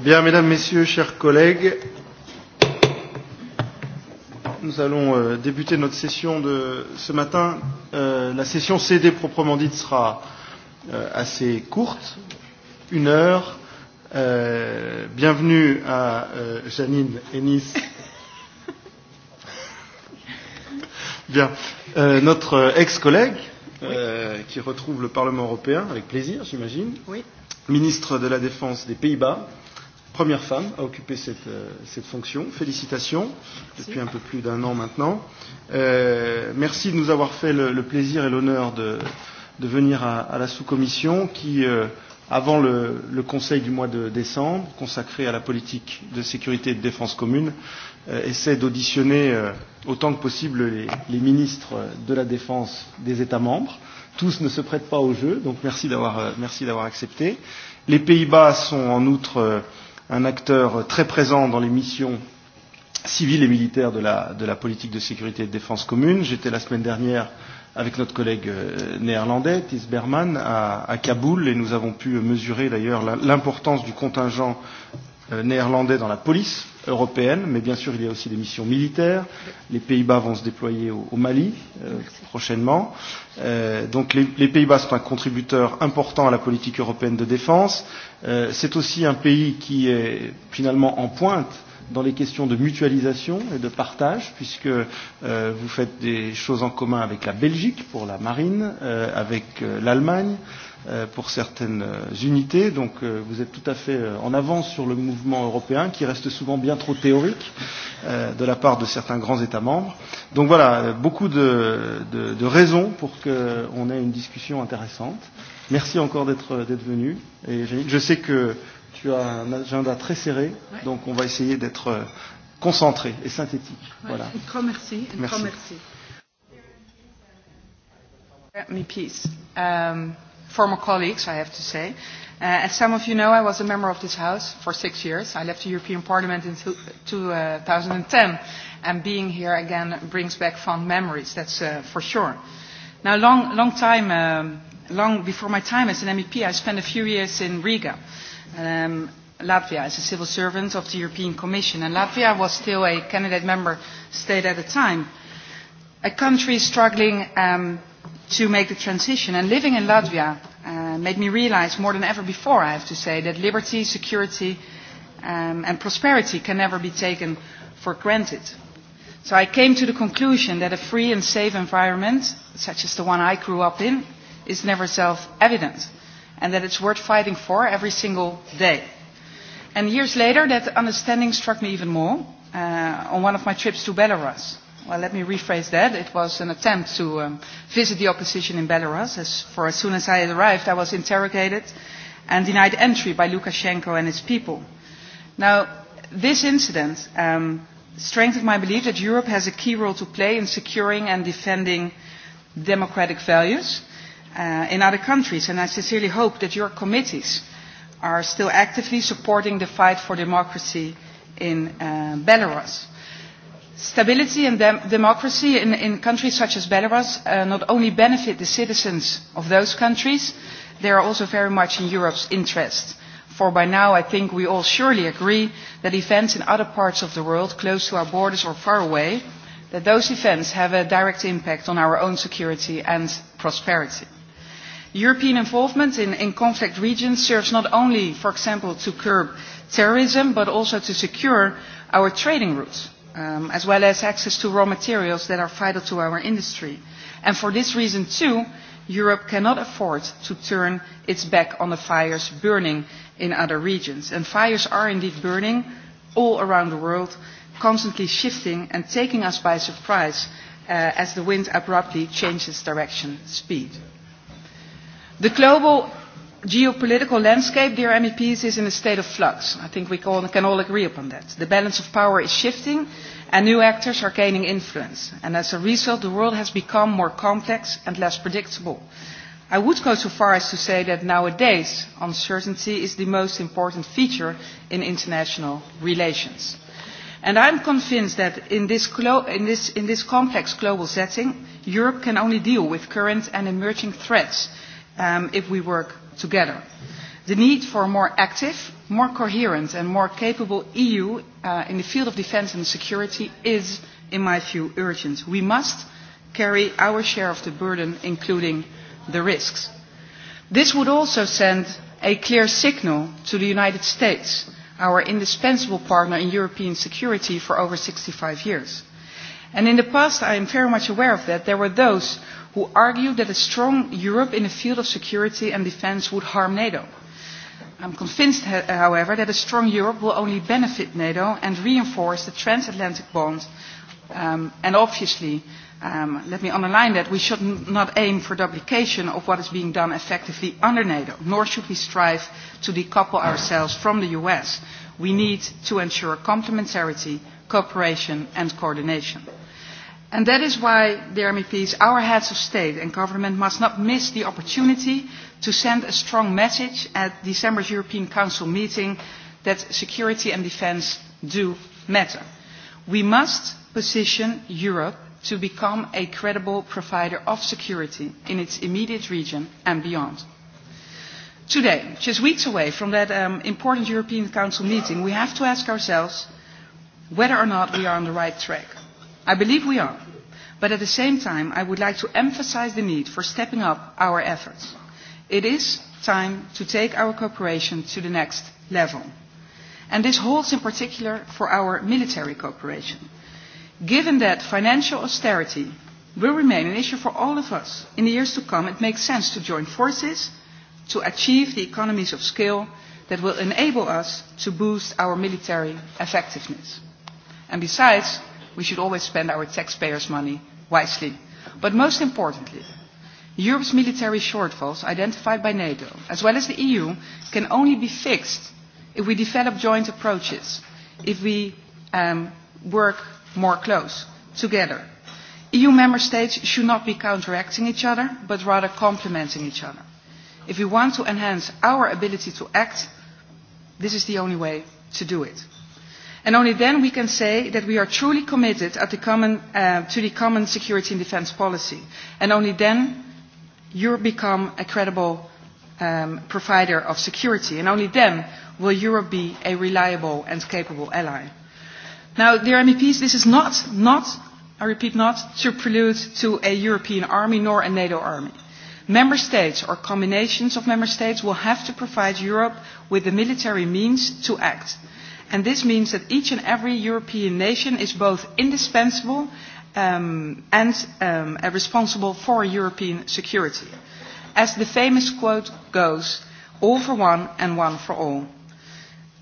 Bien, mesdames, messieurs, chers collègues, nous allons euh, débuter notre session de ce matin. Euh, la session CD proprement dite sera euh, assez courte, une heure. Euh, bienvenue à euh, Janine Ennis. Bien. Euh, notre euh, ex-collègue, euh, qui retrouve le Parlement européen avec plaisir, j'imagine. Oui ministre de la Défense des Pays-Bas, première femme à occuper cette, euh, cette fonction. Félicitations, depuis un peu plus d'un an maintenant. Euh, merci de nous avoir fait le, le plaisir et l'honneur de, de venir à, à la sous-commission qui, euh, avant le, le Conseil du mois de décembre, consacré à la politique de sécurité et de défense commune, euh, essaie d'auditionner euh, autant que possible les, les ministres de la défense des États membres. Tous ne se prêtent pas au jeu, donc merci d'avoir euh, merci d'avoir accepté. Les Pays-Bas sont en outre euh, un acteur très présent dans les missions civiles et militaires de la, de la politique de sécurité et de défense commune. J'étais la semaine dernière avec notre collègue euh, néerlandais, Thys Berman, à, à Kaboul, et nous avons pu mesurer d'ailleurs l'importance du contingent euh, néerlandais dans la police européenne, mais bien sûr il y a aussi des missions militaires. Les Pays-Bas vont se déployer au, au Mali euh, prochainement. Euh, donc les, les Pays-Bas sont un contributeur important à la politique européenne de défense. Euh, C'est aussi un pays qui est finalement en pointe dans les questions de mutualisation et de partage, puisque euh, vous faites des choses en commun avec la Belgique pour la marine, euh, avec euh, l'Allemagne euh, pour certaines euh, unités. Donc vous êtes tout à fait en avance sur le mouvement européen qui reste souvent bien trop théorique de la part de certains grands États membres. Donc voilà, beaucoup de, de, de raisons pour qu'on ait une discussion intéressante. Merci encore d'être venu. Et je sais que tu as un agenda très serré, ouais. donc on va essayer d'être euh, concentré et synthétique. Ouais. Voilà. Un grand merci. Un merci. Grand merci. Me peace. Um, former colleagues, I have to say. Uh, as some of you know, I was a member of this House for six years. I left the European Parliament in 2010, uh, and being here again brings back fond memories, that's uh, for sure. Now, long, long time, um, long before my time as an MEP, I spent a few years in Riga um, Latvia as a civil servant of the European Commission, and Latvia was still a candidate member state at the time. A country struggling um, to make the transition, and living in Latvia uh, made me realize more than ever before, I have to say, that liberty, security, um, and prosperity can never be taken for granted. So I came to the conclusion that a free and safe environment, such as the one I grew up in, is never self-evident and that it's worth fighting for every single day. And years later, that understanding struck me even more uh, on one of my trips to Belarus. Well, let me rephrase that. It was an attempt to um, visit the opposition in Belarus. As for as soon as I arrived, I was interrogated and denied entry by Lukashenko and his people. Now, this incident um, strengthened my belief that Europe has a key role to play in securing and defending democratic values – Uh, in other countries, and I sincerely hope that your committees are still actively supporting the fight for democracy in uh, Belarus. Stability and dem democracy in, in countries such as Belarus uh, not only benefit the citizens of those countries, they are also very much in Europe's interest. For by now, I think we all surely agree that events in other parts of the world, close to our borders or far away, that those events have a direct impact on our own security and prosperity. European involvement in, conflict regions serves not only, for example, to curb terrorism, but also to secure our trading routes, um, as well as access to raw materials that are vital to our industry. And for this reason, too, Europe cannot afford to turn its back on the fires burning in other regions. And fires are indeed burning all around the world, constantly shifting and taking us by surprise uh, as the wind abruptly changes direction, speed. The global geopolitical landscape, dear MEPs, is in a state of flux. I think we can all agree upon that. The balance of power is shifting and new actors are gaining influence. And as a result, the world has become more complex and less predictable. I would go so far as to say that nowadays uncertainty is the most important feature in international relations. And I am convinced that in this, in, this, in this complex global setting, Europe can only deal with current and emerging threats um, if we work together. The need for a more active, more coherent and more capable EU uh, in the field of defence and security is, in my view, urgent. We must carry our share of the burden, including the risks. This would also send a clear signal to the United States, our indispensable partner in European security for over 65 years. And in the past, I am very much aware of that, there were those who argue that a strong Europe in the field of security and defence would harm NATO. I am convinced, uh, however, that a strong Europe will only benefit NATO and reinforce the transatlantic bond. Um, and obviously, um, let me underline that we should not aim for duplication of what is being done effectively under NATO, nor should we strive to decouple ourselves from the US. We need to ensure complementarity, cooperation and coordination. And that is why, dear MEPs, our heads of state and government must not miss the opportunity to send a strong message at December's European Council meeting that security and defence do matter. We must position Europe to become a credible provider of security in its immediate region and beyond. Today, just weeks away from that um, important European Council meeting, we have to ask ourselves whether or not we are on the right track. I believe we are but at the same time i would like to emphasise the need for stepping up our efforts. it is time to take our cooperation to the next level and this holds in particular for our military cooperation. given that financial austerity will remain an issue for all of us in the years to come it makes sense to join forces to achieve the economies of scale that will enable us to boost our military effectiveness. And besides, we should always spend our taxpayers' money wisely. But most importantly, Europe's military shortfalls identified by NATO, as well as the EU, can only be fixed if we develop joint approaches, if we um, work more close together. EU member states should not be counteracting each other, but rather complementing each other. If we want to enhance our ability to act, this is the only way to do it and only then we can say that we are truly committed the common, uh, to the common security and defence policy and only then europe become a credible um, provider of security and only then will europe be a reliable and capable ally. now dear meps this is not, not i repeat not to prelude to a european army nor a nato army. member states or combinations of member states will have to provide europe with the military means to act and this means that each and every European nation is both indispensable um, and um, responsible for European security. As the famous quote goes, all for one and one for all.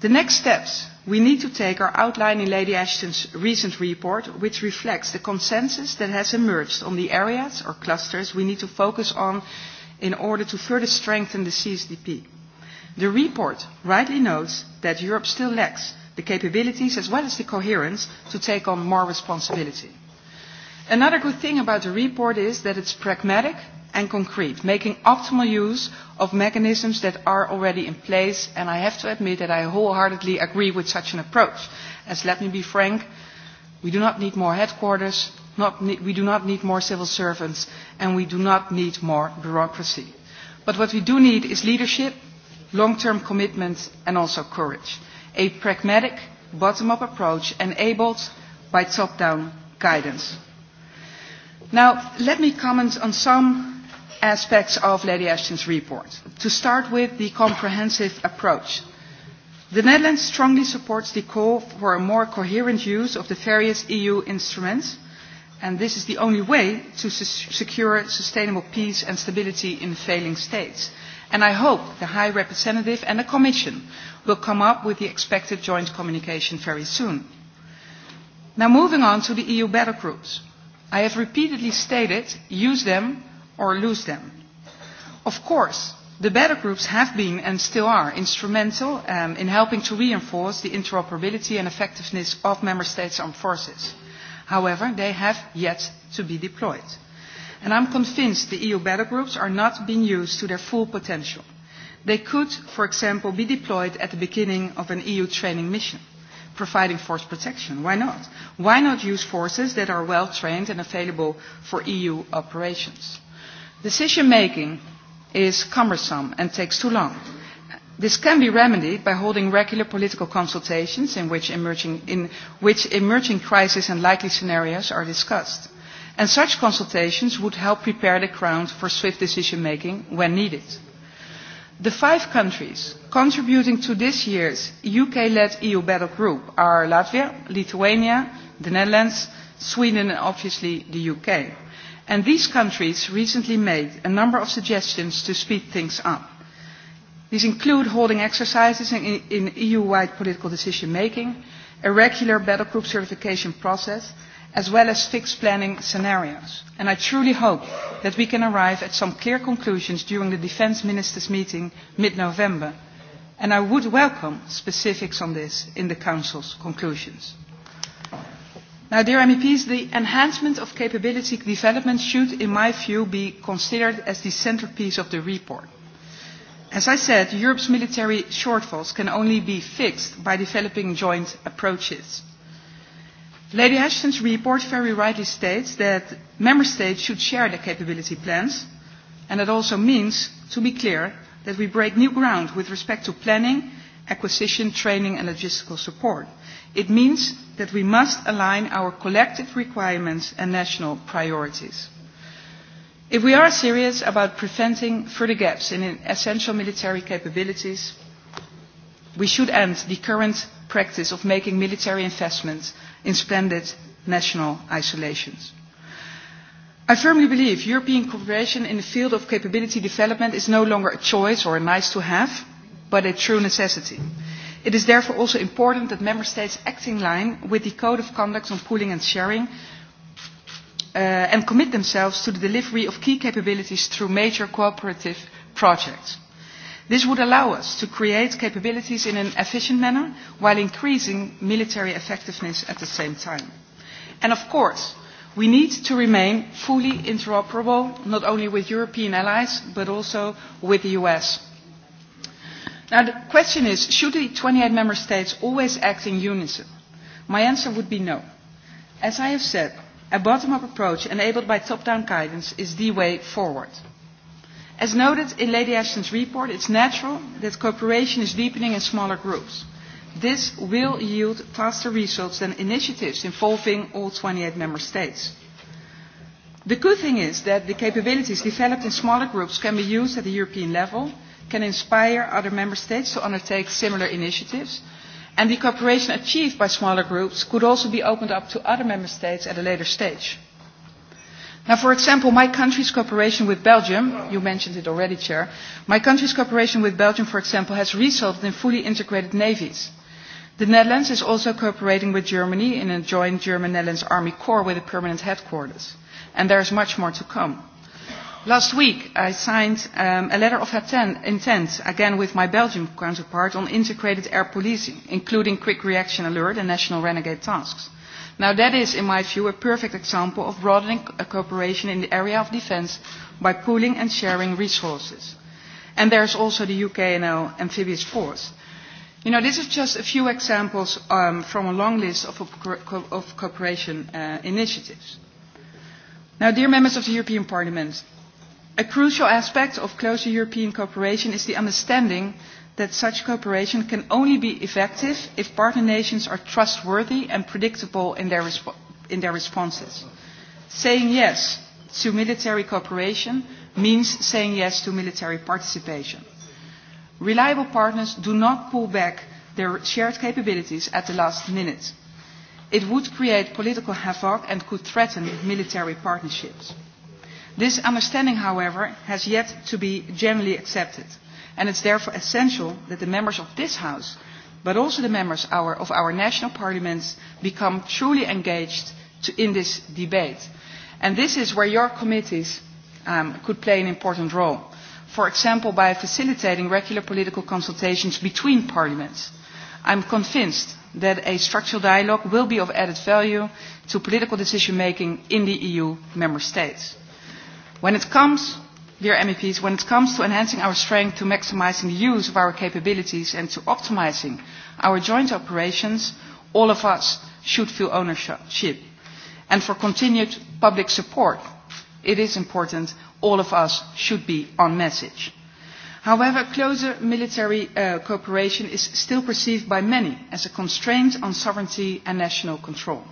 The next steps we need to take are outlined in Lady Ashton's recent report, which reflects the consensus that has emerged on the areas or clusters we need to focus on in order to further strengthen the CSDP. The report rightly notes that Europe still lacks the capabilities as well as the coherence to take on more responsibility. Another good thing about the report is that it's pragmatic and concrete, making optimal use of mechanisms that are already in place, and I have to admit that I wholeheartedly agree with such an approach. As let me be frank, we do not need more headquarters, not we do not need more civil servants, and we do not need more bureaucracy. But what we do need is leadership, long-term commitment, and also courage a pragmatic bottom-up approach enabled by top-down guidance. Now, let me comment on some aspects of Lady Ashton's report. To start with the comprehensive approach. The Netherlands strongly supports the call for a more coherent use of the various EU instruments, and this is the only way to secure sustainable peace and stability in failing states and I hope the High Representative and the Commission will come up with the expected joint communication very soon. Now moving on to the EU battle groups. I have repeatedly stated, use them or lose them. Of course, the battle groups have been and still are instrumental um, in helping to reinforce the interoperability and effectiveness of Member States' armed forces. However, they have yet to be deployed and I'm convinced the EU battle groups are not being used to their full potential. They could, for example, be deployed at the beginning of an EU training mission, providing force protection. Why not? Why not use forces that are well trained and available for EU operations? Decision making is cumbersome and takes too long. This can be remedied by holding regular political consultations in which emerging, in which emerging crises and likely scenarios are discussed and such consultations would help prepare the ground for swift decision making when needed. The five countries contributing to this year's UK-led EU battle group are Latvia, Lithuania, the Netherlands, Sweden and obviously the UK. And these countries recently made a number of suggestions to speed things up. These include holding exercises in, in EU-wide political decision making, a regular battle group certification process as well as fixed planning scenarios and i truly hope that we can arrive at some clear conclusions during the defence ministers' meeting mid november and i would welcome specifics on this in the council's conclusions. Now, dear meps the enhancement of capability development should in my view be considered as the centrepiece of the report. as i said europe's military shortfalls can only be fixed by developing joint approaches Lady Ashton's report very rightly states that member states should share their capability plans, and it also means, to be clear, that we break new ground with respect to planning, acquisition, training and logistical support. It means that we must align our collective requirements and national priorities. If we are serious about preventing further gaps in essential military capabilities, we should end the current practice of making military investments in splendid national isolations. I firmly believe European cooperation in the field of capability development is no longer a choice or a nice to have, but a true necessity. It is therefore also important that Member States act in line with the Code of Conduct on Pooling and Sharing uh, and commit themselves to the delivery of key capabilities through major cooperative projects. This would allow us to create capabilities in an efficient manner while increasing military effectiveness at the same time. And of course, we need to remain fully interoperable, not only with European allies, but also with the US. Now, the question is, should the 28 member states always act in unison? My answer would be no. As I have said, a bottom-up approach enabled by top-down guidance is the way forward. As noted in Lady Ashton's report, it's natural that cooperation is deepening in smaller groups. This will yield faster results than initiatives involving all 28 member states. The good thing is that the capabilities developed in smaller groups can be used at the European level, can inspire other member states to undertake similar initiatives, and the cooperation achieved by smaller groups could also be opened up to other member states at a later stage. Now, for example, my country's cooperation with Belgium, you mentioned it already, Chair, my country's cooperation with Belgium, for example, has resulted in fully integrated navies. The Netherlands is also cooperating with Germany in a joint German-Netherlands Army Corps with a permanent headquarters. And there is much more to come. Last week, I signed um, a letter of intent, again with my Belgium counterpart, on integrated air policing, including quick reaction alert and national renegade tasks. Now that is, in my view, a perfect example of broadening cooperation in the area of defence by pooling and sharing resources. And there is also the UKNO amphibious force. You know, this is just a few examples um, from a long list of, of cooperation uh, initiatives. Now, dear members of the European Parliament, a crucial aspect of closer European cooperation is the understanding that such cooperation can only be effective if partner nations are trustworthy and predictable in their, resp in their responses. Saying yes to military cooperation means saying yes to military participation. Reliable partners do not pull back their shared capabilities at the last minute. It would create political havoc and could threaten military partnerships. This understanding, however, has yet to be generally accepted and it is therefore essential that the members of this house but also the members our, of our national parliaments become truly engaged in this debate. And this is where your committees um, could play an important role. For example, by facilitating regular political consultations between parliaments. I am convinced that a structural dialogue will be of added value to political decision making in the EU member states. When it comes dear meps when it comes to enhancing our strength to maximising the use of our capabilities and to optimising our joint operations all of us should feel ownership and for continued public support it is important all of us should be on message. however closer military uh, cooperation is still perceived by many as a constraint on sovereignty and national control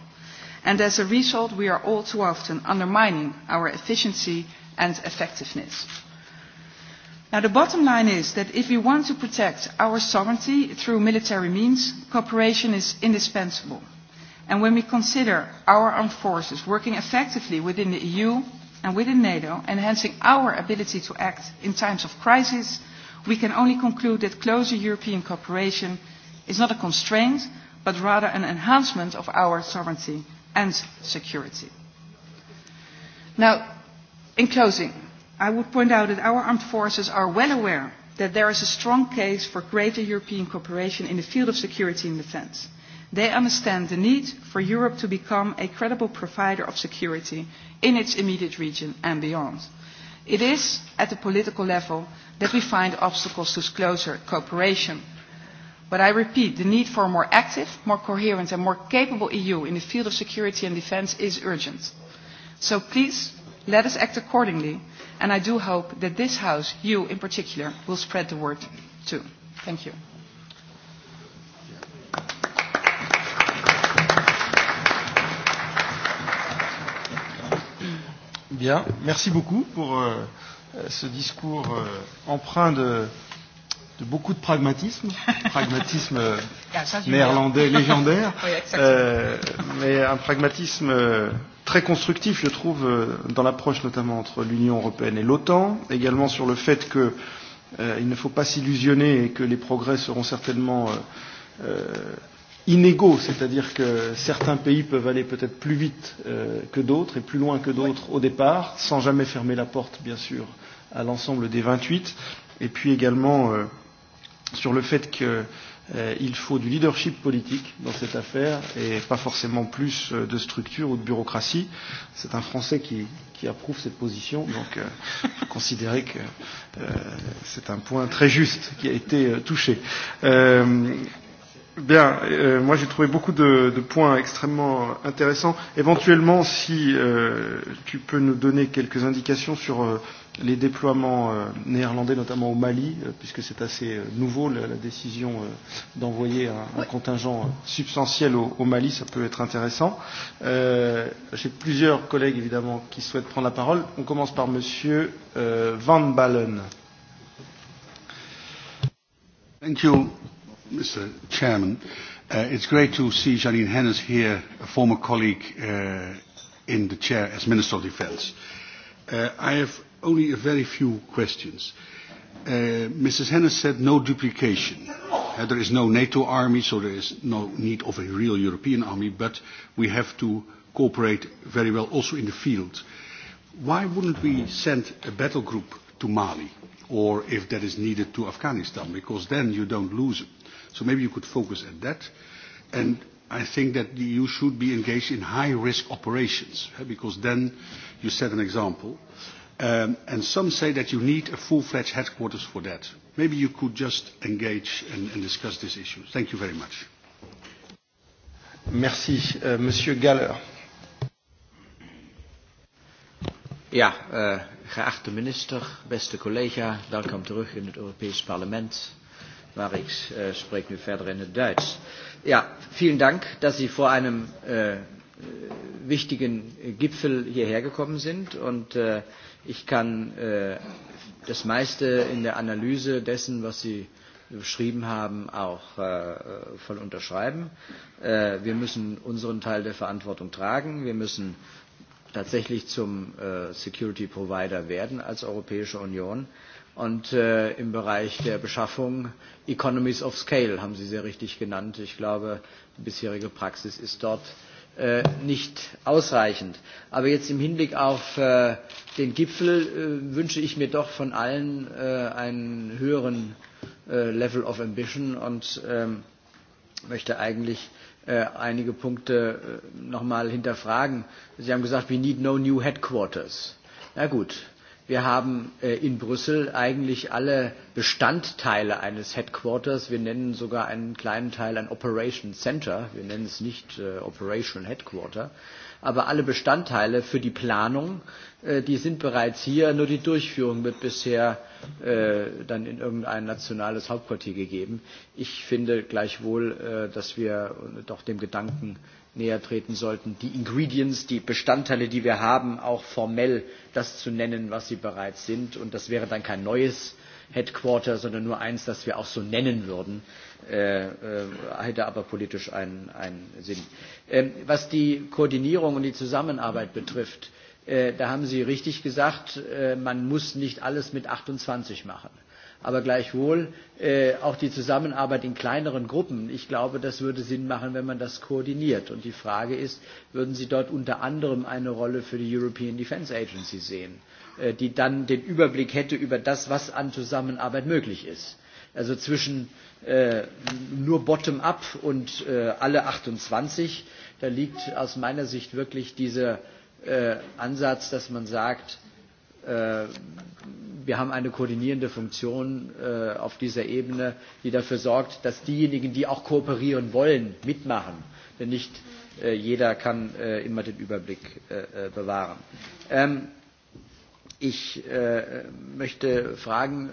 and as a result we are all too often undermining our efficiency and effectiveness. Now, the bottom line is that if we want to protect our sovereignty through military means, cooperation is indispensable. And when we consider our armed forces working effectively within the EU and within NATO, enhancing our ability to act in times of crisis, we can only conclude that closer European cooperation is not a constraint, but rather an enhancement of our sovereignty and security. Now, In closing, I would point out that our armed forces are well aware that there is a strong case for greater European cooperation in the field of security and defence. They understand the need for Europe to become a credible provider of security in its immediate region and beyond. It is at the political level that we find obstacles to closer cooperation. But I repeat, the need for a more active, more coherent and more capable EU in the field of security and defence is urgent. So please Let us act accordingly, and I do hope that this House, you in particular, will spread the word too. Thank you. Bien, merci beaucoup pour euh, ce discours euh, empreint de de beaucoup de pragmatisme, pragmatisme ah, néerlandais légendaire, oui, euh, mais un pragmatisme euh, très constructif, je trouve, euh, dans l'approche notamment entre l'Union européenne et l'OTAN, également sur le fait que euh, il ne faut pas s'illusionner et que les progrès seront certainement euh, euh, inégaux, c'est-à-dire que certains pays peuvent aller peut-être plus vite euh, que d'autres et plus loin que d'autres oui. au départ, sans jamais fermer la porte, bien sûr, à l'ensemble des 28, et puis également euh, sur le fait que euh, il faut du leadership politique dans cette affaire et pas forcément plus euh, de structure ou de bureaucratie. C'est un Français qui, qui approuve cette position, donc euh, considérer que euh, c'est un point très juste qui a été euh, touché. Euh, Bien, euh, moi j'ai trouvé beaucoup de, de points extrêmement intéressants. Éventuellement, si euh, tu peux nous donner quelques indications sur euh, les déploiements euh, néerlandais, notamment au Mali, euh, puisque c'est assez euh, nouveau la, la décision d'envoyer un, un, contingent substantiel au, au, Mali, ça peut être intéressant. j'ai plusieurs collègues évidemment qui souhaitent prendre la parole. On commence par Monsieur Van Balen. Thank you. Mr. Chairman. it uh, it's great to see Janine Hennes here, a former colleague uh, in the chair as Minister of Defence. Uh, I have only a very few questions. Mrs. Hennes said no duplication. there is no NATO army, so there is no need of a real European army, but we have to cooperate very well also in the field. Why wouldn't we send a battle group to Mali, or if that is needed to Afghanistan, because then you don't lose So maybe you could focus at that. And I think that the EU should be engaged in high-risk operations, because then you set an example. Um, and some say that you need a full-fledged headquarters for that. Maybe you could just engage and, discuss this issue. Thank you very much. Merci. Uh, Monsieur Galler. Ja, uh, geachte minister, beste collega, welkom terug in het Europees Parlement maar ik uh, nu verder in het Duits. Ja, vielen Dank, dass Sie vor einem äh, äh, wichtigen Gipfel hierher gekommen sind und äh, ich kann das meiste in der Analyse dessen, was Sie beschrieben haben, auch äh, voll unterschreiben. Äh, wir müssen unseren Teil der Verantwortung tragen. Wir müssen tatsächlich zum Security Provider werden als Europäische Union und äh, im Bereich der Beschaffung Economies of Scale haben Sie sehr richtig genannt. Ich glaube, die bisherige Praxis ist dort äh, nicht ausreichend. Aber jetzt im Hinblick auf äh, den Gipfel wünsche ich mir doch von allen einen höheren Level of Ambition und ähm, möchte eigentlich einige Punkte noch mal hinterfragen. Sie haben gesagt, we need no new headquarters. Na gut, Wir haben äh, in Brüssel eigentlich alle Bestandteile eines Headquarters. Wir nennen sogar einen kleinen Teil ein Operation Center. Wir nennen es nicht äh, Operation Headquarter. Aber alle Bestandteile für die Planung, äh, die sind bereits hier. Nur die Durchführung wird bisher dann in irgendein nationales Hauptquartier gegeben. Ich finde gleichwohl, dass wir doch dem Gedanken näher treten sollten, die Ingredients, die Bestandteile, die wir haben, auch formell das zu nennen, was sie bereits sind. Und das wäre dann kein neues Headquarter, sondern nur eins, das wir auch so nennen würden, äh, äh hätte aber politisch einen, einen Sinn. Ähm, was die Koordinierung und die Zusammenarbeit betrifft, äh, da haben Sie richtig gesagt, äh, man muss nicht alles mit 28 machen aber gleichwohl äh, auch die Zusammenarbeit in kleineren Gruppen. Ich glaube, das würde Sinn machen, wenn man das koordiniert. Und die Frage ist, würden Sie dort unter anderem eine Rolle für die European Defence Agency sehen, äh, die dann den Überblick hätte über das, was an Zusammenarbeit möglich ist? Also zwischen äh, nur bottom-up und alle 28, da liegt aus meiner Sicht wirklich dieser Ansatz, dass man sagt, wir haben eine koordinierende Funktion äh, auf dieser Ebene, die dafür sorgt, dass diejenigen, die auch kooperieren wollen, mitmachen. Denn nicht äh, jeder kann äh, immer den Überblick bewahren. Ähm, ich möchte fragen,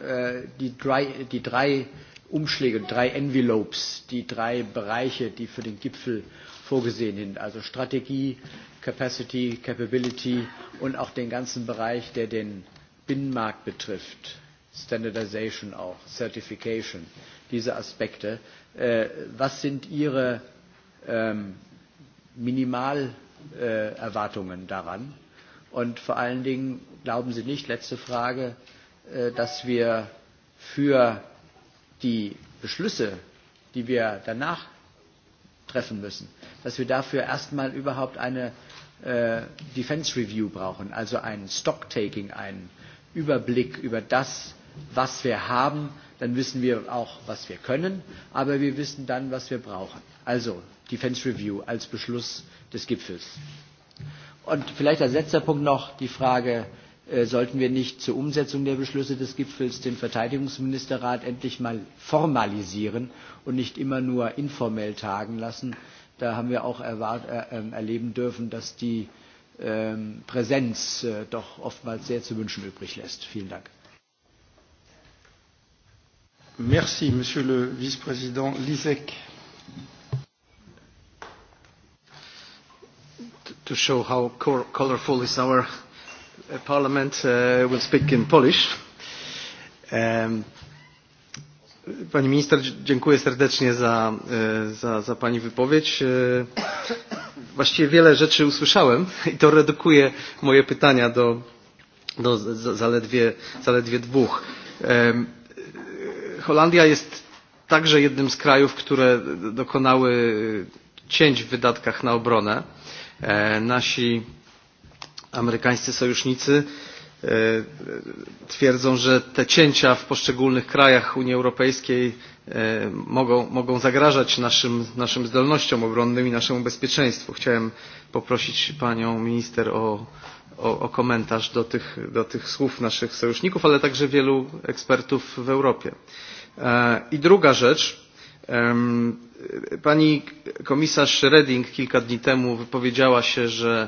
die drei, die drei Umschläge, drei Envelopes, die drei Bereiche, die für den Gipfel vorgesehen sind, also Strategie, Capacity, Capability und auch den ganzen Bereich, der den Binnenmarkt betrifft, Standardization auch, Certification, diese Aspekte, äh, was sind Ihre ähm, Minimalerwartungen daran? Und vor allen Dingen glauben Sie nicht, letzte Frage, äh, dass wir für die Beschlüsse, die wir danach treffen müssen, dass wir dafür erstmal überhaupt eine äh, Defense Review brauchen, also ein Stocktaking, ein Überblick über das, was wir haben, dann wissen wir auch, was wir können, aber wir wissen dann, was wir brauchen. Also Defense Review als Beschluss des Gipfels. Und vielleicht als letzter Punkt noch die Frage, äh, sollten wir nicht zur Umsetzung der Beschlüsse des Gipfels den Verteidigungsministerrat endlich mal formalisieren und nicht immer nur informell tagen lassen? Da haben wir auch äh, ähm, erleben dürfen, dass die Ähm, Präsenz äh, doch oftmals sehr zu wünschen übrig lässt. Vielen Dank. Merci, Monsieur le Vice-Président Lisek. To show how colorful is our uh, parliament, uh, will speak in Polish. Um, Pani minister, dziękuję serdecznie za, e, za, za Pani wypowiedź. E, właściwie wiele rzeczy usłyszałem i to redukuje moje pytania do, do zaledwie, zaledwie dwóch. Holandia jest także jednym z krajów, które dokonały cięć w wydatkach na obronę. E, nasi amerykańscy sojusznicy E, twierdzą, że te cięcia w poszczególnych krajach Unii Europejskiej e, mogą, mogą zagrażać naszym, zdolnościom obronnym i naszemu bezpieczeństwu. Chciałem poprosić Panią Minister o, komentarz do tych, do tych słów naszych sojuszników, ale także wielu ekspertów w Europie. E, I druga rzecz. Pani komisarz Reding kilka dni temu wypowiedziała się, że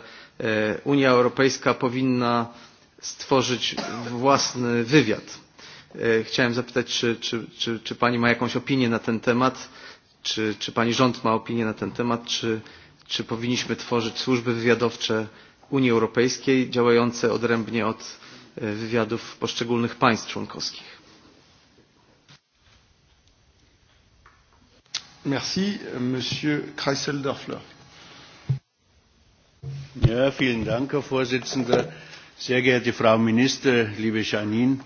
Unia Europejska powinna stworzyć własny wywiad. E, chciałem zapytać, czy, czy, czy, Pani ma jakąś opinię na ten temat, czy, czy Pani rząd ma opinię na ten temat, czy, czy powinniśmy tworzyć służby wywiadowcze Unii Europejskiej działające odrębnie od e, wywiadów poszczególnych państw członkowskich. Merci, Monsieur kreisel Ja, vielen Dank, Herr Vorsitzender sehr geehrte frau Ministerin, liebe Janine,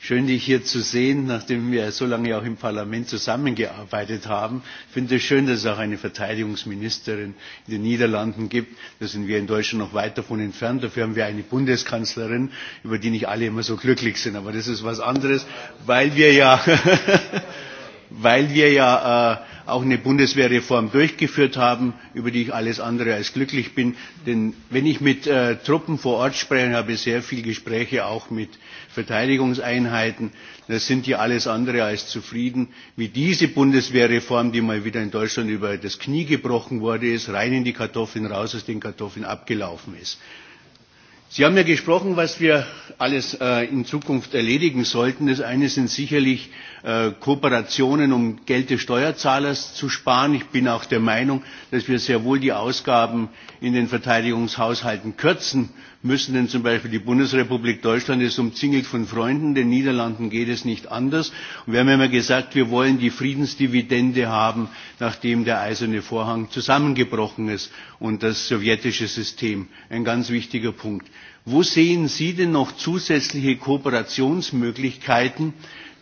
schön dich hier zu sehen nachdem wir so lange auch im parlament zusammengearbeitet haben. ich finde es schön dass es auch eine verteidigungsministerin in den niederlanden gibt. da sind wir in deutschland noch weit davon entfernt. dafür haben wir eine bundeskanzlerin über die nicht alle immer so glücklich sind. aber das ist etwas anderes weil wir ja weil wir ja äh, auch eine Bundeswehrreform durchgeführt haben, über die ich alles andere als glücklich bin. Denn wenn ich mit äh, Truppen vor Ort spreche, habe ich sehr viele Gespräche auch mit Verteidigungseinheiten, da sind die alles andere als zufrieden, wie diese Bundeswehrreform, die mal wieder in Deutschland über das Knie gebrochen wurde, ist, rein in die Kartoffeln, raus aus den Kartoffeln abgelaufen ist. Sie haben ja gesprochen, was wir alles äh, in Zukunft erledigen sollten. Das eine sind sicherlich äh, Kooperationen, um Geld des Steuerzahlers zu sparen. Ich bin auch der Meinung, dass wir sehr wohl die Ausgaben in den Verteidigungshaushalten kürzen müssen. Denn zum Beispiel die Bundesrepublik Deutschland ist umzingelt von Freunden, den Niederlanden geht es nicht anders. Und wir haben immer gesagt, wir wollen die Friedensdividende haben, nachdem der eiserne Vorhang zusammengebrochen ist und das sowjetische System. Ein ganz wichtiger Punkt. Wo sehen Sie denn noch zusätzliche Kooperationsmöglichkeiten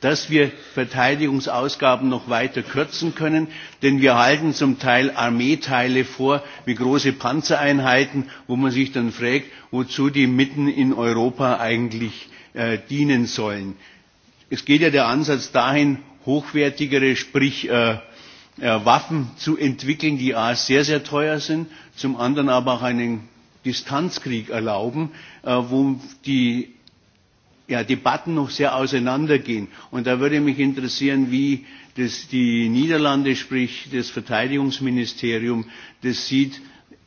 dass wir verteidigungsausgaben noch weiter kürzen können denn wir halten zum teil armeeteile vor wie große panzereinheiten wo man sich dann fragt wozu die mitten in europa eigentlich äh, dienen sollen. es geht ja der ansatz dahin hochwertigere sprich äh, äh, waffen zu entwickeln die a sehr sehr teuer sind zum anderen aber auch einen distanzkrieg erlauben wo die ja, Debatten noch sehr auseinandergehen. Und da würde mich interessieren, wie das die Niederlande, sprich das Verteidigungsministerium, das sieht,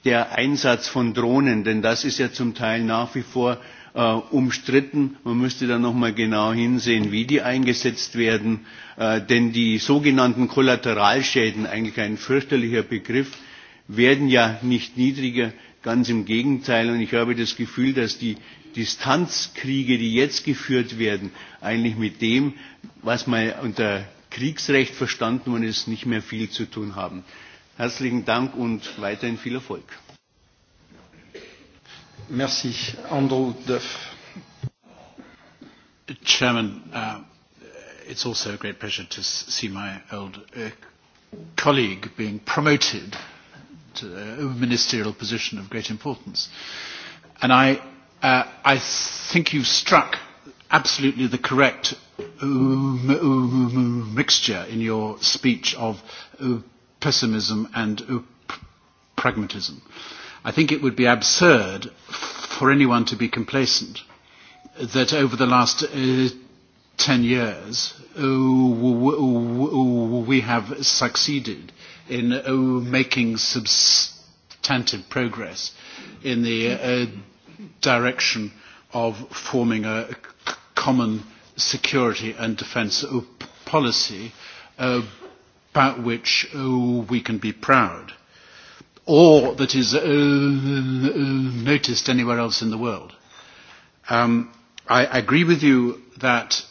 der Einsatz von Drohnen, denn das ist ja zum Teil nach wie vor äh, umstritten. Man müsste da noch mal genau hinsehen, wie die eingesetzt werden, äh, denn die sogenannten Kollateralschäden, eigentlich ein fürchterlicher Begriff, werden ja nicht niedriger, ganz im Gegenteil. Und ich habe das Gefühl, dass die Distanzkriege, die jetzt geführt werden, eigentlich mit dem, was man unter Kriegsrecht verstanden und es nicht mehr viel zu tun haben. Herzlichen Dank und weiterhin viel Erfolg. Merci. Andrew Duff. Chairman, uh, it's also a great pleasure to see my old uh, colleague being promoted to a ministerial position of great importance. And I Uh, I think you struck absolutely the correct uh, uh, mixture in your speech of pessimism and pragmatism. I think it would be absurd for anyone to be complacent that over the last ten 10 years we have succeeded in making substantive progress in the direction of forming a common security and defence uh, policy uh, about which uh, we can be proud or that is noticed anywhere else in the world. Um, I agree with you that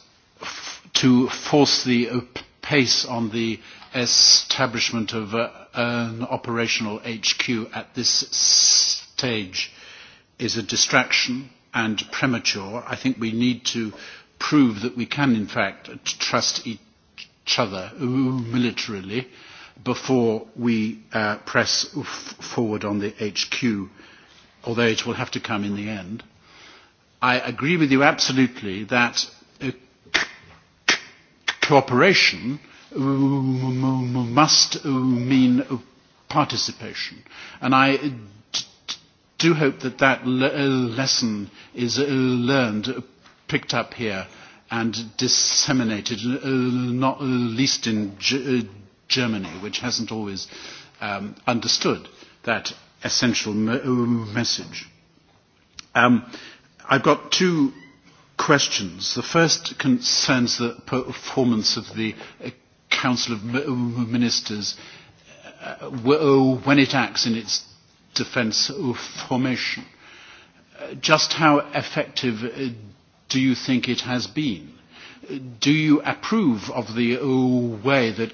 to force the pace on the establishment of an operational HQ at this stage is a distraction and premature. I think we need to prove that we can, in fact, trust each other militarily before we uh, press forward on the HQ, although it will have to come in the end. I agree with you absolutely that cooperation must mean participation. And I do hope that that le uh, lesson is uh, learned, picked up here and disseminated, uh, not least in G Germany, which hasn't always um, understood that essential message. Um, I've got two questions. The first concerns the performance of the Council of Ministers when it acts in its defence formation. Just how effective uh, do you think it has been? Do you approve of the uh, way that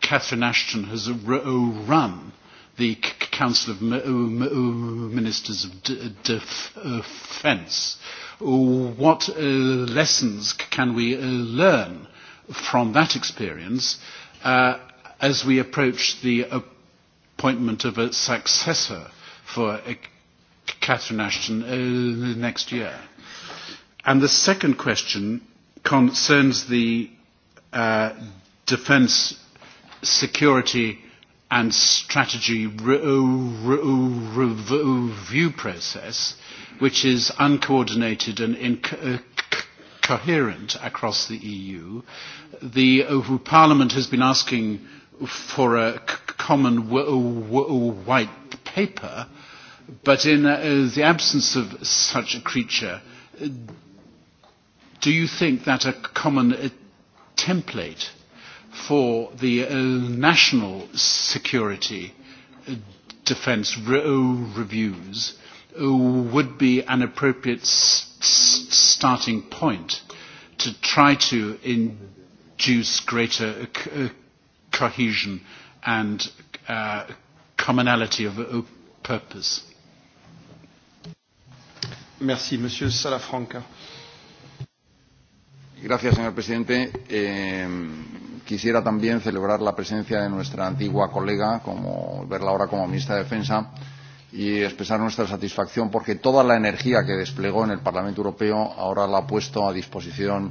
Catherine Ashton has uh, run the Council of Ministers of Defence? What lessons can we learn from that experience as we approach the appointment of a successor for e-, Catherine Ashton uh, next year. And the second question concerns the uh, defence, security and strategy uh, uh, review process, which is uncoordinated and incoherent across the EU. The uh, Parliament has been asking for a common white paper, but in uh, the absence of such a creature, do you think that a common uh, template for the uh, national security uh, defence reviews would be an appropriate starting point to try to induce greater cohesion and uh, commonality of purpose. señor presidente. Eh, quisiera también celebrar la presencia de nuestra antigua colega, como verla ahora como ministra de Defensa, y expresar nuestra satisfacción porque toda la energía que desplegó en el Parlamento Europeo ahora la ha puesto a disposición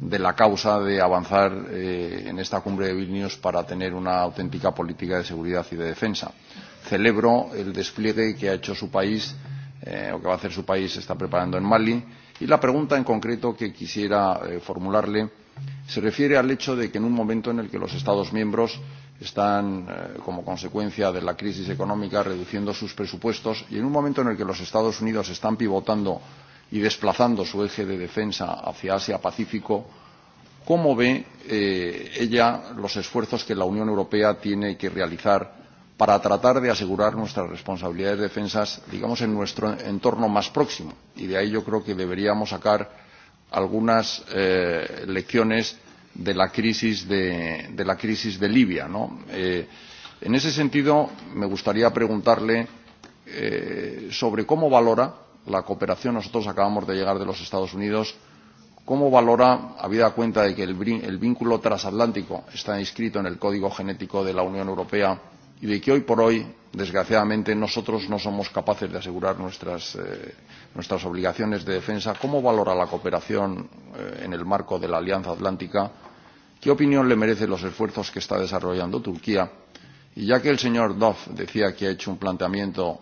de la causa de avanzar eh, en esta cumbre de Vilnius para tener una auténtica política de seguridad y de defensa. Celebro el despliegue que ha hecho su país eh, o que va a hacer su país se está preparando en Mali y la pregunta en concreto que quisiera eh, formularle se refiere al hecho de que en un momento en el que los Estados miembros están, eh, como consecuencia de la crisis económica, reduciendo sus presupuestos y en un momento en el que los Estados Unidos están pivotando y desplazando su eje de defensa hacia Asia Pacífico cómo ve eh, ella los esfuerzos que la Unión Europea tiene que realizar para tratar de asegurar nuestras responsabilidades de defensa digamos en nuestro entorno más próximo y de ahí yo creo que deberíamos sacar algunas eh, lecciones de la crisis de, de la crisis de Libia ¿no? Eh, en ese sentido me gustaría preguntarle sobre cómo valora la cooperación nosotros acabamos de llegar de los Estados Unidos cómo valora habida cuenta de que el, vínculo transatlántico está inscrito en el código genético de la Unión Europea y de que hoy por hoy desgraciadamente nosotros no somos capaces de asegurar nuestras eh, nuestras obligaciones de defensa cómo valora la cooperación eh, en el marco de la Alianza Atlántica qué opinión le merecen los esfuerzos que está desarrollando Turquía y ya que el señor Duff decía que ha hecho un planteamiento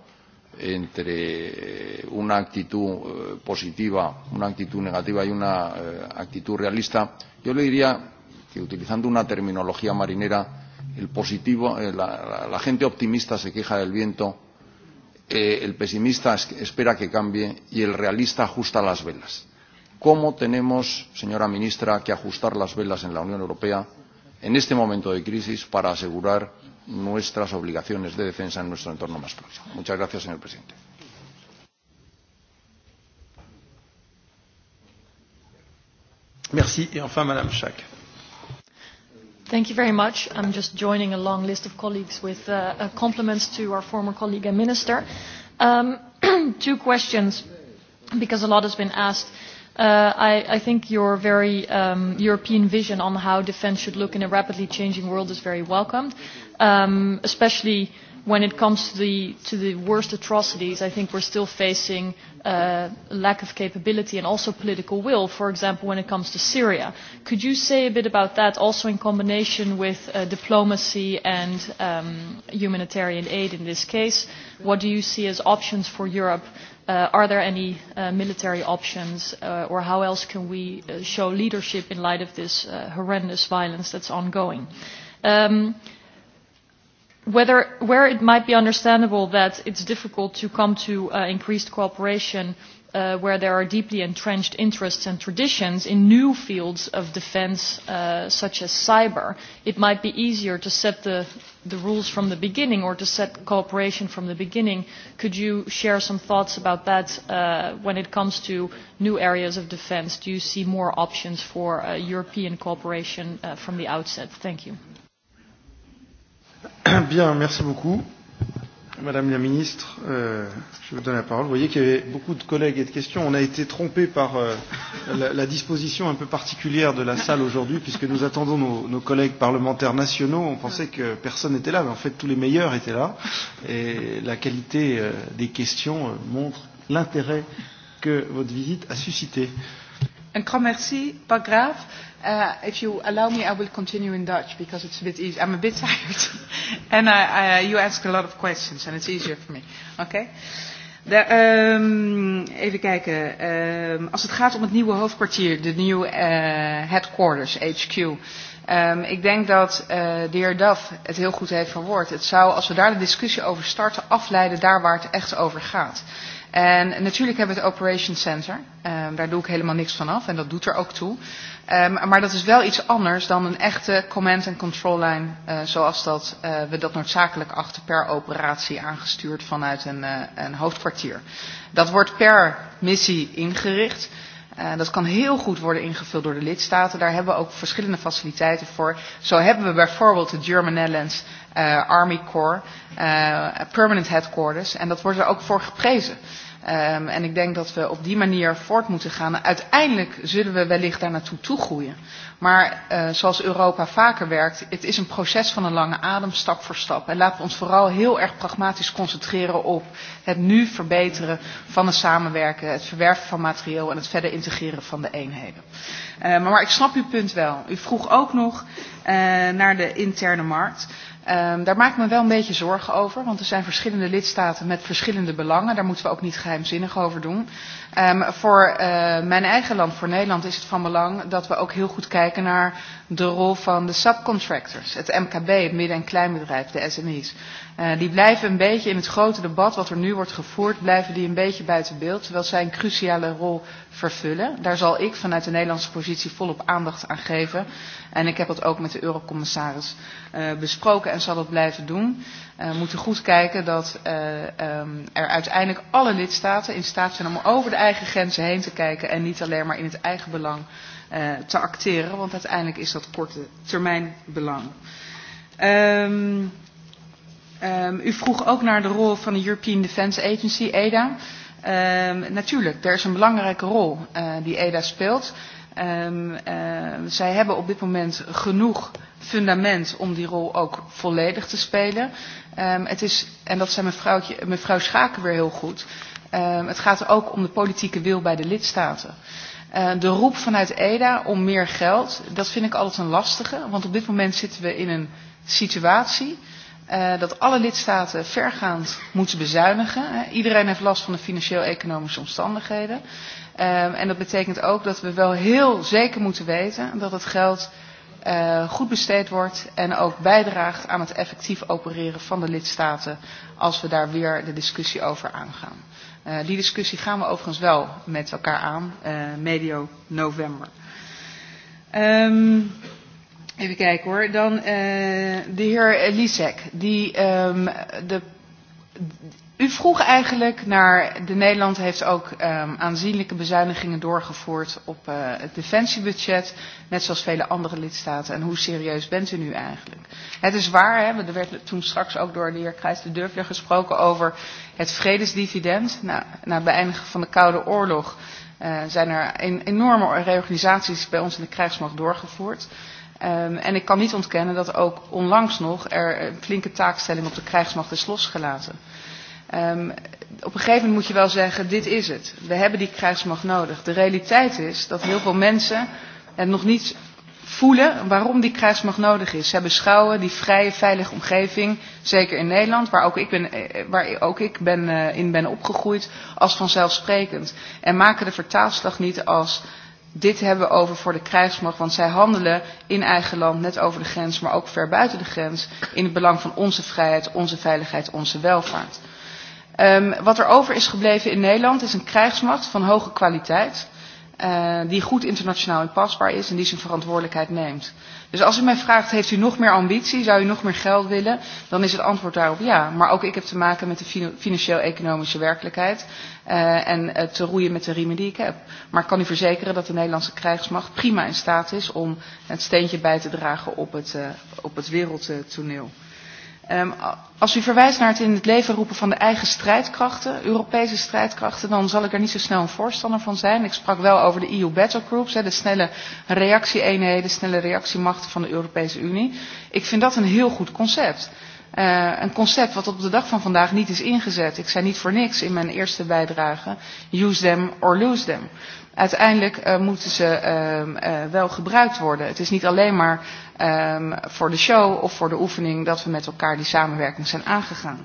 entre eh, una actitud eh, positiva, una actitud negativa y una eh, actitud realista, yo le diría que utilizando una terminología marinera, el positivo, la, gente optimista se queja del viento, el pesimista espera que cambie y el realista ajusta las velas. ¿Cómo tenemos, señora ministra, que ajustar las velas en la Unión Europea? en este momento de crisis para asegurar nuestras obligaciones de defensa en nuestro entorno más próximo. Muchas gracias, señor presidente. Merci. Et enfin, Madame Schack. Thank you very much. I'm just joining a long list of colleagues with uh, compliments to our former colleague and minister. Um, two questions, because a lot has been asked. Uh, I, I think your very um, European vision on how defence should look in a rapidly changing world is very welcomed, um, especially when it comes to the, to the worst atrocities. I think we're still facing a uh, lack of capability and also political will, for example, when it comes to Syria. Could you say a bit about that, also in combination with uh, diplomacy and um, humanitarian aid in this case? What do you see as options for Europe Uh, are there any uh, military options uh, or how else can we uh, show leadership in light of this uh, horrendous violence that's ongoing? Um, whether, where it might be understandable that it's difficult to come to uh, increased cooperation Uh, where there are deeply entrenched interests and traditions in new fields of defense, uh, such as cyber. It might be easier to set the, the rules from the beginning or to set cooperation from the beginning. Could you share some thoughts about that uh, when it comes to new areas of defense? Do you see more options for uh, European cooperation uh, from the outset? Thank you. Bien, merci beaucoup. Madame la ministre, euh, je vous donne la parole. Vous voyez qu'il y avait beaucoup de collègues et de questions. On a été trompé par euh, la, la disposition un peu particulière de la salle aujourd'hui, puisque nous attendons nos, nos collègues parlementaires nationaux. On pensait que personne n'était là, mais en fait tous les meilleurs étaient là. Et la qualité euh, des questions euh, montre l'intérêt que votre visite a suscité. Een grand merci, pas grave. Uh, if you allow me, I will continue in Dutch because it's a bit easy. I'm a bit tired. and I, I, you ask a lot of questions and it's easier for me. Okay? De, um, even kijken. Um, als het gaat om het nieuwe hoofdkwartier, de nieuwe uh, headquarters, HQ. Um, ehm, ik denk dat uh, de heer Daf het heel goed heeft verwoord. Het zou, als we daar de discussie over starten, afleiden daar waar het echt over gaat. En natuurlijk hebben we het Operation Center. Um, daar doe ik helemaal niks van af en dat doet er ook toe. Um, maar dat is wel iets anders dan een echte command and control line uh, zoals dat, uh, we dat noodzakelijk achter per operatie aangestuurd vanuit een, uh, een hoofdkwartier. Dat wordt per missie ingericht. Eh, dat kan heel goed worden ingevuld door de lidstaten. Daar hebben we ook verschillende faciliteiten voor. Zo hebben we bijvoorbeeld de German Netherlands eh, Army Corps, eh, permanent headquarters. En dat wordt er ook voor geprezen. Um, en ik denk dat we op die manier voort moeten gaan. Uiteindelijk zullen we wellicht daar naartoe toegroeien. Maar uh, zoals Europa vaker werkt, het is een proces van een lange adem, stap voor stap. En laten we ons vooral heel erg pragmatisch concentreren op het nu verbeteren van het samenwerken, het verwerven van materieel en het verder integreren van de eenheden. Uh, maar, ik snap uw punt wel. U vroeg ook nog eh, naar de interne markt. Um, daar maak ik me wel een beetje zorgen over, want er zijn verschillende lidstaten met verschillende belangen. Daar moeten we ook niet geheimzinnig over doen. Um, voor uh, mijn eigen land, voor Nederland, is het van belang dat we ook heel goed kijken naar de rol van de subcontractors. Het MKB, het midden- en kleinbedrijf, de SME's. Eh, die blijven een beetje in het grote debat wat er nu wordt gevoerd, blijven die een beetje buiten beeld. Terwijl zij een cruciale rol vervullen. Daar zal ik vanuit de Nederlandse positie volop aandacht aan geven. En ik heb dat ook met de eurocommissaris eh, besproken en zal dat blijven doen. Eh, moeten goed kijken dat uh, um, er uiteindelijk alle lidstaten in staat zijn om over de eigen grenzen heen te kijken en niet alleen maar in het eigen belang te acteren, want uiteindelijk is dat korte termijn belang. Um, um, u vroeg ook naar de rol van de European Defence Agency, EDA. Um, natuurlijk, er is een belangrijke rol uh, die EDA speelt. Um, uh, zij hebben op dit moment genoeg fundament om die rol ook volledig te spelen. Um, het is, en dat zei mevrouw, mevrouw Schaken weer heel goed, um, het gaat er ook om de politieke wil bij de lidstaten. Uh, de roep vanuit EDA om meer geld, dat vind ik altijd een lastige, want op dit moment zitten we in een situatie Eh, dat alle lidstaten vergaand moeten bezuinigen. Eh, iedereen heeft last van de financieel-economische omstandigheden. Ehm, en dat betekent ook dat we wel heel zeker moeten weten dat het geld eh, goed besteed wordt en ook bijdraagt aan het effectief opereren van de lidstaten als we daar weer de discussie over aangaan. Die discussie gaan we overigens wel met elkaar aan, medio november. Um, Even kijken hoor. Dan uh, de heer Lisek. Die, um, u vroeg eigenlijk naar... De Nederland heeft ook um, aanzienlijke bezuinigingen doorgevoerd op uh, het defensiebudget. Net zoals vele andere lidstaten. En hoe serieus bent u nu eigenlijk? Het is waar, hè, er werd toen straks ook door de heer Krijs de Durfler gesproken over het vredesdividend. na het beëindigen van de Koude Oorlog... Uh, zijn er enorme reorganisaties bij ons in de krijgsmacht doorgevoerd. Um, en ik kan niet ontkennen dat ook onlangs nog er een eh, flinke taakstelling op de krijgsmacht is losgelaten. Um, op een gegeven moment moet je wel zeggen, dit is het. We hebben die krijgsmacht nodig. De realiteit is dat heel veel mensen het nog niet voelen waarom die krijgsmacht nodig is. Ze beschouwen die vrije, veilige omgeving, zeker in Nederland, waar ook ik, ben, eh, eh, waar ook ik ben, in ben opgegroeid, als vanzelfsprekend. En maken de vertaalslag niet als dit hebben we over voor de krijgsmacht, want zij handelen in eigen land, net over de grens, maar ook ver buiten de grens, in het belang van onze vrijheid, onze veiligheid, onze welvaart. Um, wat er over is gebleven in Nederland is een krijgsmacht van hoge kwaliteit, uh, die goed internationaal inpasbaar is en die zijn verantwoordelijkheid neemt. Dus als u mij vraagt, heeft u nog meer ambitie, zou u nog meer geld willen, dan is het antwoord daarop ja. Maar ook ik heb te maken met de financieel-economische werkelijkheid eh, en eh, te roeien met de riemen die ik heb. Maar ik kan u verzekeren dat de Nederlandse krijgsmacht prima in staat is om het steentje bij te dragen op het, uh, op het wereldtoneel. Ehm, als u verwijst naar het in het leven roepen van de eigen strijdkrachten, Europese strijdkrachten, dan zal ik er niet zo snel een voorstander van zijn. Ik sprak wel over de EU Battle Groups, de snelle reactieeenheden, snelle reactiemachten van de Europese Unie. Ik vind dat een heel goed concept. Uh, een concept wat op de dag van vandaag niet is ingezet. Ik zei niet voor niks in mijn eerste bijdrage, use them or lose them uiteindelijk eh, moeten ze ehm, eh, wel gebruikt worden. Het is niet alleen maar ehm, voor de show of voor de oefening dat we met elkaar die samenwerking zijn aangegaan.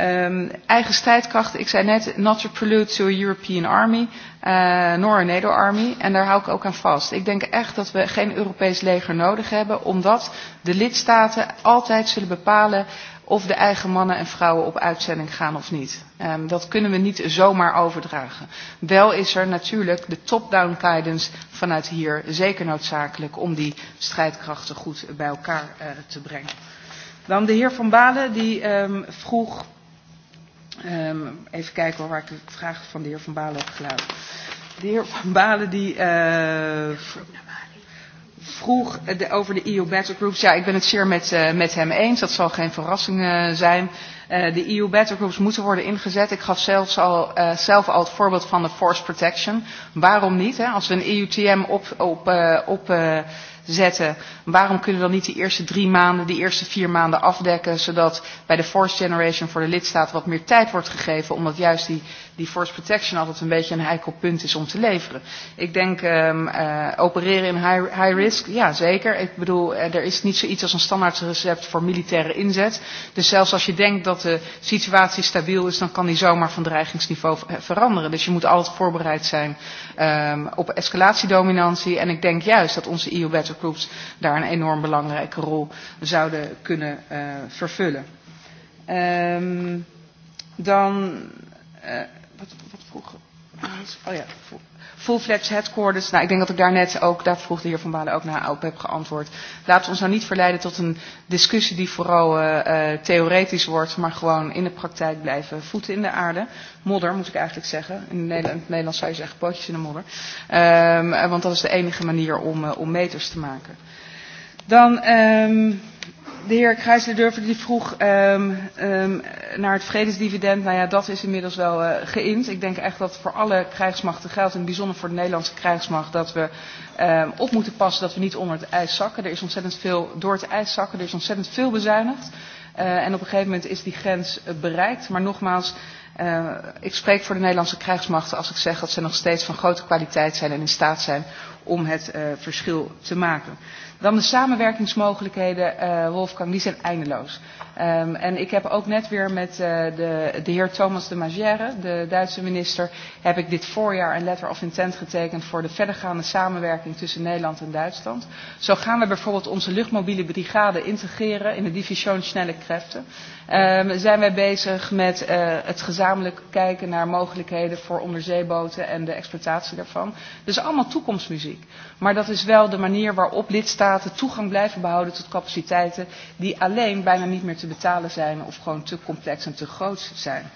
Um, eigen strijdkrachten, ik zei net, not to prelude to a European army, eh, nor a NATO army. En daar hou ik ook aan vast. Ik denk echt dat we geen Europees leger nodig hebben, omdat de lidstaten altijd zullen bepalen of de eigen mannen en vrouwen op uitzending gaan of niet. Um, dat kunnen we niet zomaar overdragen. Wel is er natuurlijk de top-down guidance vanuit hier zeker noodzakelijk om die strijdkrachten goed bij elkaar uh, te brengen. Dan de heer Van Balen die um, vroeg, um, even kijken waar ik de vraag van de heer Van Balen heb geluid. De heer Van Balen die uh, vroeg eh, de, over de EU Battle Groups. Ja, ik ben het zeer met, eh, met hem eens. Dat zal geen verrassing eh, zijn. de EU Battle Groups moeten worden ingezet. Ik gaf zelfs al, zelf al het voorbeeld van de force protection. Waarom niet? Hè? Als we een EUTM op... op, op zetten. Waarom kunnen we dan niet die eerste drie maanden, die eerste vier maanden afdekken, zodat bij de force generation voor de lidstaat wat meer tijd wordt gegeven, omdat juist die die force protection altijd een beetje een heikel punt is om te leveren. Ik denk um, uh, opereren in high, risk, ja zeker. Ik bedoel, eh, er is niet zoiets als een standaard recept voor militaire inzet. Dus zelfs als je denkt dat de situatie stabiel is, dan kan die zomaar van dreigingsniveau veranderen. Dus je moet altijd voorbereid zijn um, op escalatiedominantie. En ik denk juist dat onze EU groups daar een enorm belangrijke rol zouden kunnen uh, vervullen. Um, dan vroeger. Ah, oh ja, full-fledged headquarters. Nou, ik denk dat ik daar net ook, daar vroeg de heer Van Balen ook naar op heb geantwoord. Laten we ons nou niet verleiden tot een discussie die vooral uh, theoretisch wordt, maar gewoon in de praktijk blijven. Voeten in de aarde, modder moet ik eigenlijk zeggen. In, Nederland, het Nederlands zou je zeggen pootjes in de modder. Um, want dat is de enige manier om, om meters te maken. Dan... Um, de heer Krijsler durver die vroeg um, um, naar het vredesdividend. Nou ja, dat is inmiddels wel uh, eh, geïnd. Ik denk echt dat voor alle krijgsmachten geldt, en bijzonder voor de Nederlandse krijgsmacht, dat we um, op moeten passen dat we niet onder het ijs zakken. Er is ontzettend veel door het ijs zakken, er is ontzettend veel bezuinigd. Uh, en op een gegeven moment is die grens eh, bereikt. Maar nogmaals, uh, ik spreek voor de Nederlandse krijgsmachten als ik zeg dat ze nog steeds van grote kwaliteit zijn en in staat zijn om het verschil te maken. Dan de samenwerkingsmogelijkheden, uh, Wolfgang, die zijn eindeloos. Um, en ik heb ook net weer met uh, de, de heer Thomas de Magère, de Duitse minister, heb ik dit voorjaar een letter of intent getekend voor de verdergaande samenwerking tussen Nederland en Duitsland. Zo gaan we bijvoorbeeld onze luchtmobiele brigade integreren in de division snelle krachten. Um, ehm, zijn wij bezig met uh, het gezamenlijk kijken naar mogelijkheden voor onderzeeboten en de exploitatie daarvan. Dus allemaal toekomstmuziek. Maar dat is wel de manier waarop lidstaten lidstaten toegang blijven behouden tot capaciteiten die alleen bijna niet meer te betalen zijn of gewoon te complex en te groot zijn.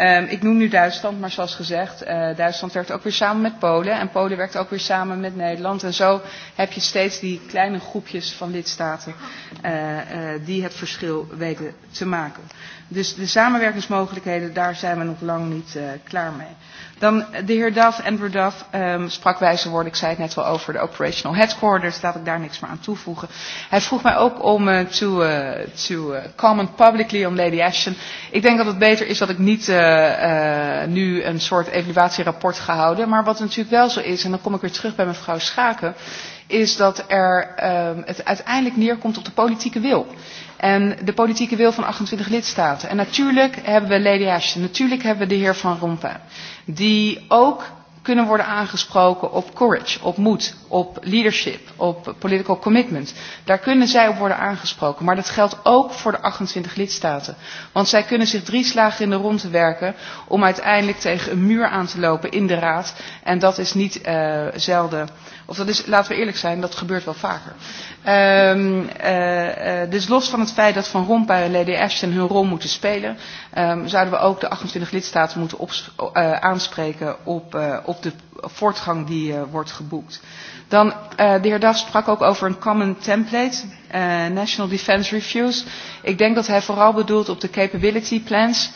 Um, ik noem nu Duitsland, maar zoals gezegd, uh, Duitsland werkt ook weer samen met Polen en Polen werkt ook weer samen met Nederland. En zo heb je steeds die kleine groepjes van lidstaten uh, uh, die het verschil weten te maken. Dus de samenwerkingsmogelijkheden, daar zijn we nog lang niet uh, klaar mee. Dan de heer Duff, Andrew Duff, ehm, sprak wijze woorden. Ik zei het net wel over de operational headquarters. Laat ik daar niks meer aan toevoegen. Hij vroeg mij ook om uh, to, uh, to comment publicly on Lady Ashton. Ik denk dat het beter is dat ik niet uh, nu een soort evaluatierapport ga houden. Maar wat natuurlijk wel zo is, en dan kom ik weer terug bij mevrouw Schaken is dat er, ehm, het uiteindelijk neerkomt op de politieke wil en de politieke wil van 28 lidstaten. En natuurlijk hebben we Lady Ashton, natuurlijk hebben we de heer Van Rompuy, die ook kunnen worden aangesproken op courage, op moed, op leadership, op political commitment. Daar kunnen zij op worden aangesproken. Maar dat geldt ook voor de 28 lidstaten. Want zij kunnen zich drie slagen in de ronde werken om uiteindelijk tegen een muur aan te lopen in de raad. En dat is niet uh, zelden Of dat is, laten we eerlijk zijn, dat gebeurt wel vaker. Um, uh, uh, dus los van het feit dat Van Rompuy en Lady Ashton hun rol moeten spelen, um, zouden we ook de 28 lidstaten moeten eh, aanspreken op, op de voortgang die wordt geboekt. Dan, de heer Duff sprak ook over een common template, National defense Reviews. Ik denk dat hij vooral bedoelt op de capability plans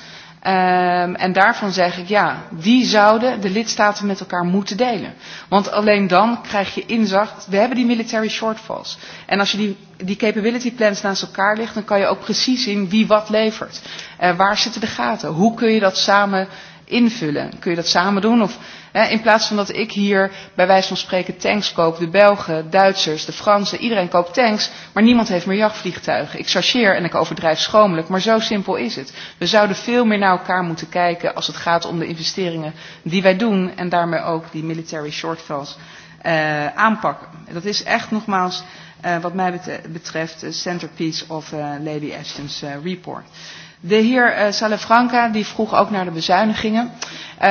Um, en daarvan zeg ik ja, die zouden de lidstaten met elkaar moeten delen. Want alleen dan krijg je inzicht, we hebben die military shortfalls. En als je die, die capability plans naast elkaar legt, dan kan je ook precies zien wie wat levert. Uh, waar zitten de gaten? Hoe kun je dat samen invullen? Kun je dat samen doen? Of in plaats van dat ik hier bij wijze van spreken tanks koop, de Belgen, Duitsers, de Fransen, iedereen koopt tanks, maar niemand heeft meer jachtvliegtuigen. Ik chargeer en ik overdrijf schromelijk, maar zo simpel is het. We zouden veel meer naar elkaar moeten kijken als het gaat om de investeringen die wij doen en daarmee ook die military shortfalls uh, aanpakken. Dat is echt nogmaals uh, wat mij betreft de centerpiece of eh, Lady Ashton's report. De heer eh, Salafranca die vroeg ook naar de bezuinigingen. Uh,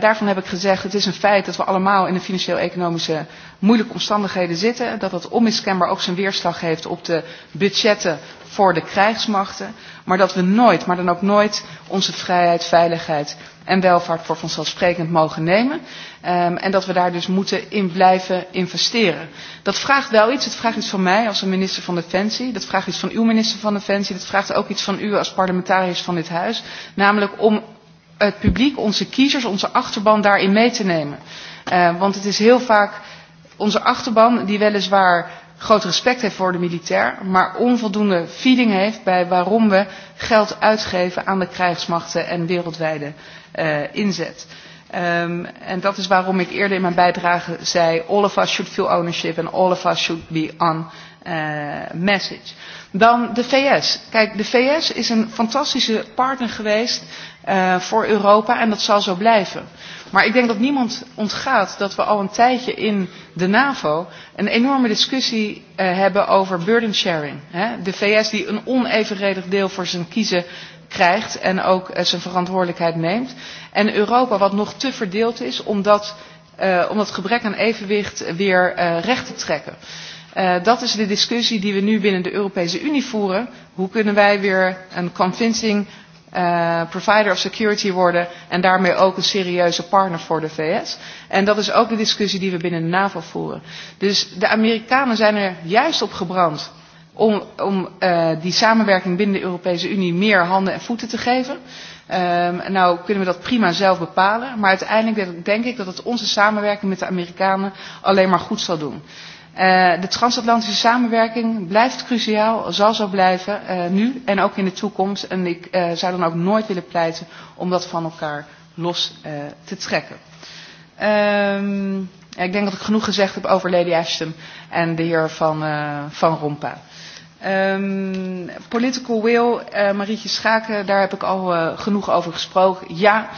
daarvan heb ik gezegd, het is een feit dat we allemaal in de financieel-economische moeilijke omstandigheden zitten. Dat dat onmiskenbaar ook zijn weerslag heeft op de budgetten voor de krijgsmachten. Maar dat we nooit, maar dan ook nooit, onze vrijheid, veiligheid en welvaart voor vanzelfsprekend mogen nemen. Ehm, en dat we daar dus moeten in blijven investeren. Dat vraagt wel iets. Het vraagt iets van mij als een minister van Defensie. Dat vraagt iets van uw minister van Defensie. Dat vraagt ook iets van u als parlementariërs van dit huis. Namelijk om het publiek, onze kiezers, onze achterban daarin mee te nemen. Ehm, want het is heel vaak onze achterban die weliswaar groot respect heeft voor de militair, maar onvoldoende feeling heeft bij waarom we geld uitgeven aan de krijgsmachten en wereldwijde uh, inzet. Um, en dat is waarom ik eerder in mijn bijdrage zei, all of us should feel ownership and all of us should be on uh, message. Dan de VS. Kijk, de VS is een fantastische partner geweest eh, voor Europa en dat zal zo blijven. Maar ik denk dat niemand ontgaat dat we al een tijdje in de NAVO een enorme discussie eh, hebben over burden sharing. Hè? De VS die een onevenredig deel voor zijn kiezen krijgt en ook uh, zijn verantwoordelijkheid neemt. En Europa wat nog te verdeeld is om dat, om dat gebrek aan evenwicht weer recht te trekken. Eh, dat is de discussie die we nu binnen de Europese Unie voeren. Hoe kunnen wij weer een convincing eh, provider of security worden en daarmee ook een serieuze partner voor de VS? En dat is ook de discussie die we binnen de NAVO voeren. Dus de Amerikanen zijn er juist op gebrand om, om eh, die samenwerking binnen de Europese Unie meer handen en voeten te geven. Ehm, nou kunnen we dat prima zelf bepalen, maar uiteindelijk denk ik dat het onze samenwerking met de Amerikanen alleen maar goed zal doen. Eh, de transatlantische samenwerking blijft cruciaal, zal zo blijven, eh, nu en ook in de toekomst. En ik eh, zou dan ook nooit willen pleiten om dat van elkaar los te trekken. Ehm, ik denk dat ik genoeg gezegd heb over Lady Ashton en de heer Van, uh, van Rompa. Um, ehm, political will, uh, Marietje Schaken, daar heb ik al uh, genoeg over gesproken. Ja,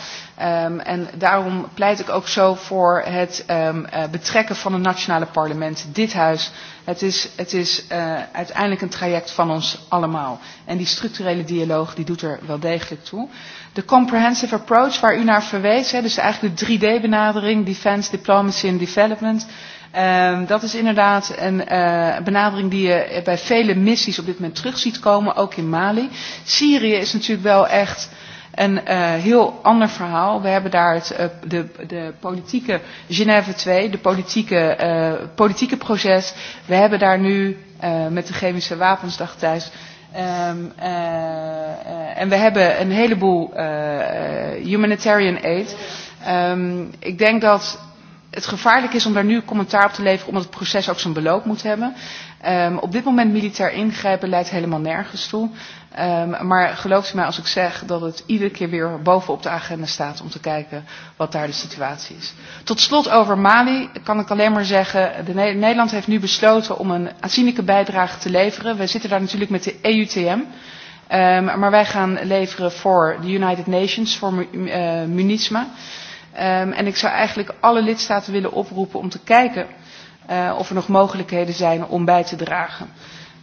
Um, en daarom pleit ik ook zo voor het um, betrekken van het nationale parlement, dit huis. Het is, het is eh, uiteindelijk een traject van ons allemaal. En die structurele dialoog die doet er wel degelijk toe. De comprehensive approach waar u naar verwees, hè, dus eigenlijk de 3D-benadering, defense, diplomacy en development. Um, dat is inderdaad eh, een benadering die je bij vele missies op dit moment terug ziet komen, ook in Mali. Syrië is natuurlijk wel echt Een eh, heel ander verhaal. We hebben daar het, eh, de, de politieke ...Geneve 2, de politieke, eh, politieke proces. We hebben daar nu met de chemische wapensdag thuis Um, uh, en we hebben een heleboel humanitarian aid. Um, ik denk dat het gevaarlijk is om daar nu commentaar op te leveren, omdat het proces ook zijn beloop moet hebben. Um, op dit moment militair ingrijpen leidt helemaal nergens toe. Um, maar geloof u mij als ik zeg dat het iedere keer weer bovenop de agenda staat om te kijken wat daar de situatie is. Tot slot over Mali kan ik alleen maar zeggen, de Nederland heeft nu besloten om een aanzienlijke bijdrage te leveren. Wij zitten daar natuurlijk met de EUTM, um, ehm, maar wij gaan leveren voor de United Nations, voor uh, MUNISMA. Ehm, en ik zou eigenlijk alle lidstaten willen oproepen om te kijken eh, of er nog mogelijkheden zijn om bij te dragen.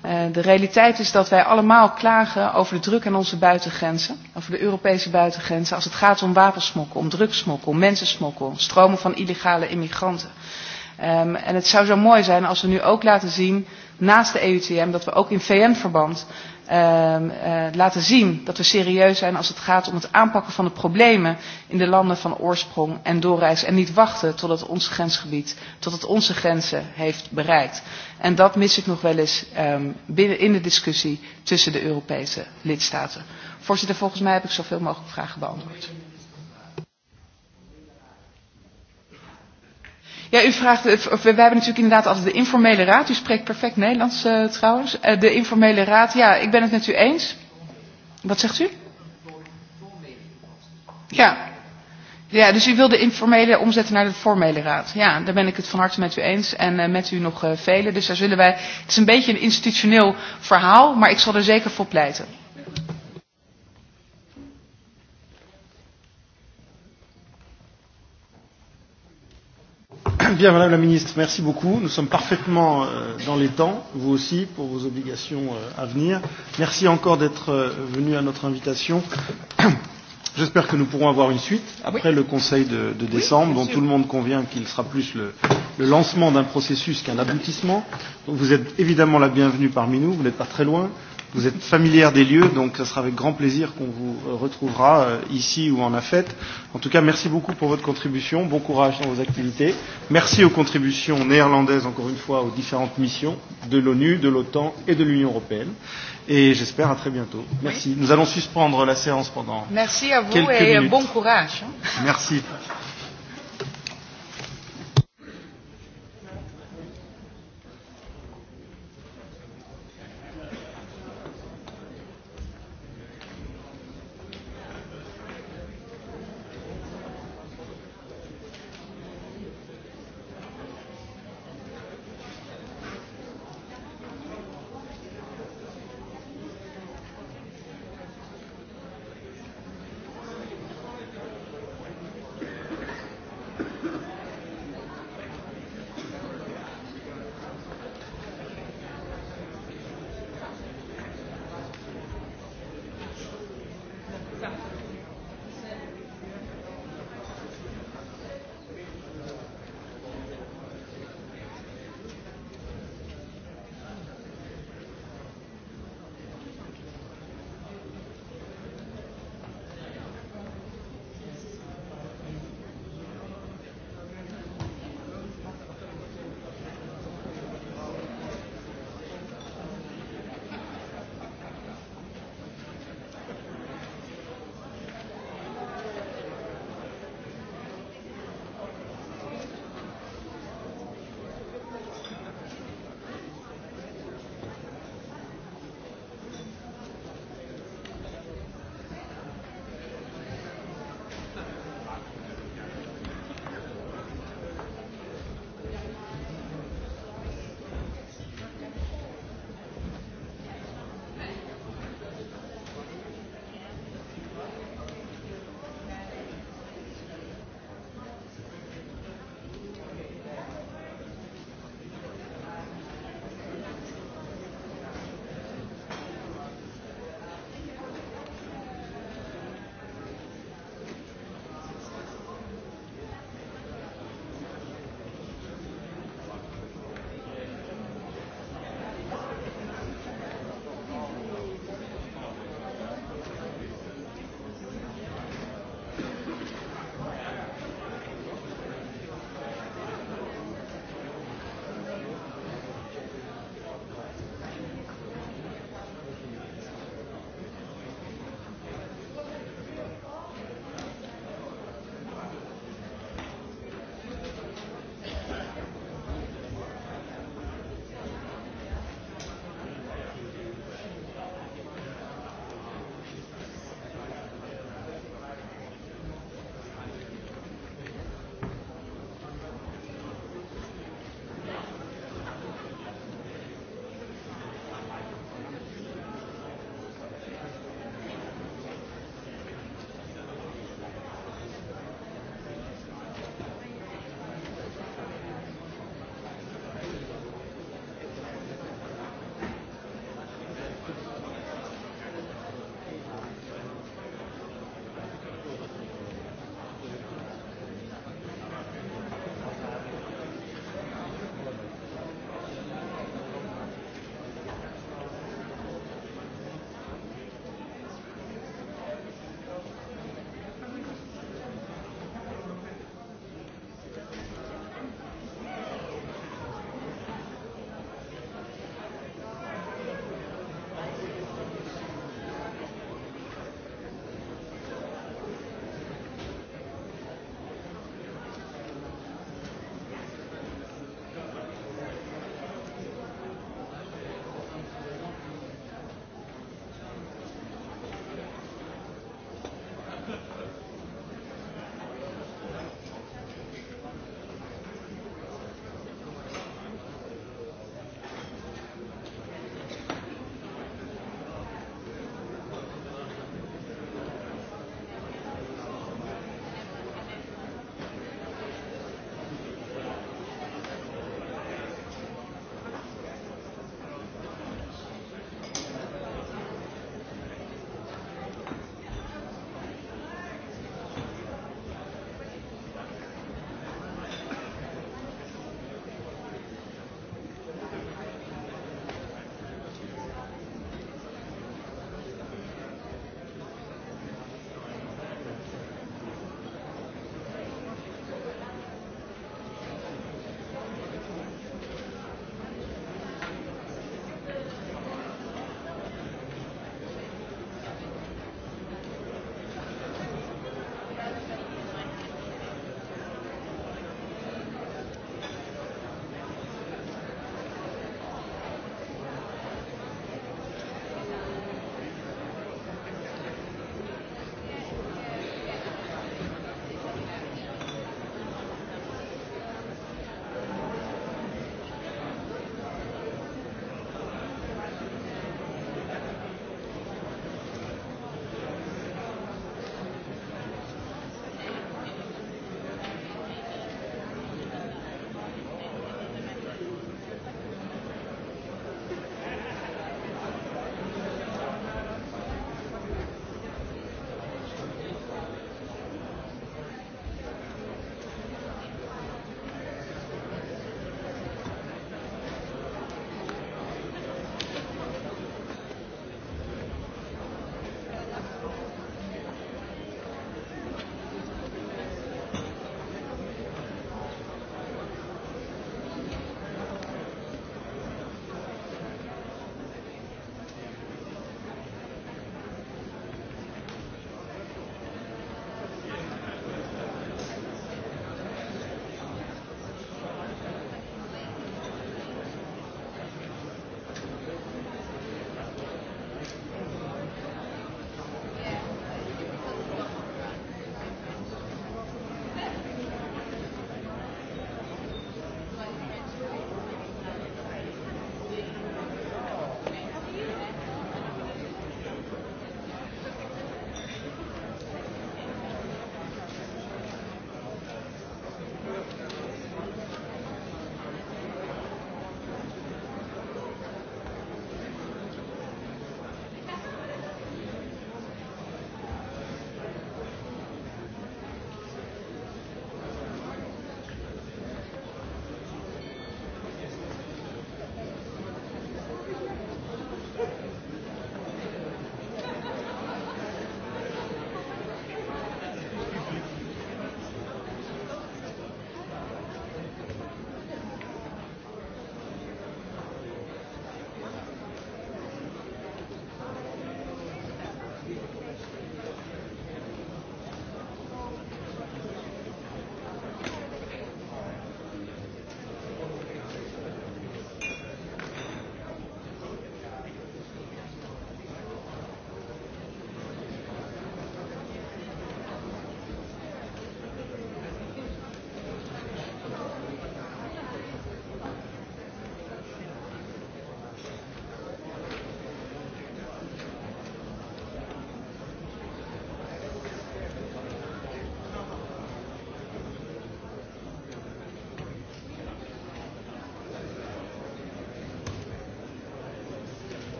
Eh, de realiteit is dat wij allemaal klagen over de druk aan onze buitengrenzen, over de Europese buitengrenzen, als het gaat om wapensmokkel, om drugsmokkel, mensensmokkel, stromen van illegale immigranten. Ehm, en het zou zo mooi zijn als we nu ook laten zien naast de EUTM dat we ook in VN-verband uh, ehm, eh, laten zien dat we serieus zijn als het gaat om het aanpakken van de problemen in de landen van oorsprong en doorreis. En niet wachten tot het ons grensgebied, tot het onze grenzen heeft bereikt. En dat mis ik nog wel eens um, binnen in de discussie tussen de Europese lidstaten. Voorzitter, volgens mij heb ik zoveel mogelijk vragen beantwoord. Ja, u vraagt, eh, we, hebben natuurlijk inderdaad altijd de informele raad. U spreekt perfect Nederlands eh, trouwens. Uh, de informele raad, ja, ik ben het met u eens. Wat zegt u? Ja. Ja, dus u wil de informele omzetten naar de formele raad. Ja, daar ben ik het van harte met u eens en met u nog velen. Dus daar zullen wij, het is een beetje een institutioneel verhaal, maar ik zal er zeker voor pleiten. Bien, Madame la Ministre, merci beaucoup. Nous sommes parfaitement euh, dans les temps, vous aussi, pour vos obligations euh, à venir. Merci encore d'être euh, venu à notre invitation. J'espère que nous pourrons avoir une suite ah après oui. le Conseil de, de décembre, oui, dont tout le monde convient qu'il sera plus le, le lancement d'un processus qu'un aboutissement. Donc vous êtes évidemment la bienvenue parmi nous, vous n'êtes pas très loin. Vous êtes familière des lieux, donc ce sera avec grand plaisir qu'on vous euh, retrouvera euh, ici ou en AFET. En tout cas, merci beaucoup pour votre contribution. Bon courage dans vos activités. Merci aux contributions néerlandaises, encore une fois, aux différentes missions de l'ONU, de l'OTAN et de l'Union européenne. Et j'espère à très bientôt. Merci. Nous allons suspendre la séance pendant merci à vous et minutes. bon courage. Merci.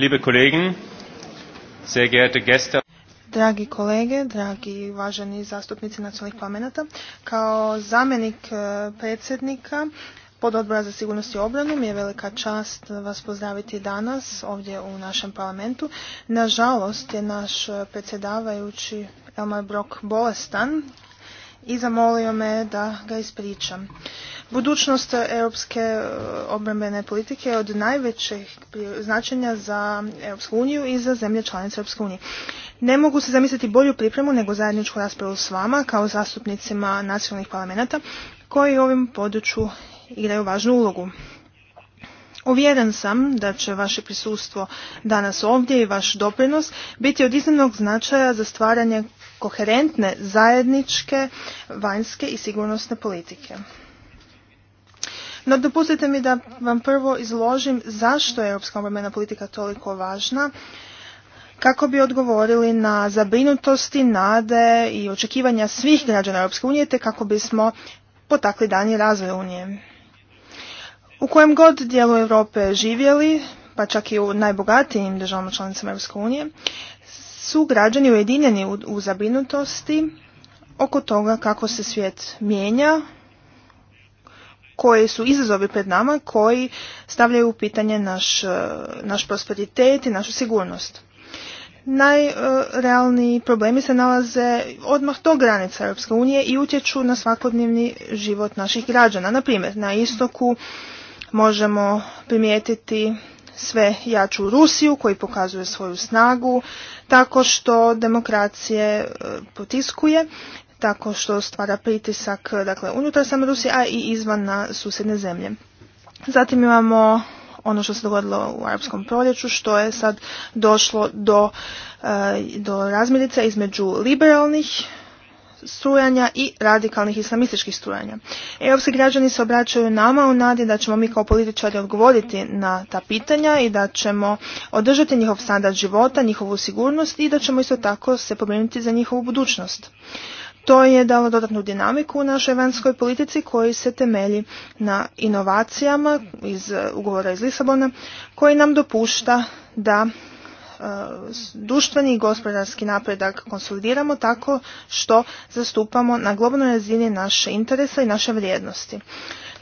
liebe Kollegen, sehr geehrte Gäste. Dragi kolege, dragi važani zastupnici nacionalnih pamenata. kao zamjenik e, predsjednika pod odbora za sigurnost i obranu mi je velika čast vas pozdraviti danas ovdje u našem parlamentu. Nažalost je naš predsjedavajući Elmar Brok bolestan i zamolio me da ga ispričam. Budućnost europske e, obrambene politike je od najvećih značenja za Europsku uniju i za zemlje članice Europske unije. Ne mogu se zamisliti bolju pripremu nego zajedničku raspravu s vama kao zastupnicima nacionalnih parlamenta koji u ovom području igraju važnu ulogu. Uvjeren sam da će vaše prisustvo danas ovdje i vaš doprinos biti od iznimnog značaja za stvaranje koherentne zajedničke vanjske i sigurnosne politike. No dopustite mi da vam prvo izložim zašto je europska obrambena politika toliko važna kako bi odgovorili na zabrinutosti, nade i očekivanja svih građana Europske unije te kako bismo potakli danji razvoj unije. U kojem god dijelu Europe živjeli, pa čak i u najbogatijim državama članicama Europske unije, su građani ujedinjeni u zabrinutosti oko toga kako se svijet mijenja, koje su izazovi pred nama koji stavljaju u pitanje naš, e, naš prosperitet i našu sigurnost. Najrealniji problemi se nalaze odmah do granica Europske unije i utječu na svakodnevni život naših građana. Na primjer, na istoku možemo primijetiti sve jaču Rusiju koji pokazuje svoju snagu tako što demokracije e, potiskuje tako što stvara pritisak dakle, unutar same Rusije, a i izvan na susjedne zemlje. Zatim imamo ono što se dogodilo u arapskom proljeću, što je sad došlo do, eh, do razmirica između liberalnih strujanja i radikalnih islamističkih strujanja. Europski građani se obraćaju nama u nadi da ćemo mi kao političari odgovoriti na ta pitanja i da ćemo održati njihov standard života, njihovu sigurnost i da ćemo isto tako se pobrinuti za njihovu budućnost. To je dalo dodatnu dinamiku u našoj vanjskoj politici koji se temelji na inovacijama iz e, ugovora iz Lisabona koji nam dopušta da e, društveni i gospodarski napredak konsolidiramo tako što zastupamo na globalnoj razini naše interese i naše vrijednosti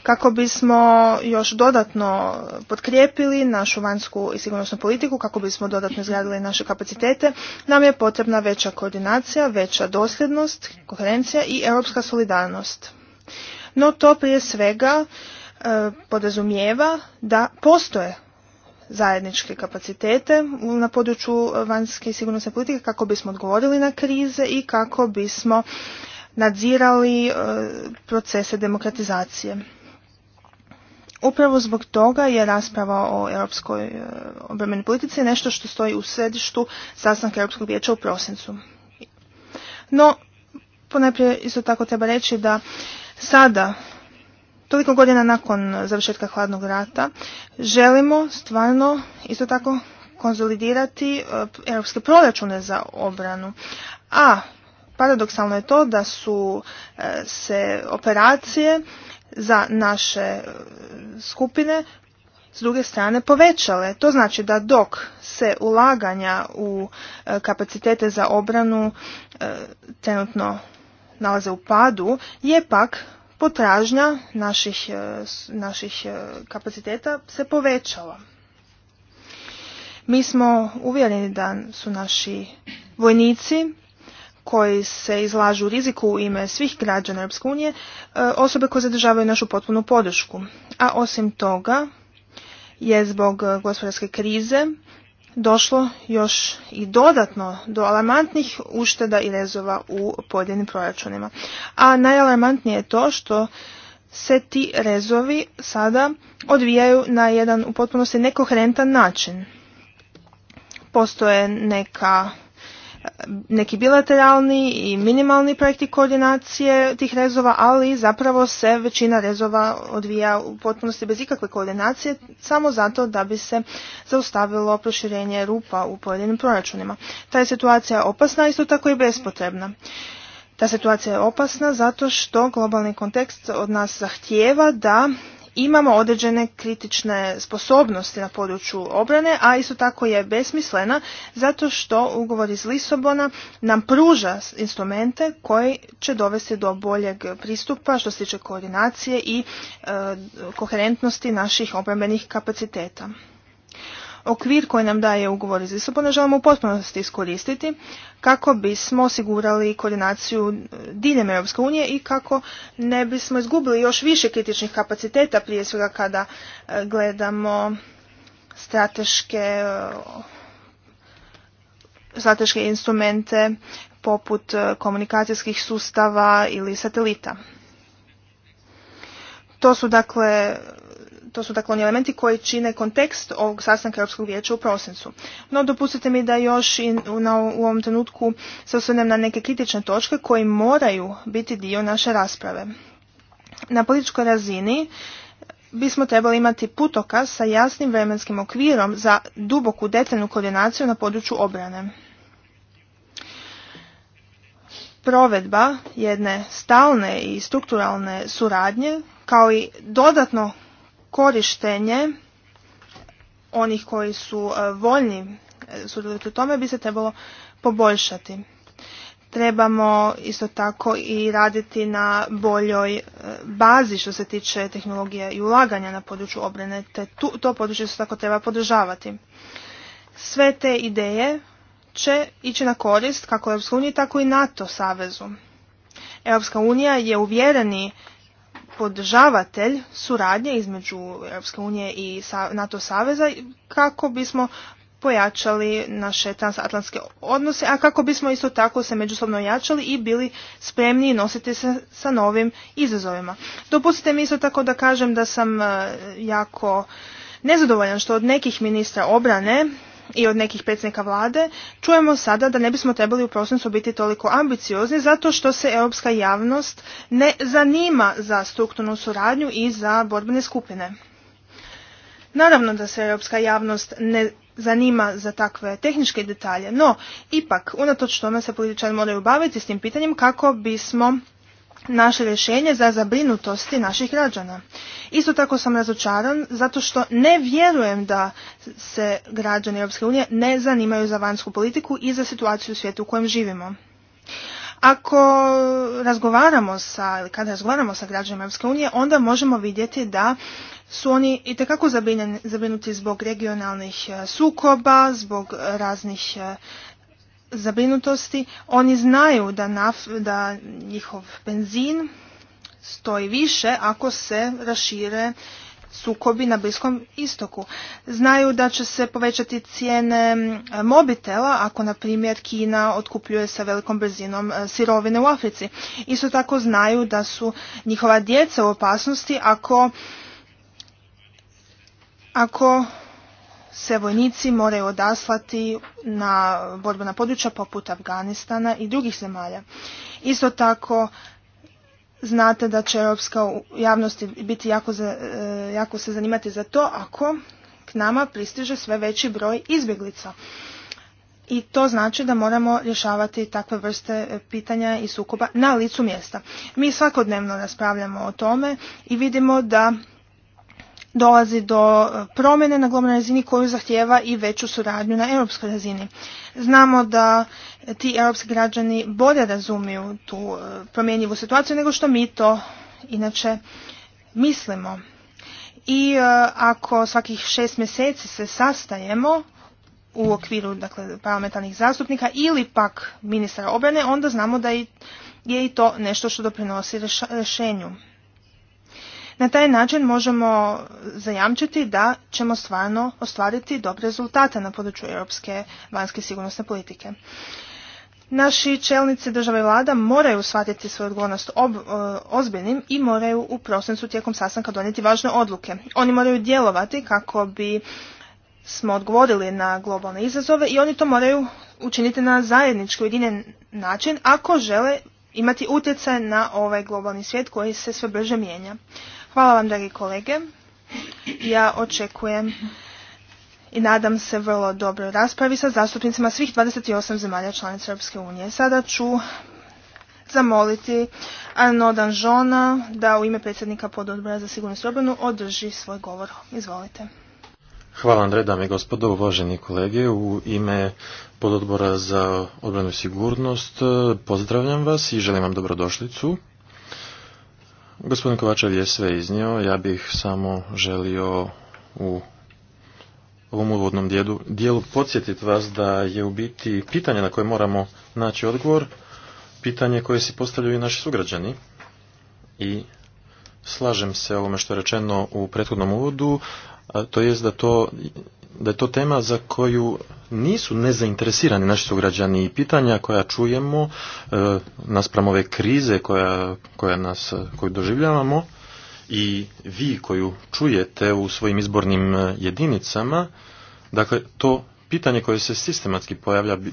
kako bismo još dodatno potkrijepili našu vanjsku i sigurnosnu politiku, kako bismo dodatno izgradili naše kapacitete, nam je potrebna veća koordinacija, veća dosljednost, koherencija i europska solidarnost. No to prije svega e, podrazumijeva da postoje zajedničke kapacitete na području vanjske i sigurnosne politike kako bismo odgovorili na krize i kako bismo nadzirali e, procese demokratizacije. Upravo zbog toga je rasprava o europskoj e, obrambenoj politici nešto što stoji u središtu sastanka Europskog vijeća u prosincu. No, ponajprije isto tako treba reći da sada, toliko godina nakon završetka hladnog rata, želimo stvarno isto tako konzolidirati e, europske proračune za obranu. A paradoksalno je to da su e, se operacije za naše e, skupine s druge strane povećale. To znači da dok se ulaganja u e, kapacitete za obranu e, trenutno nalaze u padu, je pak potražnja naših, naših kapaciteta se povećala. Mi smo uvjereni da su naši vojnici koji se izlažu riziku u ime svih građana Europske unije, e, osobe koje zadržavaju našu potpunu podršku. A osim toga je zbog e, gospodarske krize došlo još i dodatno do alarmantnih ušteda i rezova u pojedinim proračunima. A najalarmantnije je to što se ti rezovi sada odvijaju na jedan u potpunosti nekoherentan način. Postoje neka neki bilateralni i minimalni projekti koordinacije tih rezova, ali zapravo se većina rezova odvija u potpunosti bez ikakve koordinacije, samo zato da bi se zaustavilo proširenje rupa u pojedinim proračunima. Ta je situacija opasna, isto tako i bespotrebna. Ta situacija je opasna zato što globalni kontekst od nas zahtijeva da imamo određene kritične sposobnosti na području obrane, a isto tako je besmislena zato što ugovor iz Lisobona nam pruža instrumente koji će dovesti do boljeg pristupa što se tiče koordinacije i e, koherentnosti naših obrambenih kapaciteta okvir koji nam daje ugovor iz Lisabona želimo u potpunosti iskoristiti kako bismo osigurali koordinaciju diljem Europske unije i kako ne bismo izgubili još više kritičnih kapaciteta prije svega kada e, gledamo strateške e, strateške instrumente poput e, komunikacijskih sustava ili satelita. To su dakle to su dakle oni elementi koji čine kontekst ovog sastanka Europskog vijeća u prosincu. No dopustite mi da još i na, u ovom trenutku se osvrnem na neke kritične točke koji moraju biti dio naše rasprave. Na političkoj razini bismo trebali imati putoka sa jasnim vremenskim okvirom za duboku detaljnu koordinaciju na području obrane. Provedba jedne stalne i strukturalne suradnje kao i dodatno korištenje onih koji su e, voljni e, sudjelovati u tome bi se trebalo poboljšati. Trebamo isto tako i raditi na boljoj e, bazi što se tiče tehnologije i ulaganja na području obrane, te to područje isto tako treba podržavati. Sve te ideje će ići na korist kako EU tako i NATO savezu. Europska unija je uvjereni podržavatelj suradnje između Europske unije i NATO saveza kako bismo pojačali naše transatlantske odnose, a kako bismo isto tako se međusobno jačali i bili spremni nositi se sa novim izazovima. Dopustite mi isto tako da kažem da sam e, jako nezadovoljan što od nekih ministra obrane i od nekih predsjednika vlade, čujemo sada da ne bismo trebali u prosincu biti toliko ambiciozni zato što se europska javnost ne zanima za strukturnu suradnju i za borbene skupine. Naravno da se europska javnost ne zanima za takve tehničke detalje, no ipak unatoč tome se političari moraju baviti s tim pitanjem kako bismo naše rješenje za zabrinutosti naših građana. Isto tako sam razočaran zato što ne vjerujem da se građani Europske unije ne zanimaju za vanjsku politiku i za situaciju u svijetu u kojem živimo. Ako razgovaramo sa, ili kada razgovaramo sa građanima Europske unije, onda možemo vidjeti da su oni itekako zabrinuti zbog regionalnih e, sukoba, zbog raznih e, zabrinutosti. Oni znaju da, naf, da njihov benzin stoji više ako se rašire sukobi na Bliskom istoku. Znaju da će se povećati cijene mobitela ako, na primjer, Kina otkupljuje sa velikom brzinom e, sirovine u Africi. Isto tako znaju da su njihova djeca u opasnosti ako, ako se vojnici moraju odaslati na borbena područja poput Afganistana i drugih zemalja. Isto tako znate da će europska javnost biti jako, za, e, jako se zanimati za to ako k nama pristiže sve veći broj izbjeglica. I to znači da moramo rješavati takve vrste pitanja i sukoba na licu mjesta. Mi svakodnevno raspravljamo o tome i vidimo da dolazi do e, promjene na globalnoj razini koju zahtjeva i veću suradnju na europskoj razini. Znamo da ti europski građani bolje razumiju tu e, promjenjivu situaciju nego što mi to inače mislimo. I e, ako svakih šest mjeseci se sastajemo, u okviru dakle, parlamentarnih zastupnika ili pak ministra obrane, onda znamo da je i to nešto što doprinosi rješenju. Na taj način možemo zajamčiti da ćemo stvarno ostvariti dobre rezultate na području europske vanjske sigurnosne politike. Naši čelnici države i vlada moraju shvatiti svoju odgovornost e, ozbiljnim i moraju u prosincu tijekom sastanka donijeti važne odluke. Oni moraju djelovati kako bi smo odgovorili na globalne izazove i oni to moraju učiniti na zajednički ujedinjen način ako žele imati utjecaj na ovaj globalni svijet koji se sve brže mijenja. Hvala vam, dragi kolege. Ja očekujem i nadam se vrlo dobro raspravi sa zastupnicima svih 28 zemalja članica Europske unije. Sada ću zamoliti Arnaud Anžona da u ime predsjednika pododbora za sigurnost obranu održi svoj govor. Izvolite. Hvala Andrej, dame i gospodo, uvaženi kolege. U ime pododbora za obranu i sigurnost pozdravljam vas i želim vam dobrodošlicu. Gospodin Kovačev je sve iznio, ja bih samo želio u ovom uvodnom dijelu, podsjetiti vas da je u biti pitanje na koje moramo naći odgovor, pitanje koje si postavljaju i naši sugrađani i slažem se ovome što je rečeno u prethodnom uvodu, to jest da to da je to tema za koju nisu nezainteresirani naši sugrađani i pitanja koja čujemo e, naspram ove krize koja, koja nas, koju doživljavamo i vi koju čujete u svojim izbornim e, jedinicama, dakle to pitanje koje se sistematski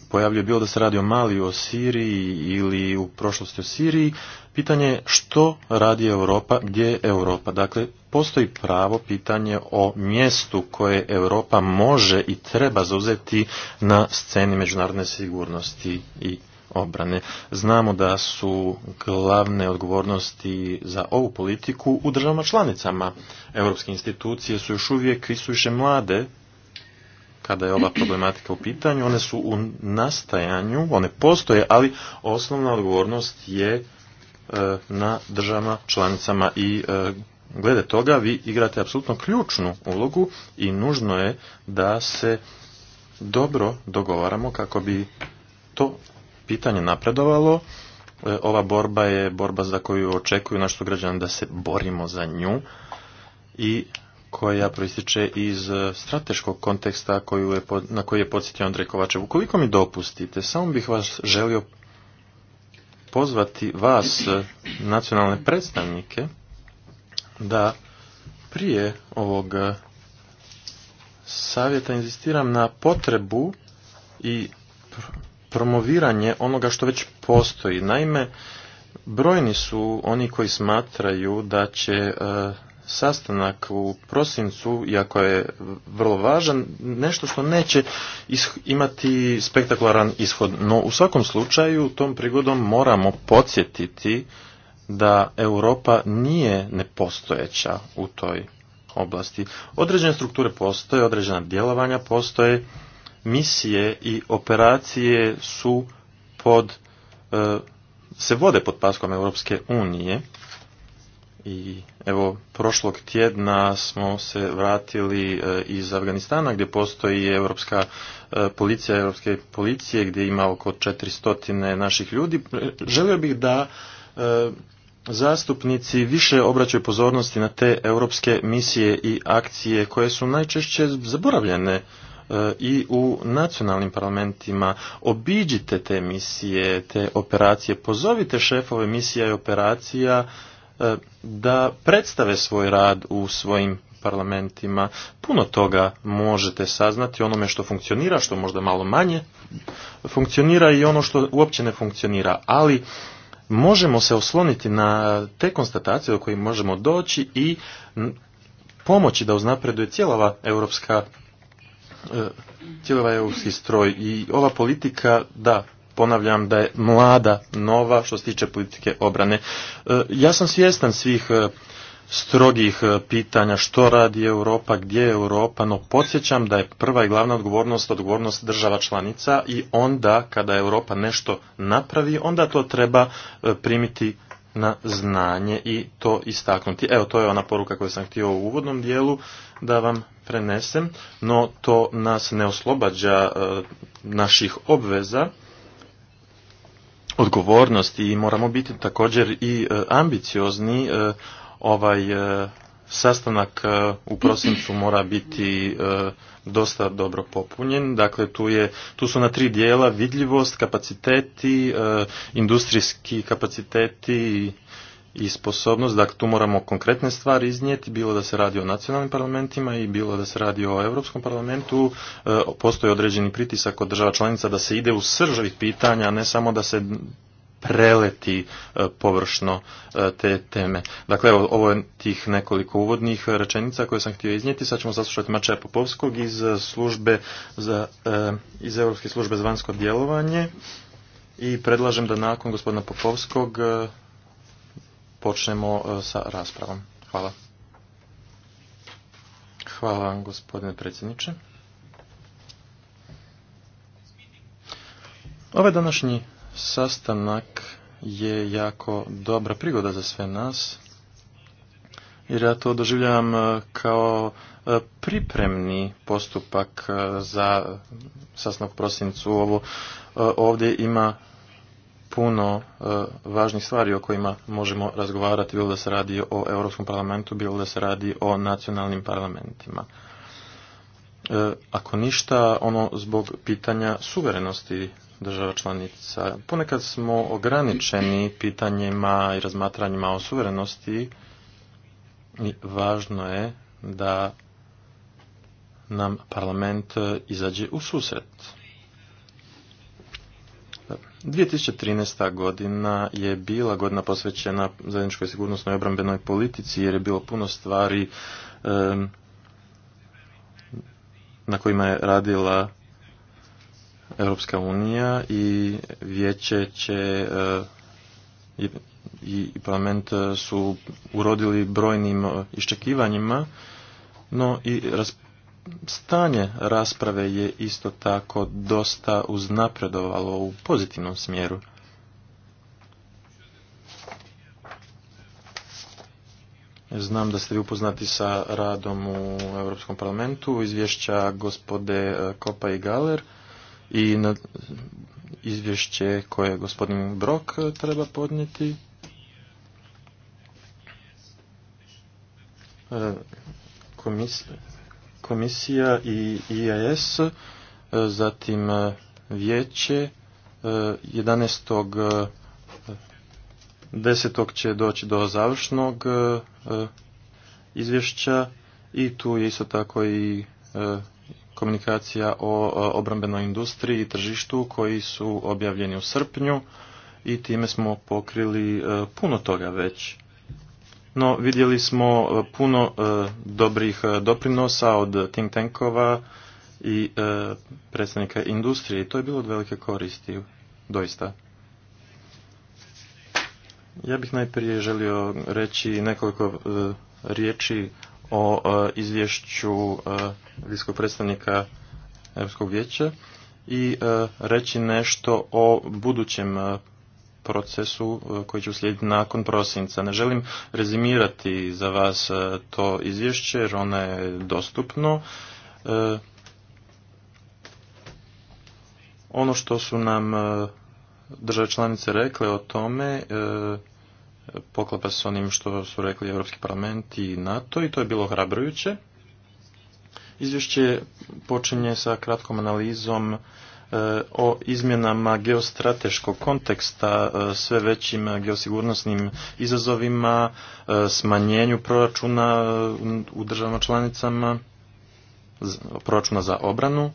pojavljuje bilo da se radi o Mali, o Siriji ili u prošlosti u Siriji, Pitanje je što radi Europa, gdje je Europa? Dakle, postoji pravo pitanje o mjestu koje Europa može i treba zauzeti na sceni međunarodne sigurnosti i obrane. Znamo da su glavne odgovornosti za ovu politiku u državama članicama. Europske institucije su još uvijek i su više mlade kada je ova problematika u pitanju. One su u nastajanju, one postoje, ali osnovna odgovornost je E, na državama članicama i e, glede toga vi igrate apsolutno ključnu ulogu i nužno je da se dobro dogovaramo kako bi to pitanje napredovalo. E, ova borba je borba za koju očekuju naši sugrađani da se borimo za nju i koja proističe iz strateškog konteksta na koji je podsjetio Andrej Kovačev. Ukoliko mi dopustite, samo bih vas želio pozvati vas, e, nacionalne predstavnike, da prije ovog e, savjeta inzistiram na potrebu i promoviranje onoga što već postoji. Naime, brojni su oni koji smatraju da će e, sastanak u prosincu, iako je vrlo važan, nešto što neće imati spektakularan ishod. No u svakom slučaju tom prigodom moramo podsjetiti da Europa nije nepostojeća u toj oblasti. Određene strukture postoje, određena djelovanja postoje, misije i operacije su pod, e, se vode pod paskom Europske unije i evo, prošlog tjedna smo se vratili e, iz Afganistana gdje postoji Europska e, policija, Europske policije gdje ima oko 400 naših ljudi. Želio bih da e, zastupnici više obraćaju pozornosti na te europske misije i akcije koje su najčešće zaboravljene i u nacionalnim parlamentima obiđite te misije, te operacije, pozovite šefove misija i operacija E, da predstave svoj rad u svojim parlamentima. Puno toga možete saznati onome što funkcionira, što možda malo manje funkcionira i ono što uopće ne funkcionira, ali možemo se osloniti na te konstatacije do kojih možemo doći i pomoći da uznapreduje cijelova europska e, cijelova europski stroj i ova politika da ponavljam da je mlada, nova što se tiče politike obrane. E, ja sam svjestan svih e, strogih e, pitanja što radi Europa, gdje je Europa, no podsjećam da je prva i glavna odgovornost odgovornost država članica i onda kada Europa nešto napravi, onda to treba primiti na znanje i to istaknuti. Evo, to je ona poruka koju sam htio u uvodnom dijelu da vam prenesem, no to nas ne oslobađa naših obveza odgovornost i moramo biti također i e, ambiciozni. E, ovaj e, sastanak u prosincu mora biti dosta dobro popunjen. Dakle, tu, je, tu su na tri dijela vidljivost, kapaciteti, industrijski kapaciteti i sposobnost, dakle tu moramo konkretne stvari iznijeti, bilo da se radi o nacionalnim parlamentima i bilo da se radi o Europskom parlamentu, e, postoji određeni pritisak od država članica da se ide u sržavih pitanja, a ne samo da se preleti e, površno e, te teme. Dakle, ovo je tih nekoliko uvodnih rečenica koje sam htio iznijeti. Sad ćemo saslušati Mačaja Popovskog iz službe za, iz Europske službe za vanjsko djelovanje i predlažem da nakon gospodina Popovskog počnemo e, sa raspravom. Hvala. Hvala vam, gospodine predsjedniče. Ovaj današnji sastanak je jako dobra prigoda za sve nas, jer ja to doživljavam e, kao e, pripremni postupak za sastanak prosincu. Ovo ovdje ima puno e, važnih stvari o kojima možemo razgovarati, bilo da se radi o Europskom parlamentu, bilo da se radi o nacionalnim parlamentima. E, ako ništa, ono zbog pitanja suverenosti država članica. Ponekad smo ograničeni pitanjima i razmatranjima o suverenosti i važno je da nam parlament izađe u susret. 2013. godina je bila godina posvećena zajedničkoj sigurnosnoj obrambenoj politici jer je bilo puno stvari na kojima je radila Europska unija i vijeće će eh, i parlament eh, su urodili brojnim eh, iščekivanjima, no i stanje rasprave je isto tako dosta uznapredovalo u pozitivnom smjeru. Znam da ste vi upoznati sa radom u Europskom parlamentu, izvješća gospode e, Kopa i Galer i na izvješće koje gospodin Brok e, treba podnijeti. E, Komisija komisija i IAS, e, zatim e, vijeće, 11.10. E, će doći do završnog izvješća i tu je isto tako i komunikacija o obrambenoj industriji i tržištu koji su objavljeni u srpnju i time smo pokrili puno toga već no vidjeli smo e, puno e, dobrih e, doprinosa od think tankova i predstavnika industrije i to je bilo od velike koristi, doista. Ja bih najprije želio reći nekoliko riječi o izvješću viskog predstavnika Europskog vijeća i reći nešto o budućem procesu e, koji će uslijediti nakon prosinca. Ne želim rezimirati za vas e, to izvješće jer ono je dostupno. E, ono što su nam države članice rekle o tome poklapa se onim što su rekli Europski parlament i NATO i to je bilo hrabrujuće. Izvješće počinje sa kratkom analizom E, o izmjenama geostrateškog konteksta, e, sve većim geosigurnosnim izazovima, e, smanjenju proračuna u državama članicama, proračuna za obranu,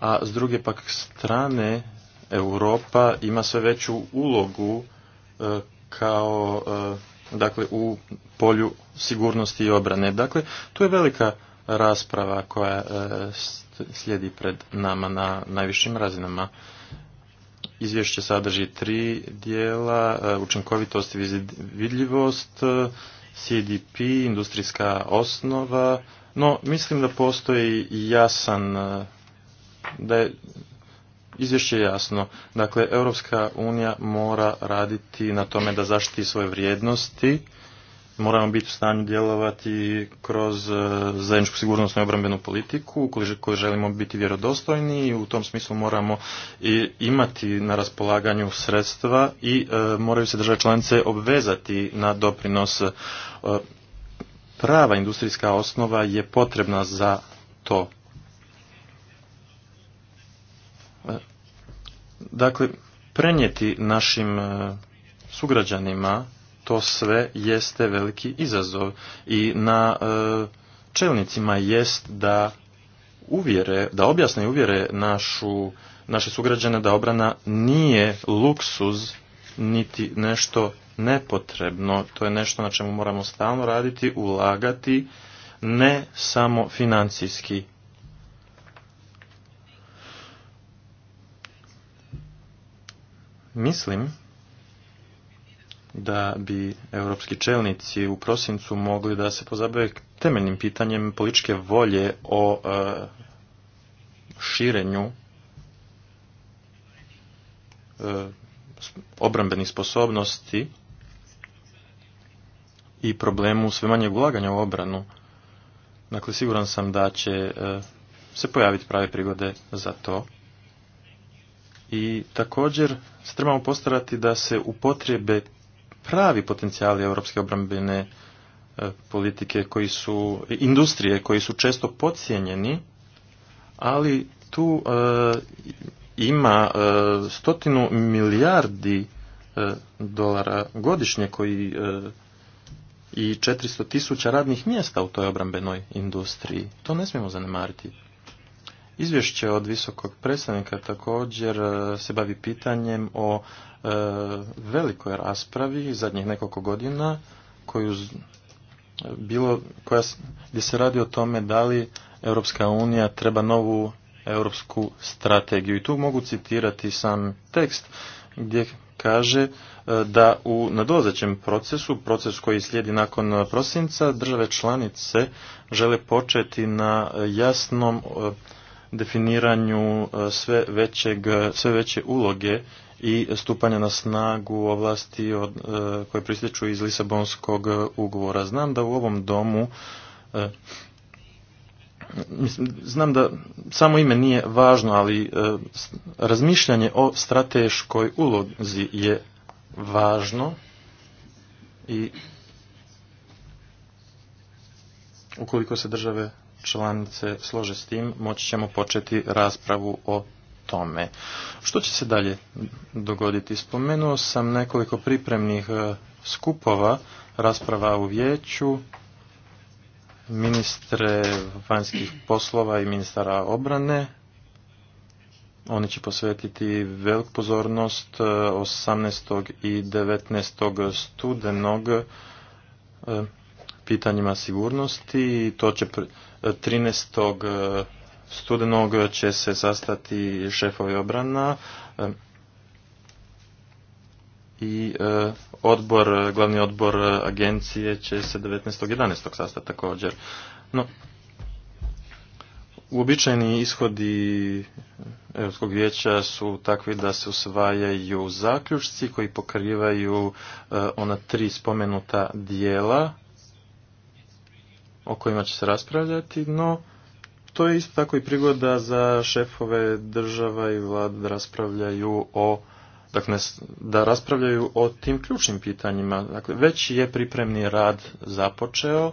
a s druge pak strane Europa ima sve veću ulogu kao dakle u polju sigurnosti i obrane. Dakle, tu je velika rasprava koja e, slijedi pred nama na najvišim razinama. Izvješće sadrži tri dijela, e, učinkovitost i vidljivost, e, CDP, industrijska osnova, no mislim da postoji jasan, da je izvješće jasno. Dakle, Europska unija mora raditi na tome da zaštiti svoje vrijednosti, moramo biti u stanju djelovati kroz e, zajedničku sigurnosnu i obrambenu politiku koju želimo biti vjerodostojni i u tom smislu moramo imati na raspolaganju sredstva i e, moraju se države članice obvezati na doprinos. E, prava industrijska osnova je potrebna za to. Dakle, prenijeti našim sugrađanima to sve jeste veliki izazov i na e, čelnicima jest da uvjere, da objasne i uvjere našu, naše sugrađane da obrana nije luksuz niti nešto nepotrebno. To je nešto na čemu moramo stalno raditi, ulagati, ne samo financijski. Mislim da bi europski čelnici u prosincu mogli da se pozabave temeljnim pitanjem političke volje o e, širenju e, obrambenih sposobnosti i problemu sve manjeg ulaganja u obranu. Dakle, siguran sam da će e, se pojaviti prave prigode za to. I također se trebamo postarati da se upotrijebe pravi potencijali europske obrambene e, politike koji su, industrije koji su često podcijenjeni, ali tu e, ima e, stotinu milijardi dolara godišnje koji i 400 tisuća radnih mjesta u toj obrambenoj industriji. To ne smijemo zanemariti. Izvješće od visokog predstavnika također e, se bavi pitanjem o e, velikoj raspravi zadnjih nekoliko godina koju bilo koja gdje se radi o tome da li Europska unija treba novu europsku strategiju i tu mogu citirati sam tekst gdje kaže e, da u nadolazećem procesu, proces koji slijedi nakon prosinca, države članice žele početi na jasnom definiranju e, sve, većeg, sve veće uloge i stupanja na snagu ovlasti od, e, koje pristječu iz Lisabonskog e, ugovora. Znam da u ovom domu znam da samo ime nije važno, ali razmišljanje o strateškoj ulozi je važno i ukoliko se države članice slože s tim, moći ćemo početi raspravu o tome. Što će se dalje dogoditi? Spomenuo sam nekoliko pripremnih e, skupova, rasprava u vijeću, ministre vanjskih poslova i ministara obrane. Oni će posvetiti veliku pozornost 18. E, i 19. studenog e, pitanjima sigurnosti i to će 13. studenog će se sastati šefovi obrana e, i e, odbor, glavni odbor agencije će se 11. sastati također. No, Uobičajeni ishodi Europskog vijeća su takvi da se usvajaju zaključci koji pokrivaju e, ona tri spomenuta dijela o kojima će se raspravljati, no to je isto tako i prigoda za šefove država i vlada da raspravljaju o dakle, da raspravljaju o tim ključnim pitanjima. Dakle, već je pripremni rad započeo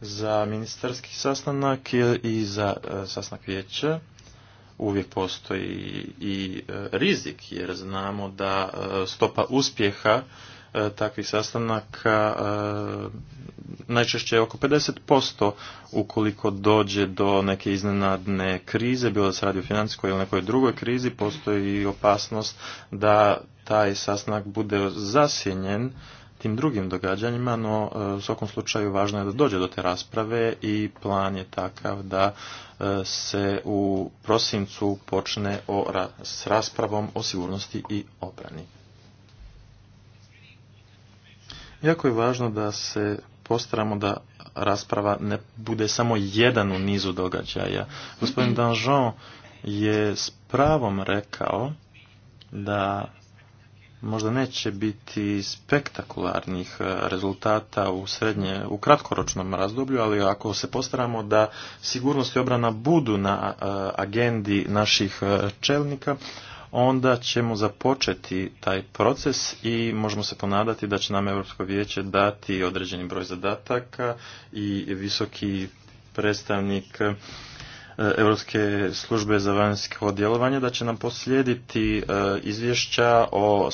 za ministarski sastanak i za e, sastanak vijeća. Uvijek postoji i e, rizik jer znamo da e, stopa uspjeha E, takvih sastanaka e, najčešće je oko 50% ukoliko dođe do neke iznenadne krize, bilo da se radi o financijskoj ili nekoj drugoj krizi, postoji opasnost da taj sastanak bude zasjenjen tim drugim događanjima, no e, u svakom slučaju važno je da dođe do te rasprave i plan je takav da se u prosincu počne o, s raspravom o sigurnosti i obrani. Jako je važno da se postaramo da rasprava ne bude samo jedan u nizu događaja. Gospodin mhm. Danjon je s pravom rekao da možda neće biti spektakularnih e, rezultata u srednje, u kratkoročnom razdoblju, ali ako se postaramo da sigurnost i obrana budu na e, agendi naših e, čelnika, onda ćemo započeti taj proces i možemo se ponadati da će nam Europsko vijeće dati određeni broj zadataka i visoki predstavnik e, Europske službe za vanjsko djelovanje da će nam poslijediti e, izvješća o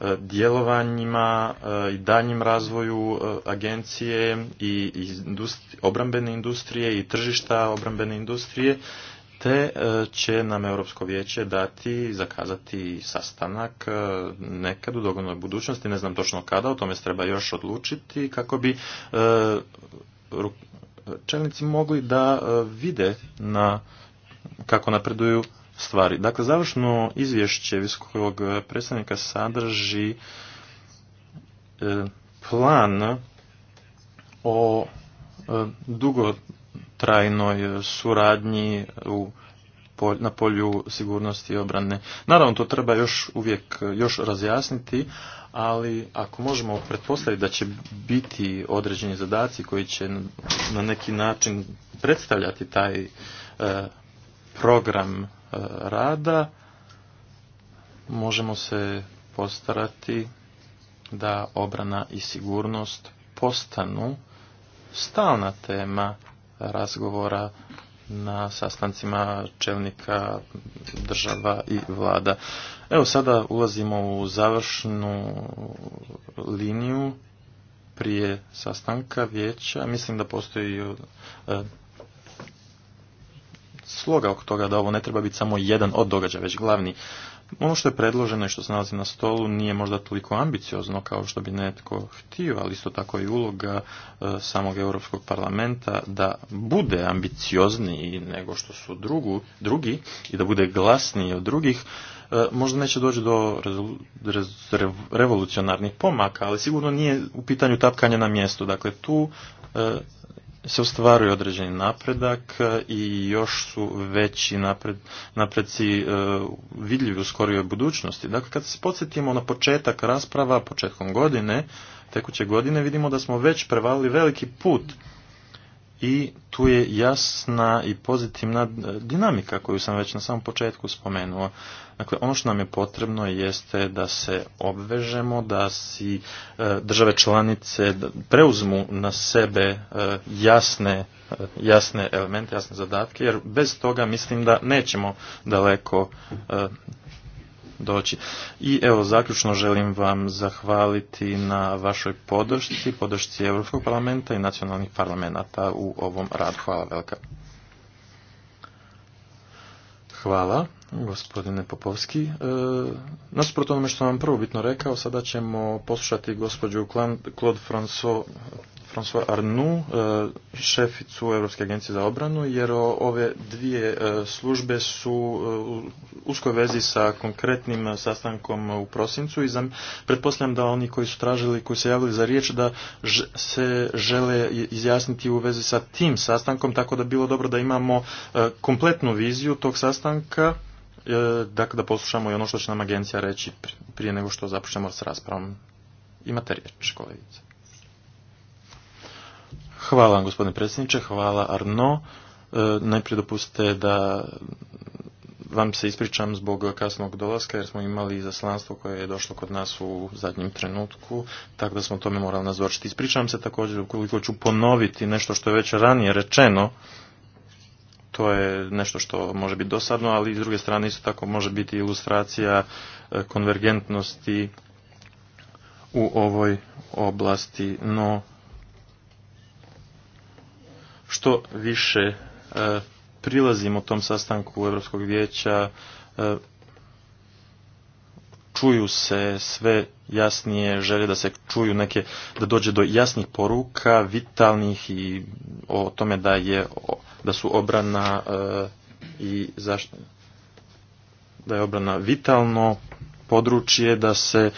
e, djelovanjima i daljnjem razvoju agencije i obrambene industrije i tržišta obrambene industrije te e, će nam Europsko vijeće dati, zakazati sastanak e, nekad u dogodnoj budućnosti, ne znam točno kada, o tome se treba još odlučiti kako bi e, čelnici mogli da vide na kako napreduju stvari. Dakle, završno izvješće visokog predstavnika sadrži plan o dugo trajnoj suradnji u na polju sigurnosti i obrane. Naravno, to treba još uvijek još razjasniti, ali ako možemo pretpostaviti da će biti određeni zadaci koji će na neki način predstavljati taj e, program e, rada, možemo se postarati da obrana i sigurnost postanu stalna tema razgovora na sastancima čelnika država i vlada. Evo sada ulazimo u završnu liniju prije sastanka vijeća. Mislim da postoji e, sloga oko toga da ovo ne treba biti samo jedan od događaja, već glavni ono što je predloženo i što se nalazi na stolu nije možda toliko ambiciozno kao što bi netko htio, ali isto tako i uloga e, samog Europskog parlamenta da bude ambiciozniji nego što su drugu, drugi i da bude glasniji od drugih. E, možda neće doći do revolucionarnih pomaka, ali sigurno nije u pitanju tapkanja na mjestu. Dakle, tu e, se ostvaruje određeni napredak e, i još su veći napred, napreci e, vidljivi u skorijoj budućnosti. Dakle, kad se podsjetimo na početak rasprava početkom godine, tekuće godine, vidimo da smo već prevalili veliki put i tu je jasna i pozitivna e, dinamika koju sam već na samom početku spomenuo. Dakle, ono što nam je potrebno jeste da se obvežemo, da si e, države članice preuzmu na sebe e, jasne, jasne elemente, jasne zadatke, jer bez toga mislim da nećemo daleko doći. I evo, zaključno želim vam zahvaliti na vašoj podršci, podršci Europskog parlamenta i nacionalnih parlamenta u ovom radu. Hvala velika. Hvala, gospodine Popovski. E, Nasprot onome što vam bitno rekao, sada ćemo poslušati gospođu Claude François François Arnoux, e, šeficu Europske agencije za obranu, jer ove dvije e, službe su e, u uskoj vezi sa konkretnim sastankom u prosincu i pretpostavljam da oni koji su tražili, koji se javili za riječ, da se žele izjasniti u vezi sa tim sastankom, tako da bilo dobro da imamo kompletnu viziju tog sastanka, dakle da poslušamo i ono što će nam agencija reći prije nego što započnemo s raspravom. Imate riječ, kolegice. Hvala vam gospodine predsjedniče, hvala Arno. E, najprije dopustite da vam se ispričam zbog kasnog dolaska jer smo imali zaslanstvo koje je došlo kod nas u zadnjem trenutku, tako da smo tome morali nazvršiti. Ispričavam se također ukoliko ću ponoviti nešto što je već ranije rečeno, to je nešto što može biti dosadno, ali s druge strane isto tako može biti ilustracija e, konvergentnosti u ovoj oblasti, no što više e, prilazimo tom sastanku Europskog vijeća, e, čuju se sve jasnije želje da se čuju neke, da dođe do jasnih poruka, vitalnih i o tome da je, da su obrana e, i zaštita da je obrana vitalno područje, da se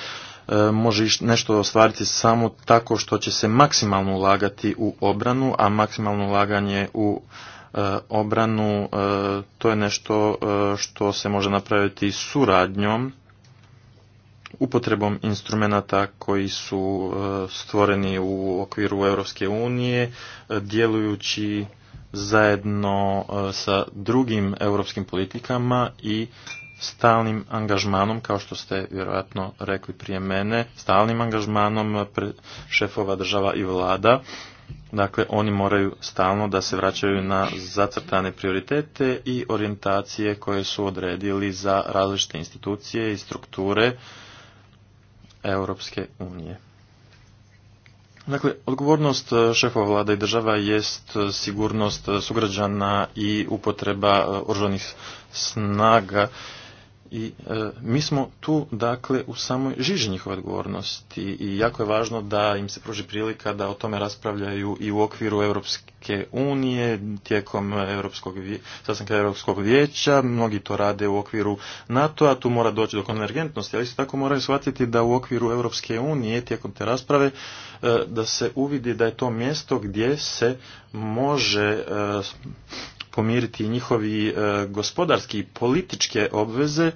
E, može nešto ostvariti samo tako što će se maksimalno ulagati u obranu, a maksimalno ulaganje u e, obranu e, to je nešto što se može napraviti suradnjom upotrebom instrumenata koji su stvoreni u okviru Europske unije, djelujući zajedno sa drugim europskim politikama i stalnim angažmanom, kao što ste vjerojatno rekli prije mene, stalnim angažmanom šefova država i vlada. Dakle, oni moraju stalno da se vraćaju na zacrtane prioritete i orijentacije koje su odredili za različite institucije i strukture Europske unije. Dakle, odgovornost šefova vlada i država jest sigurnost sugrađana i upotreba oružanih snaga i e, mi smo tu, dakle, u samoj žiži njihove odgovornosti i jako je važno da im se pruži prilika da o tome raspravljaju i u okviru Europske unije, tijekom Europskog, sastanka Europskog vijeća, mnogi to rade u okviru NATO-a, tu mora doći do konvergentnosti, ali isto tako moraju shvatiti da u okviru Europske unije, tijekom te rasprave, e, da se uvidi da je to mjesto gdje se može e, pomiriti njihovi e, gospodarski i političke obveze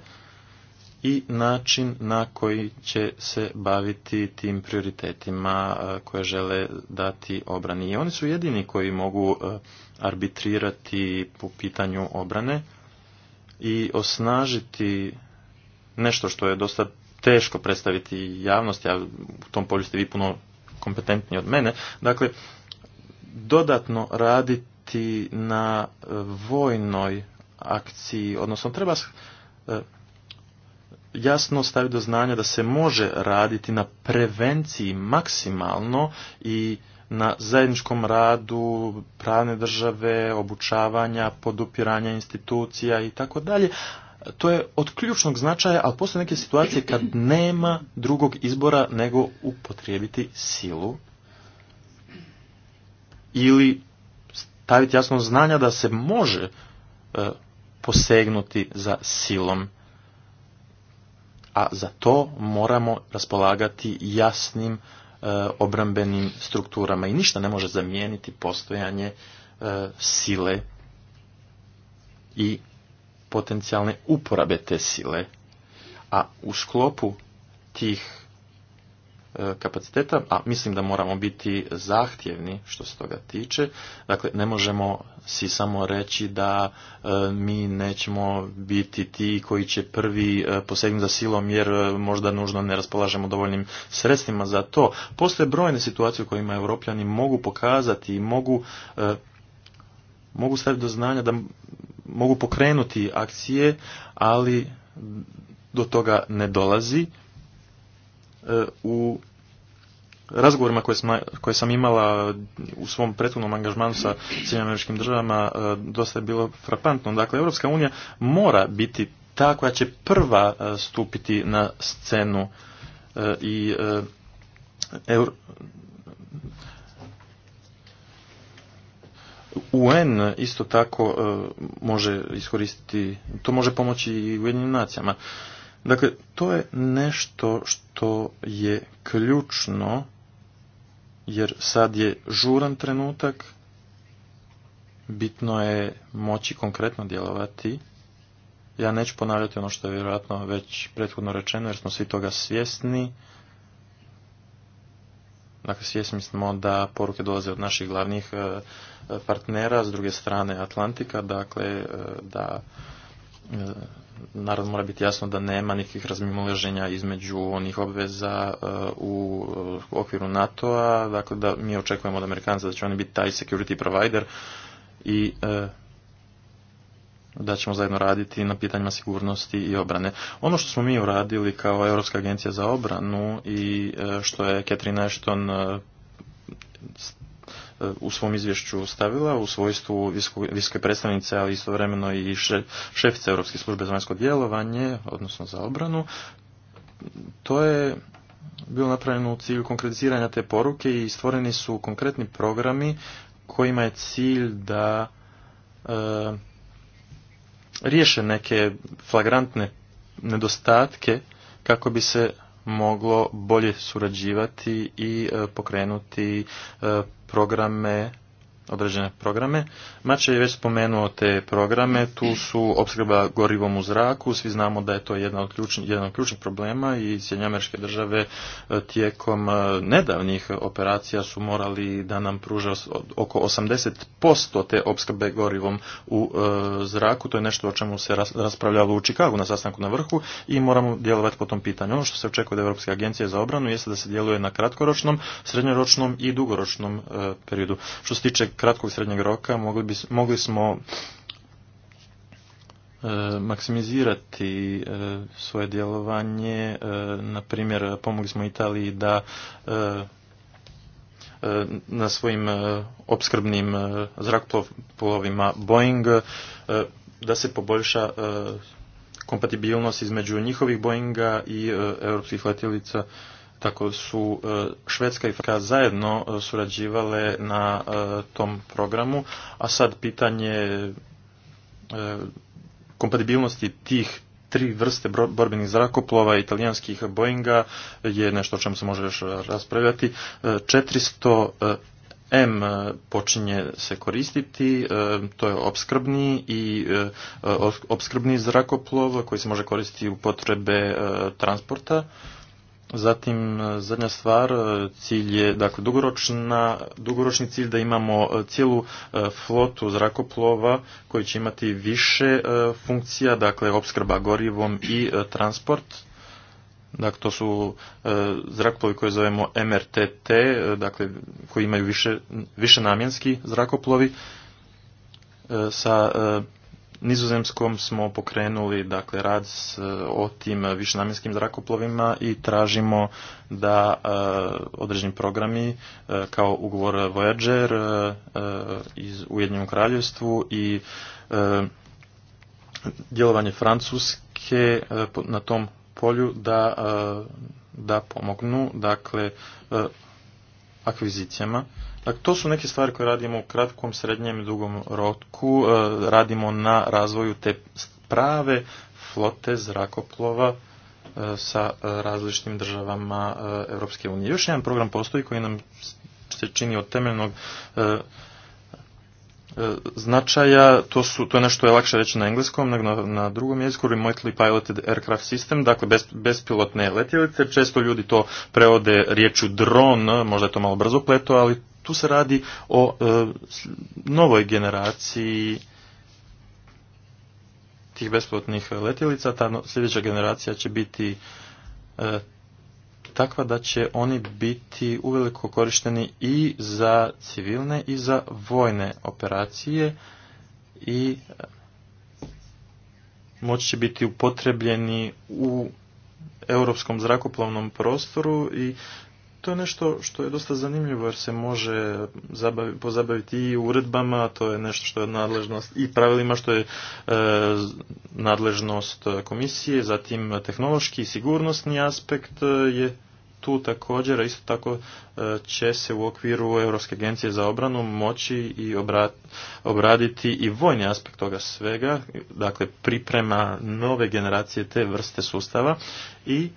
i način na koji će se baviti tim prioritetima e, koje žele dati obrani. I oni su jedini koji mogu e, arbitrirati po pitanju obrane i osnažiti nešto što je dosta teško predstaviti javnosti, a u tom polju ste vi puno kompetentni od mene. Dakle, dodatno raditi raditi na e, vojnoj akciji, odnosno treba e, jasno staviti do znanja da se može raditi na prevenciji maksimalno i na zajedničkom radu pravne države, obučavanja, podupiranja institucija i tako dalje. To je od ključnog značaja, ali postoje neke situacije kad nema drugog izbora nego upotrijebiti silu ili staviti jasno znanja da se može e, posegnuti za silom. A za to moramo raspolagati jasnim e, obrambenim strukturama i ništa ne može zamijeniti postojanje e, sile i potencijalne uporabe te sile. A u sklopu tih E, kapaciteta, a mislim da moramo biti zahtjevni što se toga tiče. Dakle, ne možemo si samo reći da e, mi nećemo biti ti koji će prvi e, posegnuti za silom jer možda nužno ne raspolažemo dovoljnim sredstvima za to. Postoje brojne situacije u kojima europljani mogu pokazati i mogu, mogu staviti do znanja da mogu pokrenuti akcije, ali do toga ne dolazi E, u razgovorima koje sam, sam imala u svom prethodnom angažmanu sa Sjedinjenim američkim državama e, dosta je bilo frapantno. Dakle, Europska unija mora biti ta koja će prva e, stupiti na scenu i UN isto tako može iskoristiti, to može pomoći i Ujedinjenim nacijama. Dakle, to je nešto što je ključno, jer sad je žuran trenutak, bitno je moći konkretno djelovati. Ja neću ponavljati ono što je vjerojatno već prethodno rečeno, jer smo svi toga svjesni. Dakle, svjesni smo da poruke dolaze od naših glavnih e, partnera, s druge strane Atlantika, dakle, e, da e, naravno mora biti jasno da nema nikih razmimoleženja između onih obveza uh, uh, u okviru NATO-a, dakle da mi očekujemo od Amerikanca da će oni biti taj security provider i uh, da ćemo zajedno raditi na pitanjima sigurnosti i obrane. Ono što smo mi uradili kao Europska agencija za obranu i što je Catherine Ashton u svom izvješću stavila u svojstvu visoke predstavnice, ali istovremeno i šefice Europske službe za vanjsko djelovanje, odnosno za obranu. To je bilo napravljeno u cilju konkretiziranja te poruke i stvoreni su konkretni programi kojima je cilj da e, riješe neke flagrantne nedostatke kako bi se moglo bolje surađivati i e, pokrenuti e, programe određene programe. Mače je već spomenuo te programe, tu su opskrba gorivom u zraku, svi znamo da je to jedan od jedan od ključnih problema i SAD države e, tijekom e, nedavnih operacija su morali da nam pruže oko 80% te opskrbe gorivom u e, zraku, to je nešto o čemu se raspravljalo u Čikagu na sastanku na vrhu i moramo djelovati po tom pitanju. Ono što se očekuje od Europske agencije za obranu jeste da se djeluje na kratkoročnom, srednjoročnom i dugoročnom periodu. Što se tiče kratkog srednjeg roka mogli, bi, mogli smo e, maksimizirati e, svoje djelovanje. E, na primjer, pomogli smo Italiji da e, e, na svojim opskrbnim zrakoplovima Boeing da se poboljša kompatibilnost između njihovih Boeinga i europskih letjelica tako su e, Švedska i Franka zajedno e, surađivale na e, tom programu, a sad pitanje kompatibilnosti tih tri vrste borbenih zrakoplova i italijanskih Boeinga je nešto o čemu se može još raspravljati. 400 M počinje se koristiti, to je opskrbni i opskrbni zrakoplov koji se može koristiti u potrebe transporta. Zatim, e, zadnja stvar, e, cilj je, dakle, dugoročna, dugoročni cilj da imamo e, cijelu flotu zrakoplova koji će imati više funkcija, dakle, opskrba gorivom i transport. Dakle, to su zrakoplovi koje zovemo MRTT, dakle, koji imaju više, više namjenski zrakoplovi sa Nizozemskom smo pokrenuli dakle rad s, e, o tim višenamjenskim zrakoplovima i tražimo da e, određeni programi e, kao ugovor Voyager e, e, iz Ujedinjenom kraljevstvu i djelovanje Francuske na tom polju da, da pomognu. Dakle, akvizicijama. Dakle, to su neke stvari koje radimo u kratkom, srednjem i dugom roku. E, radimo na razvoju te prave flote zrakoplova e, sa e, različitim državama Europske unije. Još jedan program postoji koji nam se čini od temeljnog E, značaja, to, su, to je nešto je lakše reći na engleskom nego na, na drugom jeziku, remotely piloted aircraft system, dakle bez bespilotne letjelice, često ljudi to preode riječu dron, možda je to malo brzo pleto, ali tu se radi o e, novoj generaciji tih bespilotnih letjelica, ta sljedeća generacija će biti e, takva da će oni biti uveliko korišteni i za civilne i za vojne operacije i e, moći će biti upotrebljeni u europskom zrakoplovnom prostoru i to je nešto što je dosta zanimljivo jer se može pozabaviti i uredbama, to je nešto što je nadležnost i pravilima što je e, nadležnost komisije, zatim tehnološki i sigurnosni aspekt je tu također, isto tako e, će se u okviru Europske agencije za obranu moći i obraditi i vojni aspekt toga svega, dakle priprema nove generacije te vrste sustava i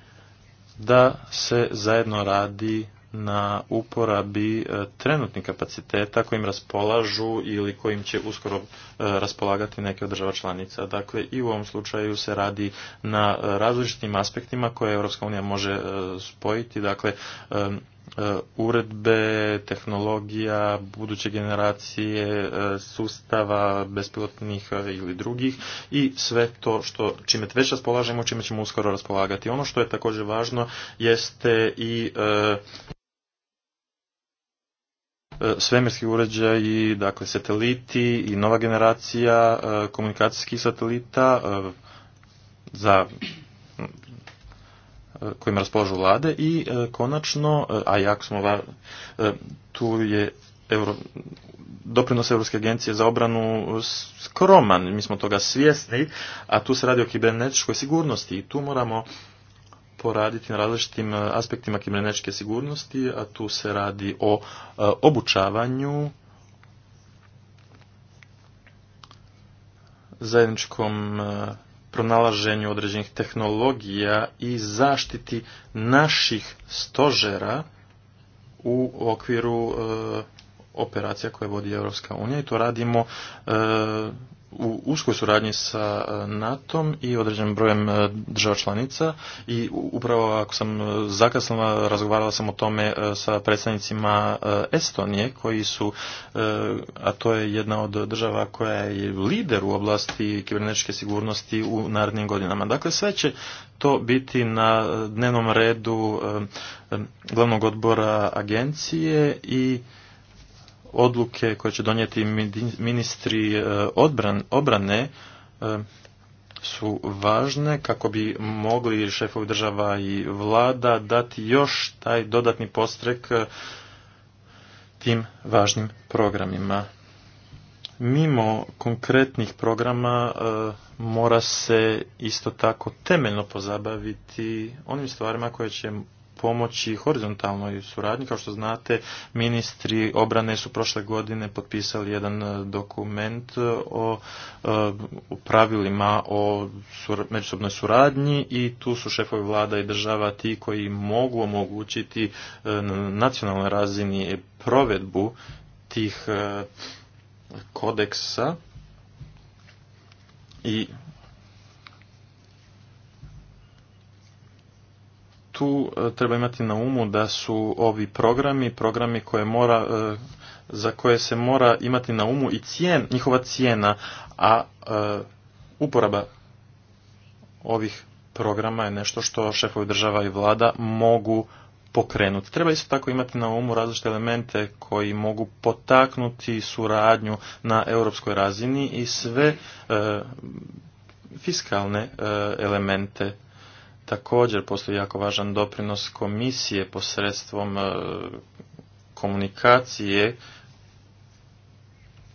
da se zajedno radi na uporabi e, trenutnih kapaciteta kojim raspolažu ili kojim će uskoro e, raspolagati neke od država članica. Dakle, i u ovom slučaju se radi na e, različitim aspektima koje Europska unija može spojiti, dakle, uredbe, tehnologija, buduće generacije, sustava, bespilotnih ili drugih i sve to što čime već raspolažemo, čime ćemo uskoro raspolagati. Ono što je također važno jeste i E, svemirski uređaji, dakle sateliti i nova generacija e, komunikacijskih satelita e, za kojima raspolažu vlade i konačno, a jak smo tu je doprinos Europske agencije za obranu skroman, mi smo toga svjesni, a tu se radi o kibernetičkoj sigurnosti i tu moramo poraditi na različitim e, aspektima kibernetičke sigurnosti, a tu se radi o e, obučavanju, zajedničkom e, pronalaženju određenih tehnologija i zaštiti naših stožera u okviru operacija koje vodi Europska unija i to radimo u uskoj suradnji sa e, NATO-om i određenim brojem e, država članica i upravo ako sam e, zakasnila razgovarala sam o tome sa predstavnicima Estonije koji su, a to je jedna od država koja je lider u oblasti kibernetičke sigurnosti u narednim godinama. Dakle, sve će to biti na dnevnom redu glavnog odbora agencije i odluke koje će donijeti ministri e, odbran, obrane e, su važne kako bi mogli šefovi država i vlada dati još taj dodatni postrek e, tim važnim programima. Mimo konkretnih programa mora se isto tako temeljno pozabaviti onim stvarima koje će pomoći horizontalnoj suradnji. Kao što znate, ministri obrane su prošle godine potpisali jedan e, dokument e, o, e, pravilima o međusobnoj suradnji i tu su šefovi vlada i država ti koji mogu omogućiti na nacionalnoj razini provedbu tih kodeksa i tu e, treba imati na umu da su ovi programi, programi koje mora, e, za koje se mora imati na umu i cijen, njihova cijena, a e, uporaba ovih programa je nešto što šefovi država i vlada mogu pokrenuti. Treba isto tako imati na umu različite elemente koji mogu potaknuti suradnju na europskoj razini i sve fiskalne elemente Također postoji jako važan doprinos komisije posredstvom e, komunikacije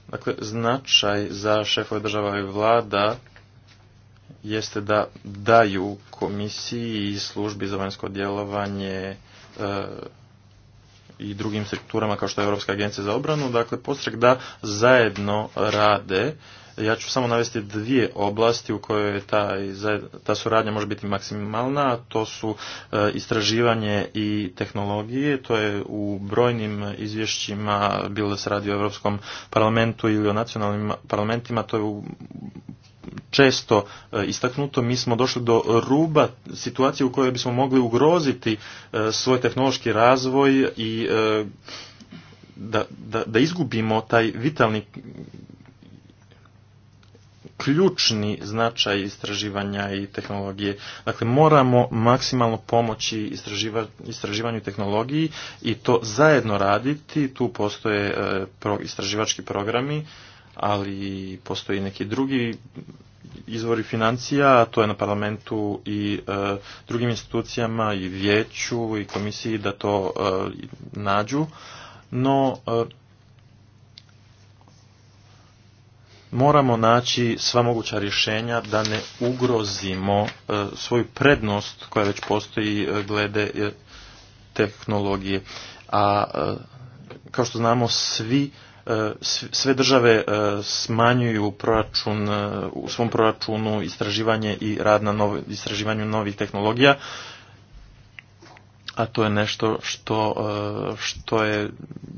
Dakle, značaj za šefove država i vlada jeste da daju komisiji i službi za vanjsko djelovanje e, i drugim strukturama kao što je Europska agencija za obranu, dakle, postrek da zajedno rade ja ću samo navesti dvije oblasti u kojoj ta, ta suradnja može biti maksimalna, a to su e, istraživanje i tehnologije. To je u brojnim izvješćima, bilo da se radi o Europskom parlamentu ili o nacionalnim parlamentima, to je često e, istaknuto, mi smo došli do ruba situacije u kojoj bismo mogli ugroziti e, svoj tehnološki razvoj i da, da, da izgubimo taj vitalni ključni značaj istraživanja i tehnologije. Dakle, moramo maksimalno pomoći istraživanju istraživanju tehnologiji i to zajedno raditi. Tu postoje e, istraživački programi, ali postoji neki drugi izvori financija, a to je na parlamentu i e, drugim institucijama i vijeću i komisiji da to e, nađu. No, moramo naći sva moguća rješenja da ne ugrozimo e, svoju prednost koja već postoji e, glede e, tehnologije. A kao što znamo svi sve države smanjuju proračun u svom proračunu istraživanje i rad na istraživanju novih tehnologija a to je nešto što, e, što je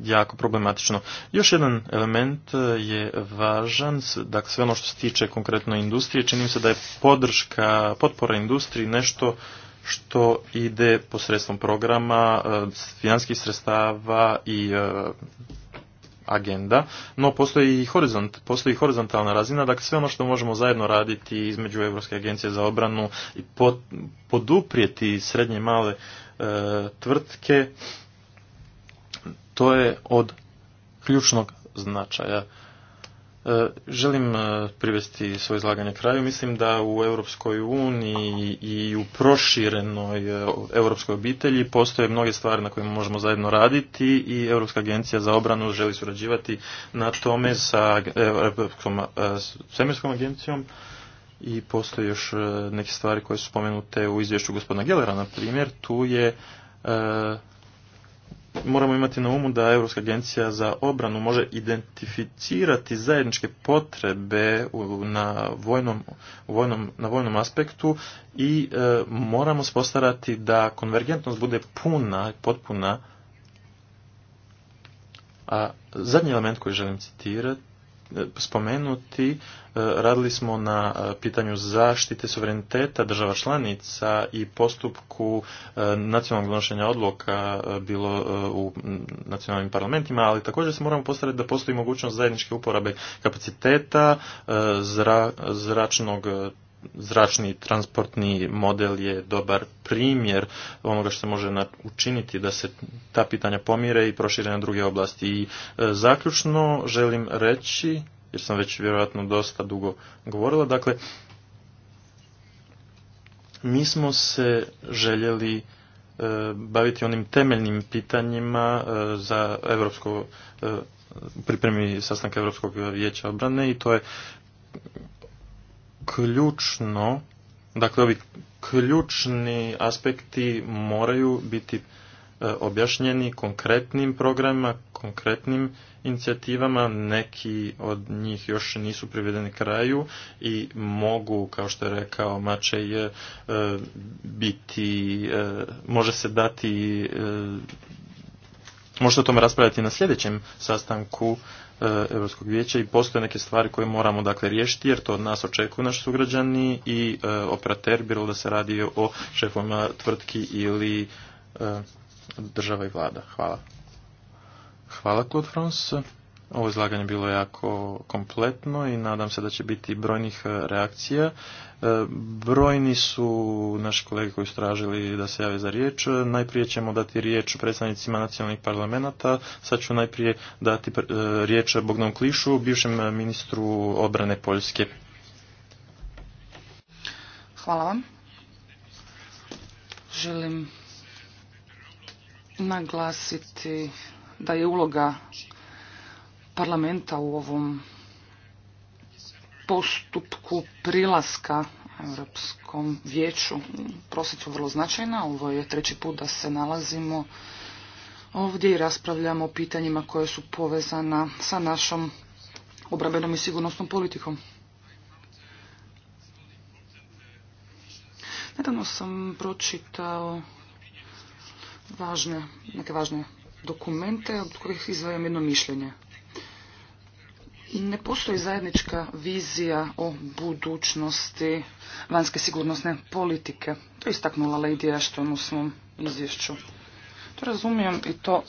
jako problematično. Još jedan element e, je važan, dakle sve ono što se tiče konkretno industrije, čini mi se da je podrška, potpora industriji nešto što ide posredstvom programa, e, financijskih sredstava i agenda, no postoji i horizont, postoji horizontalna razina, dakle sve ono što možemo zajedno raditi između Europske agencije za obranu i poduprijeti srednje male E, tvrtke, to je od ključnog značaja. E, želim e, privesti svoje izlaganje kraju. Mislim da u Europskoj uniji i u proširenoj europskoj obitelji postoje mnoge stvari na kojima možemo zajedno raditi i Europska agencija za obranu želi surađivati na tome sa Europskom svemirskom agencijom i postoje još e, neke stvari koje su spomenute u izvješću gospodina Gelera, na primjer, tu je e, moramo imati na umu da Europska agencija za obranu može identificirati zajedničke potrebe na, vojnom, vojnom, na vojnom aspektu i e, moramo spostarati da konvergentnost bude puna, potpuna. A zadnji element koji želim citirati spomenuti, e, radili smo na e, pitanju zaštite suvereniteta država članica i postupku e, nacionalnog donošenja odluka bilo u nacionalnim parlamentima, ali također se moramo postaviti da postoji mogućnost zajedničke uporabe kapaciteta, zračnog zračni transportni model je dobar primjer onoga što se može učiniti da se ta pitanja pomire i prošire na druge oblasti. I e, zaključno želim reći, jer sam već vjerojatno dosta dugo govorila, dakle, mi smo se željeli e, baviti onim temeljnim pitanjima e, za evropsko pripremi sastanka Europskog vijeća obrane i to je ključno, dakle ovi ključni aspekti moraju biti e, objašnjeni konkretnim programima, konkretnim inicijativama, neki od njih još nisu privedeni kraju i mogu, kao što je rekao Mačej, e, biti, e, može se dati, može o tome raspravljati na sljedećem sastanku E, Europskog vijeća i postoje neke stvari koje moramo dakle riješiti jer to od nas očekuju naši sugrađani i e, operater bilo da se radi o šefovima tvrtki ili e, država i vlada. Hvala. Hvala Claude France. Ovo izlaganje bilo jako kompletno i nadam se da će biti brojnih e, reakcija. E, brojni su naši kolege koji su tražili da se jave za riječ. E, najprije ćemo dati riječ predstavnicima nacionalnih parlamenta. Sad ću najprije dati riječ Bogdanu Klišu, bivšem ministru obrane Poljske. Hvala vam. Želim naglasiti da je uloga parlamenta u ovom postupku prilaska Europskom vijeću prosincu vrlo značajna. Ovo je treći put da se nalazimo ovdje i raspravljamo o pitanjima koje su povezana sa našom obrambenom i sigurnosnom politikom. Nedavno sam pročitao neke važne dokumente od kojih izvajam jedno mišljenje. Ne postoji zajednička vizija o budućnosti vanjske sigurnosne politike. To je istaknula Lady Ashton u svom izvješću. To razumijem i to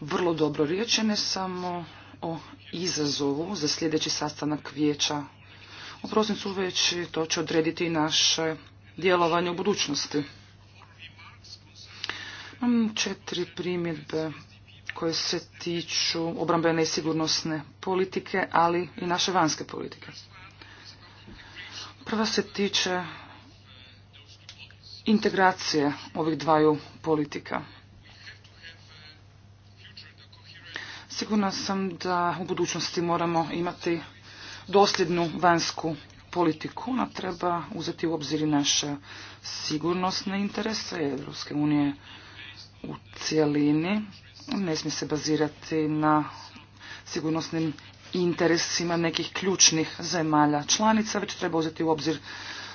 vrlo dobro. riječi, ne samo o izazovu za sljedeći sastanak vijeća. U prosincu već to će odrediti i naše djelovanje u budućnosti. Imam četiri primjedbe koje se tiču obrambene i sigurnosne politike, ali i naše vanjske politike. Prva se tiče integracije ovih dvaju politika. Sigurna sam da u budućnosti moramo imati dosljednu vanjsku politiku. Ona treba uzeti u obzir i naše sigurnosne interese Evropske unije u cijelini ne smije se bazirati na sigurnosnim interesima nekih ključnih zemalja članica, već treba uzeti u obzir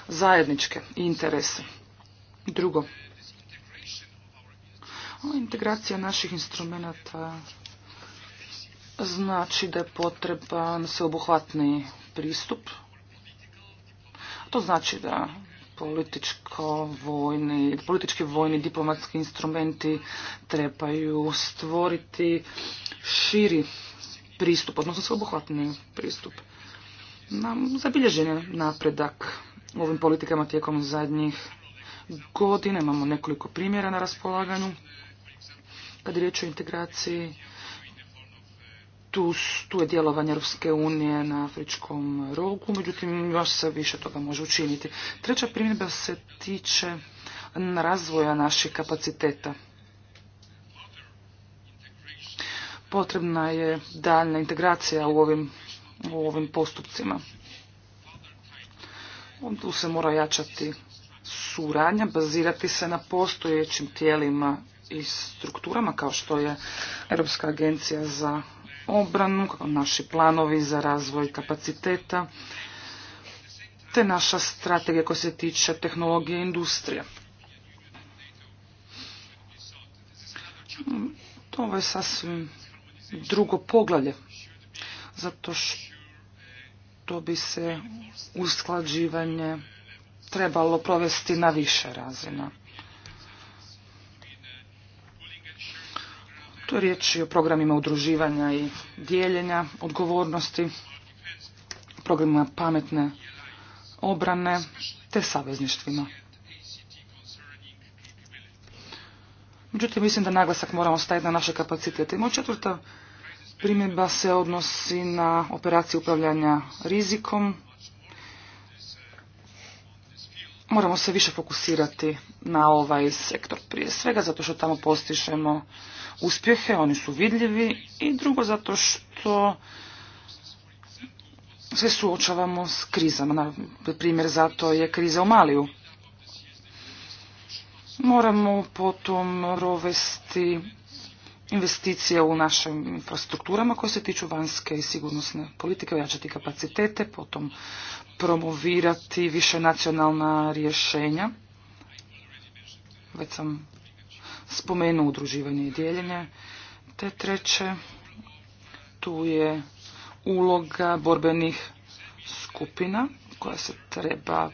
zajedničke interese. Drugo, integracija naših instrumenta znači da je potreban sveobuhvatni pristup. To znači da političko vojni, politički vojni diplomatski instrumenti trebaju stvoriti širi pristup, odnosno sveobuhvatni pristup. Nam zabilježen je napredak u ovim politikama tijekom zadnjih godina. Imamo nekoliko primjera na raspolaganju. Kad je riječ o integraciji tu, tu je djelovanje Europske unije na afričkom rogu, međutim još se više toga može učiniti. Treća primjedba se tiče razvoja naših kapaciteta. Potrebna je daljna integracija u ovim, u ovim postupcima. Tu se mora jačati suradnja, bazirati se na postojećim tijelima i strukturama kao što je Europska agencija za obranu, naši planovi za razvoj kapaciteta, te naša strategija koja se tiče tehnologije i industrije. Ovo je sasvim drugo poglavlje, zato što bi se usklađivanje trebalo provesti na više razina. To je riječ i o programima udruživanja i dijeljenja odgovornosti, programima pametne obrane te savezništvima. Međutim, mislim da naglasak moramo staviti na naše kapacitete. Moja četvrta primjedba se odnosi na operaciju upravljanja rizikom moramo se više fokusirati na ovaj sektor prije svega zato što tamo postišemo uspjehe, oni su vidljivi i drugo zato što se suočavamo s krizama. Na primjer, zato je kriza u Maliju. Moramo potom provesti investicije u našim infrastrukturama koje se tiču vanjske i sigurnosne politike, ojačati kapacitete, potom promovirati više nacionalna rješenja. Već sam spomenuo udruživanje i dijeljenje. Te treće, tu je uloga borbenih skupina koja se treba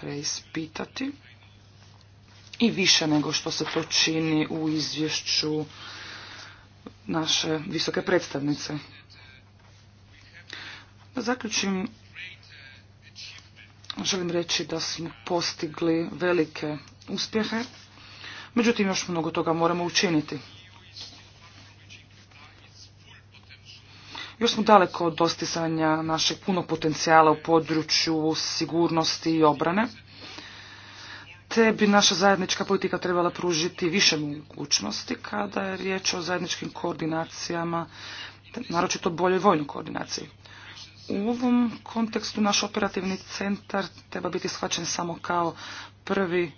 preispitati i više nego što se to čini u izvješću naše visoke predstavnice. Da zaključim, želim reći da smo postigli velike uspjehe, međutim još mnogo toga moramo učiniti. Još smo daleko od dostizanja našeg punog potencijala u području sigurnosti i obrane te bi naša zajednička politika trebala pružiti više mogućnosti kada je riječ o zajedničkim koordinacijama, naročito boljoj vojnoj koordinaciji. U ovom kontekstu naš operativni centar treba biti shvaćen samo kao prvi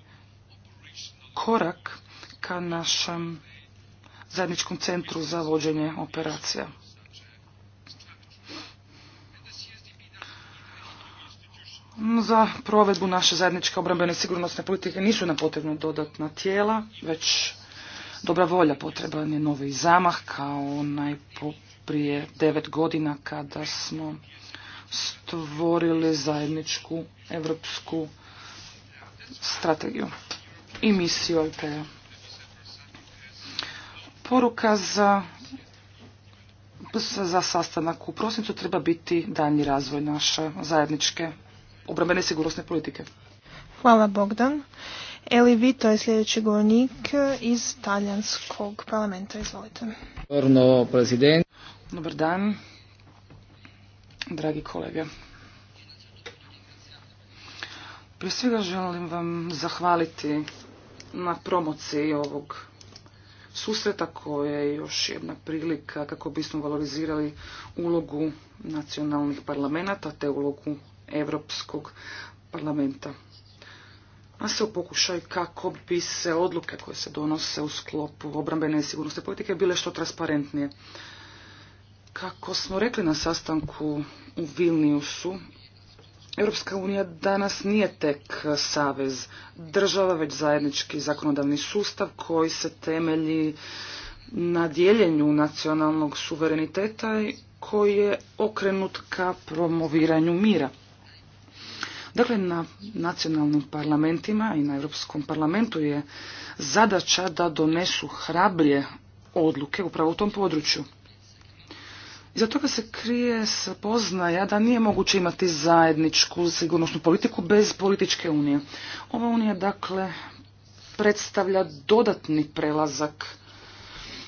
korak ka našem zajedničkom centru za vođenje operacija. Za provedbu naše zajedničke obrambene sigurnosne politike nisu nam potrebna dodatna tijela, već dobra volja potreban je novi zamah kao onaj prije devet godina kada smo stvorili zajedničku evropsku strategiju i misiju oip Poruka za, za sastanak u prosincu treba biti daljnji razvoj naše zajedničke obrambene sigurnosne politike. Hvala Bogdan. Eli Vito je sljedeći govornik iz talijanskog parlamenta. Izvolite. Dobar dan, dragi kolege. Prije svega želim vam zahvaliti na promociji ovog susreta koja je još jedna prilika kako bismo valorizirali ulogu nacionalnih parlamenta te ulogu Europskog parlamenta. A se u pokušaj kako bi se odluke koje se donose u sklopu obrambene i sigurnosne politike bile što transparentnije. Kako smo rekli na sastanku u Vilniusu, Europska unija danas nije tek savez država, već zajednički zakonodavni sustav koji se temelji na dijeljenju nacionalnog suvereniteta i koji je okrenut ka promoviranju mira. Dakle, na nacionalnim parlamentima i na Europskom parlamentu je zadaća da donesu hrabrije odluke upravo u tom području. Iza toga se krije spoznaja da nije moguće imati zajedničku sigurnosnu politiku bez političke unije. Ova unija dakle predstavlja dodatni prelazak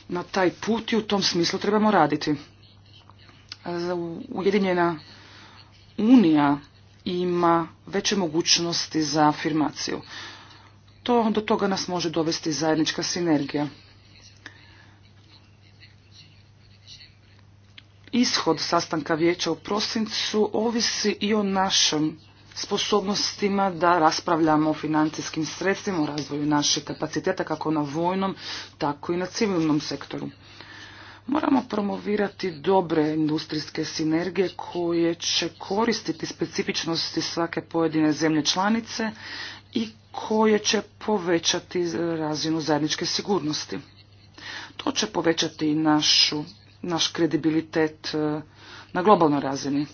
na taj put i u tom smislu trebamo raditi. E, Ujedinjena unija ima veće mogućnosti za afirmaciju. To, do toga nas može dovesti zajednička sinergija. Ishod sastanka vijeća u prosincu ovisi i o našim sposobnostima da raspravljamo o financijskim sredstvima, o razvoju naših kapaciteta kako na vojnom, tako i na civilnom sektoru. Moramo promovirati dobre industrijske sinergije koje će koristiti specifičnosti svake pojedine zemlje članice i koje će povećati razinu zajedničke sigurnosti. To će povećati i naš kredibilitet e, na globalnoj razini.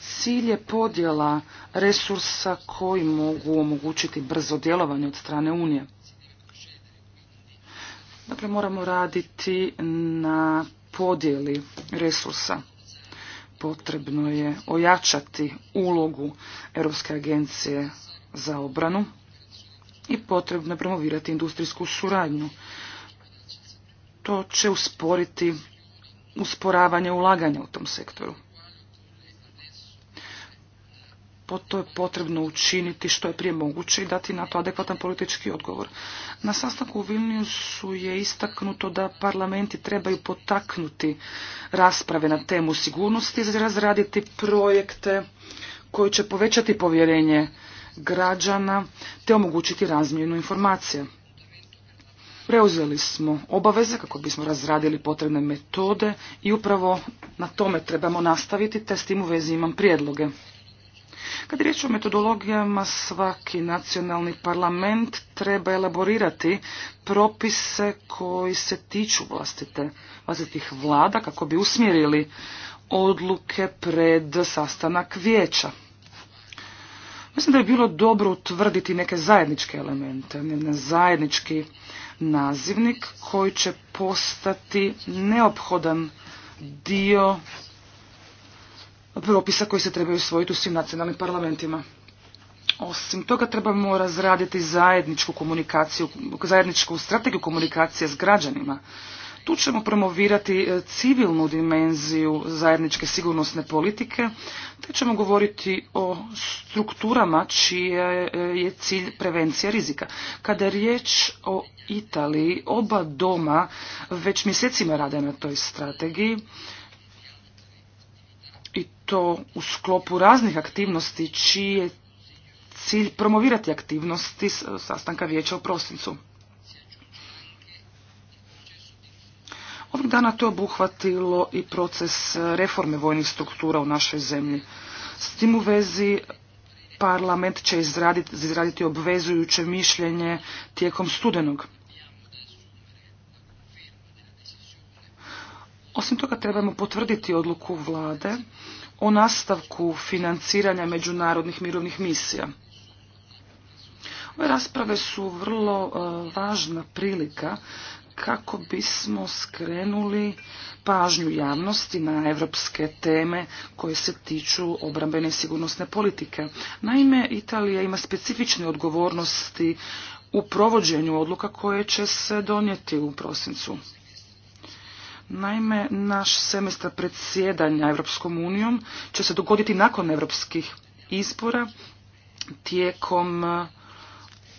Cilj je podjela resursa koji mogu omogućiti brzo djelovanje od strane Unije. Dakle, moramo raditi na podjeli resursa. Potrebno je ojačati ulogu Europske agencije za obranu i potrebno je promovirati industrijsku suradnju. To će usporiti usporavanje ulaganja u tom sektoru to je potrebno učiniti što je prije moguće i dati na to adekvatan politički odgovor. Na sastanku u Vilniusu je istaknuto da parlamenti trebaju potaknuti rasprave na temu sigurnosti razraditi projekte koji će povećati povjerenje građana te omogućiti razmjenu informacija. Preuzeli smo obaveze kako bismo razradili potrebne metode i upravo na tome trebamo nastaviti te s tim u vezi imam prijedloge. Kad je riječ o metodologijama, svaki nacionalni parlament treba elaborirati propise koji se tiču vlastite, vlastitih vlada kako bi usmjerili odluke pred sastanak vijeća. Mislim da je bilo dobro utvrditi neke zajedničke elemente, jedan zajednički nazivnik koji će postati neophodan dio propisa koji se trebaju usvojiti u svim nacionalnim parlamentima. Osim toga trebamo razraditi zajedničku komunikaciju, zajedničku strategiju komunikacije s građanima. Tu ćemo promovirati e, civilnu dimenziju zajedničke sigurnosne politike, te ćemo govoriti o strukturama čije e, je cilj prevencija rizika. Kada je riječ o Italiji, oba doma već mjesecima rade na toj strategiji i to u sklopu raznih aktivnosti čiji je cilj promovirati aktivnosti sastanka vijeća u prosincu. Ovih dana to je obuhvatilo i proces reforme vojnih struktura u našoj zemlji. S tim u vezi parlament će izraditi, izraditi obvezujuće mišljenje tijekom studenog. Osim toga trebamo potvrditi odluku vlade o nastavku financiranja međunarodnih mirovnih misija. Ove rasprave su vrlo e, važna prilika kako bismo skrenuli pažnju javnosti na evropske teme koje se tiču obrambene sigurnosne politike. Naime, Italija ima specifične odgovornosti u provođenju odluka koje će se donijeti u prosincu. Naime, naš semestar predsjedanja Europskom unijom će se dogoditi nakon europskih izbora tijekom e,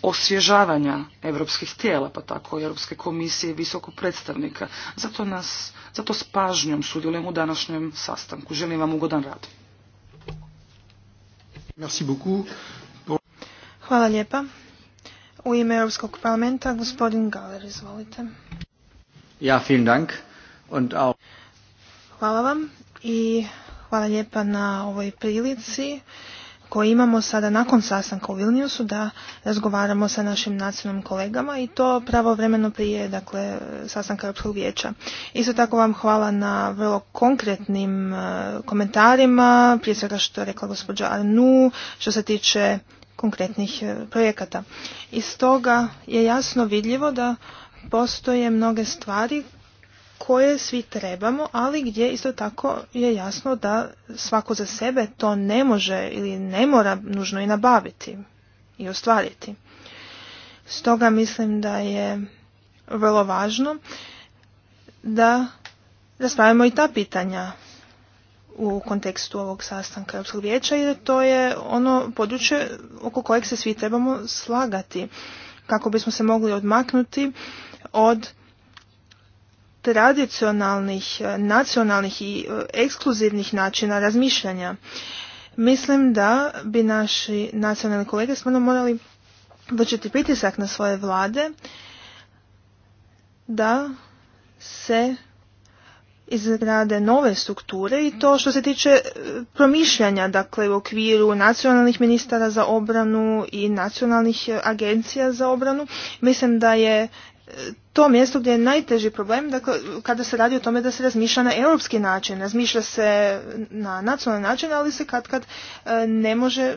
osvježavanja europskih tijela, pa tako i Europske komisije i visokog predstavnika. Zato, nas, zato s pažnjom sudjelujem u današnjem sastanku. Želim vam ugodan rad. Merci Hvala lijepa. U ime Europskog parlamenta gospodin Galer, izvolite. Ja, vielen Dank. Hvala vam i hvala lijepa na ovoj prilici koju imamo sada nakon sastanka u Vilniusu da razgovaramo sa našim nacionalnim kolegama i to pravovremeno prije dakle, sastanka Europskog vijeća. Isto tako vam hvala na vrlo konkretnim e, komentarima, prije svega što je rekla gospođa Arnu, što se tiče konkretnih e, projekata. Iz toga je jasno vidljivo da postoje mnoge stvari koje svi trebamo, ali gdje isto tako je jasno da svako za sebe to ne može ili ne mora nužno i nabaviti i ostvariti. Stoga mislim da je vrlo važno da raspravimo i ta pitanja u kontekstu ovog sastanka Europskog vijeća jer to je ono područje oko kojeg se svi trebamo slagati kako bismo se mogli odmaknuti od tradicionalnih, e, nacionalnih i e, ekskluzivnih načina razmišljanja. Mislim da bi naši nacionalni kolege smo morali vršiti pritisak na svoje vlade da se izgrade nove strukture i to što se tiče e, promišljanja, dakle u okviru nacionalnih ministara za obranu i nacionalnih agencija za obranu, mislim da je to mjesto gdje je najteži problem dakle, kada se radi o tome da se razmišlja na europski način, razmišlja se na nacionalni način, ali se kad kad e, ne može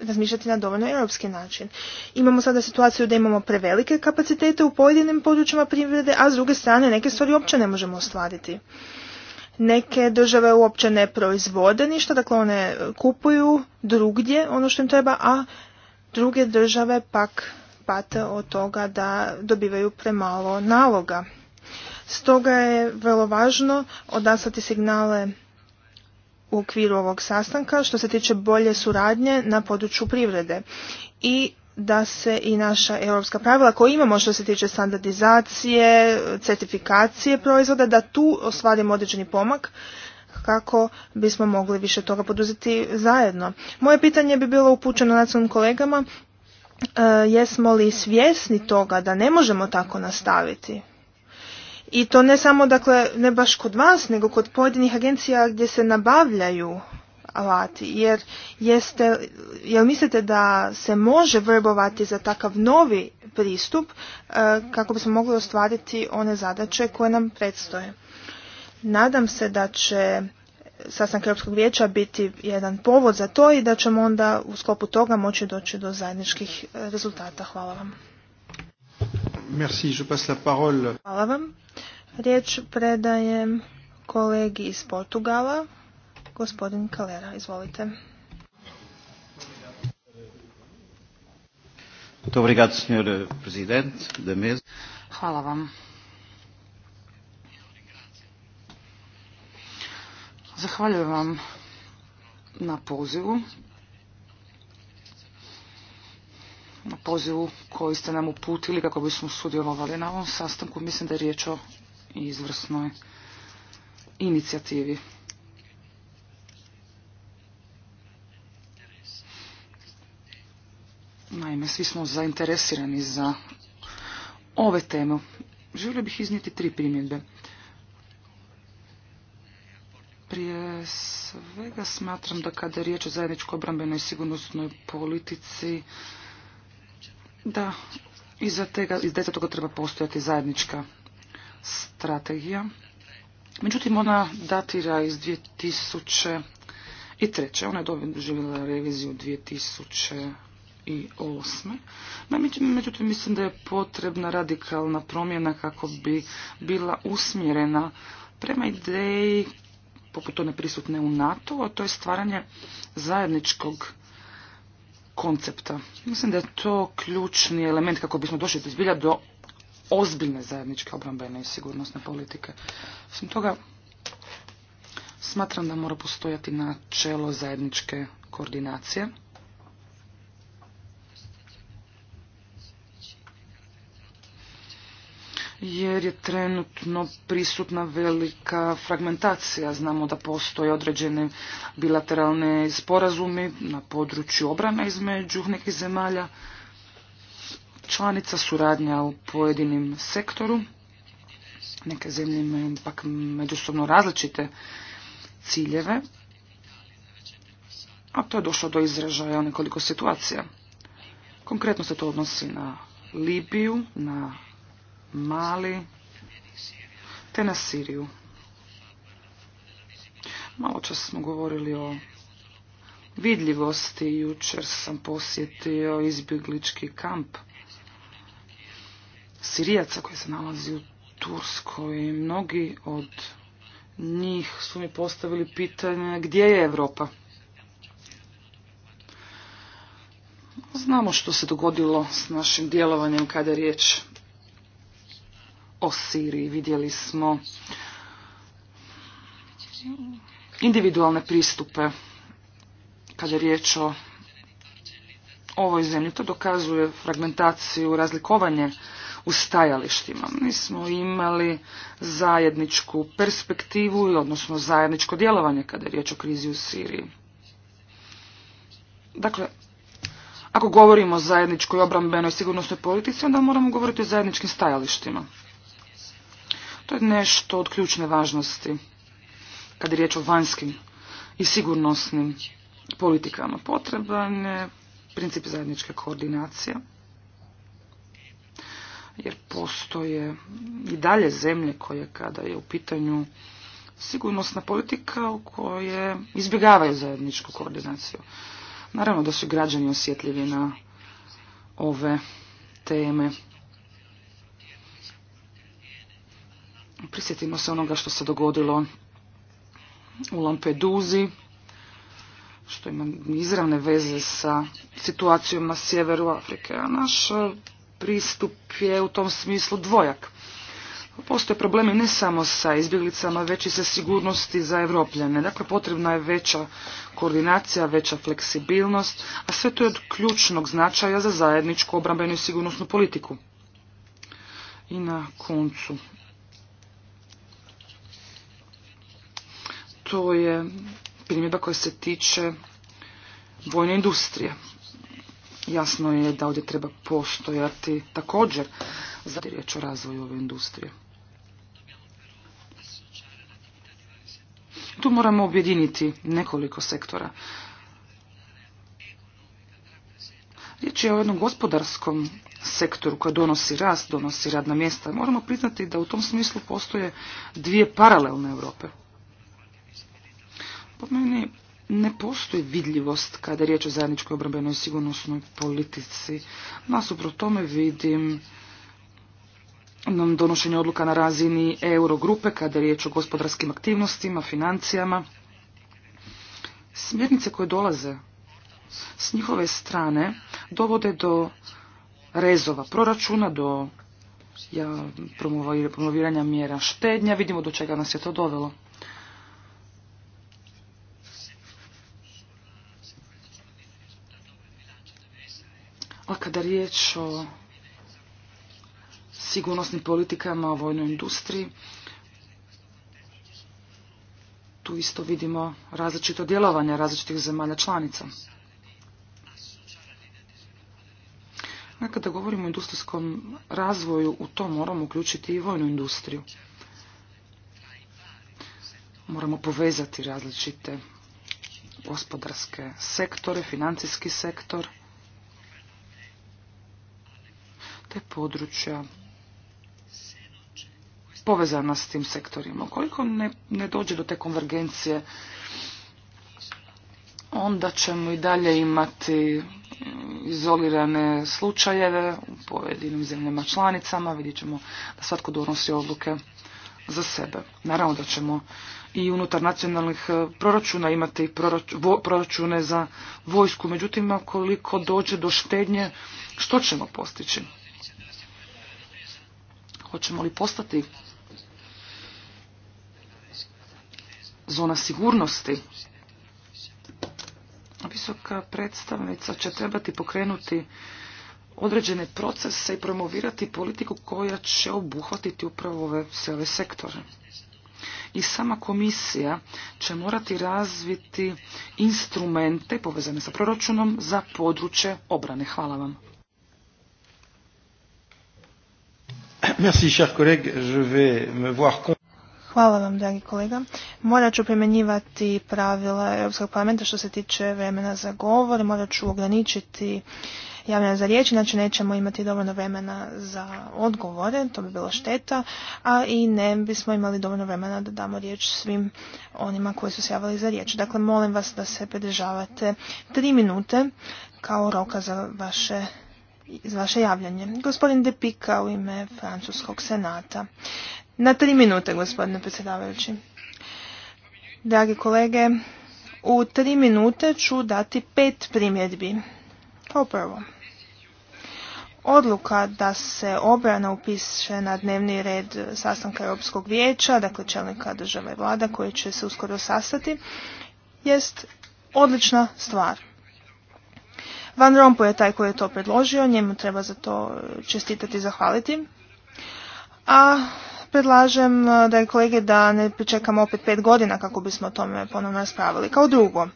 razmišljati na dovoljno europski način. Imamo sada situaciju da imamo prevelike kapacitete u pojedinim područjima privrede, a s druge strane neke stvari uopće ne možemo ostvariti. Neke države uopće ne proizvode ništa, dakle one kupuju drugdje ono što im treba, a druge države pak pate od toga da dobivaju premalo naloga. Stoga je vrlo važno odaslati signale u okviru ovog sastanka što se tiče bolje suradnje na području privrede i da se i naša europska pravila koja imamo što se tiče standardizacije, certifikacije proizvoda, da tu ostvarimo određeni pomak kako bismo mogli više toga poduzeti zajedno. Moje pitanje bi bilo upućeno nacionalnim kolegama E, jesmo li svjesni toga da ne možemo tako nastaviti. I to ne samo, dakle, ne baš kod vas, nego kod pojedinih agencija gdje se nabavljaju alati. Jer jeste, jel mislite da se može vrbovati za takav novi pristup e, kako bismo mogli ostvariti one zadaće koje nam predstoje? Nadam se da će sastanak Europskog vijeća biti jedan povod za to i da ćemo onda u sklopu toga moći doći do zajedničkih e, rezultata. Hvala vam. Merci, je passe la parole. Hvala vam. Riječ predajem kolegi iz Portugala, gospodin Kalera. Izvolite. Hvala vam. Zahvaljujem vam na pozivu. Na pozivu koji ste nam uputili kako bismo sudjelovali na ovom sastanku. Mislim da je riječ o izvrsnoj inicijativi. Naime, svi smo zainteresirani za ove teme. Želio bih iznijeti tri primjedbe. Prije svega smatram da kada je riječ o zajedničkoj obrambenoj sigurnosnoj politici, da iza tega, iza toga treba postojati zajednička strategija. Međutim, ona datira iz 2003. Ona je doživjela reviziju 2008. Međutim, mislim da je potrebna radikalna promjena kako bi bila usmjerena prema ideji poput one prisutne u NATO, a to je stvaranje zajedničkog koncepta. Mislim da je to ključni element kako bismo došli do zbilja do ozbiljne zajedničke obrambene i sigurnosne politike. Osim toga, smatram da mora postojati načelo zajedničke koordinacije. jer je trenutno prisutna velika fragmentacija. Znamo da postoje određene bilateralne sporazumi na području obrane između nekih zemalja, članica suradnja u pojedinim sektoru. Neke zemlje imaju pak međusobno različite ciljeve, a to je došlo do izražaja nekoliko situacija. Konkretno se to odnosi na Libiju, na Mali te na Siriju. Malo čas smo govorili o vidljivosti. Jučer sam posjetio izbjeglički kamp Sirijaca koji se nalazi u Turskoj. Mnogi od njih su mi postavili pitanje gdje je Europa? Znamo što se dogodilo s našim djelovanjem kada je riječ o Siriji. Vidjeli smo individualne pristupe kada je riječ o ovoj zemlji. To dokazuje fragmentaciju, razlikovanje u stajalištima. Mi smo imali zajedničku perspektivu, odnosno zajedničko djelovanje kada je riječ o krizi u Siriji. Dakle, ako govorimo o zajedničkoj obrambenoj sigurnosnoj politici, onda moramo govoriti o zajedničkim stajalištima. To je nešto od ključne važnosti kad je riječ o vanjskim i sigurnosnim politikama. Potreban je princip zajedničke koordinacije, jer postoje i dalje zemlje koje kada je u pitanju sigurnosna politika u koje izbjegavaju zajedničku koordinaciju. Naravno da su građani osjetljivi na ove teme. Prisjetimo se onoga što se dogodilo u Lampeduzi, što ima izravne veze sa situacijom na sjeveru Afrike, a naš pristup je u tom smislu dvojak. Postoje problemi ne samo sa izbjeglicama, već i sa sigurnosti za Europljane. Dakle, potrebna je veća koordinacija, veća fleksibilnost, a sve to je od ključnog značaja za zajedničku obrambenu i sigurnosnu politiku. I na koncu, to je primjedba koja se tiče vojne industrije. Jasno je da ovdje treba postojati također za riječ o razvoju ove industrije. Tu moramo objediniti nekoliko sektora. Riječ je o jednom gospodarskom sektoru koja donosi rast, donosi radna mjesta. Moramo priznati da u tom smislu postoje dvije paralelne Europe. Po meni ne postoji vidljivost kada je riječ o zajedničkoj obrambenoj sigurnosnoj politici. Nasuprot tome vidim nam donošenje odluka na razini Eurogrupe kada je riječ o gospodarskim aktivnostima, financijama. Smjernice koje dolaze s njihove strane dovode do rezova proračuna, do promoviranja mjera štednja. Vidimo do čega nas je to dovelo. kada riječ o sigurnosnim politikama, o vojnoj industriji, tu isto vidimo različito djelovanje različitih zemalja članica. A kada govorimo o industrijskom razvoju, u to moramo uključiti i vojnu industriju. Moramo povezati različite gospodarske sektore, financijski sektor, te područja povezana s tim sektorima. Koliko ne, ne dođe do te konvergencije, onda ćemo i dalje imati izolirane slučajeve u pojedinim zemljama članicama. Vidjet ćemo da svatko donosi odluke za sebe. Naravno da ćemo i unutar nacionalnih e, proračuna imati proračune za vojsku. Međutim, koliko dođe do štednje, što ćemo postići? Hoćemo li postati zona sigurnosti? Visoka predstavnica će trebati pokrenuti određene procese i promovirati politiku koja će obuhvatiti upravo ove sve ove sektore. I sama komisija će morati razviti instrumente povezane sa proračunom za područje obrane. Hvala vam. Hvala vam, dragi kolega. Morat ću primjenjivati pravila Europskog parlamenta što se tiče vremena za govor. Morat ću ograničiti javljanja za riječ, znači nećemo imati dovoljno vremena za odgovore, to bi bilo šteta, a i ne bismo imali dovoljno vremena da damo riječ svim onima koji su se javili za riječ. Dakle, molim vas da se pridržavate tri minute kao roka za vaše iz vaše javljanje. Gospodin Depika u ime Francuskog senata. Na tri minute, gospodine predsjedavajući. Dragi kolege, u tri minute ću dati pet primjedbi. Kao prvo, odluka da se obrana upiše na dnevni red sastanka Europskog vijeća, dakle čelnika države i vlada koji će se uskoro sastati, jest odlična stvar. Van Rompu je taj koji je to predložio, njemu treba za to čestitati i zahvaliti. A predlažem da je kolege da ne pričekamo opet pet godina kako bismo o tome ponovno raspravili. Kao drugo,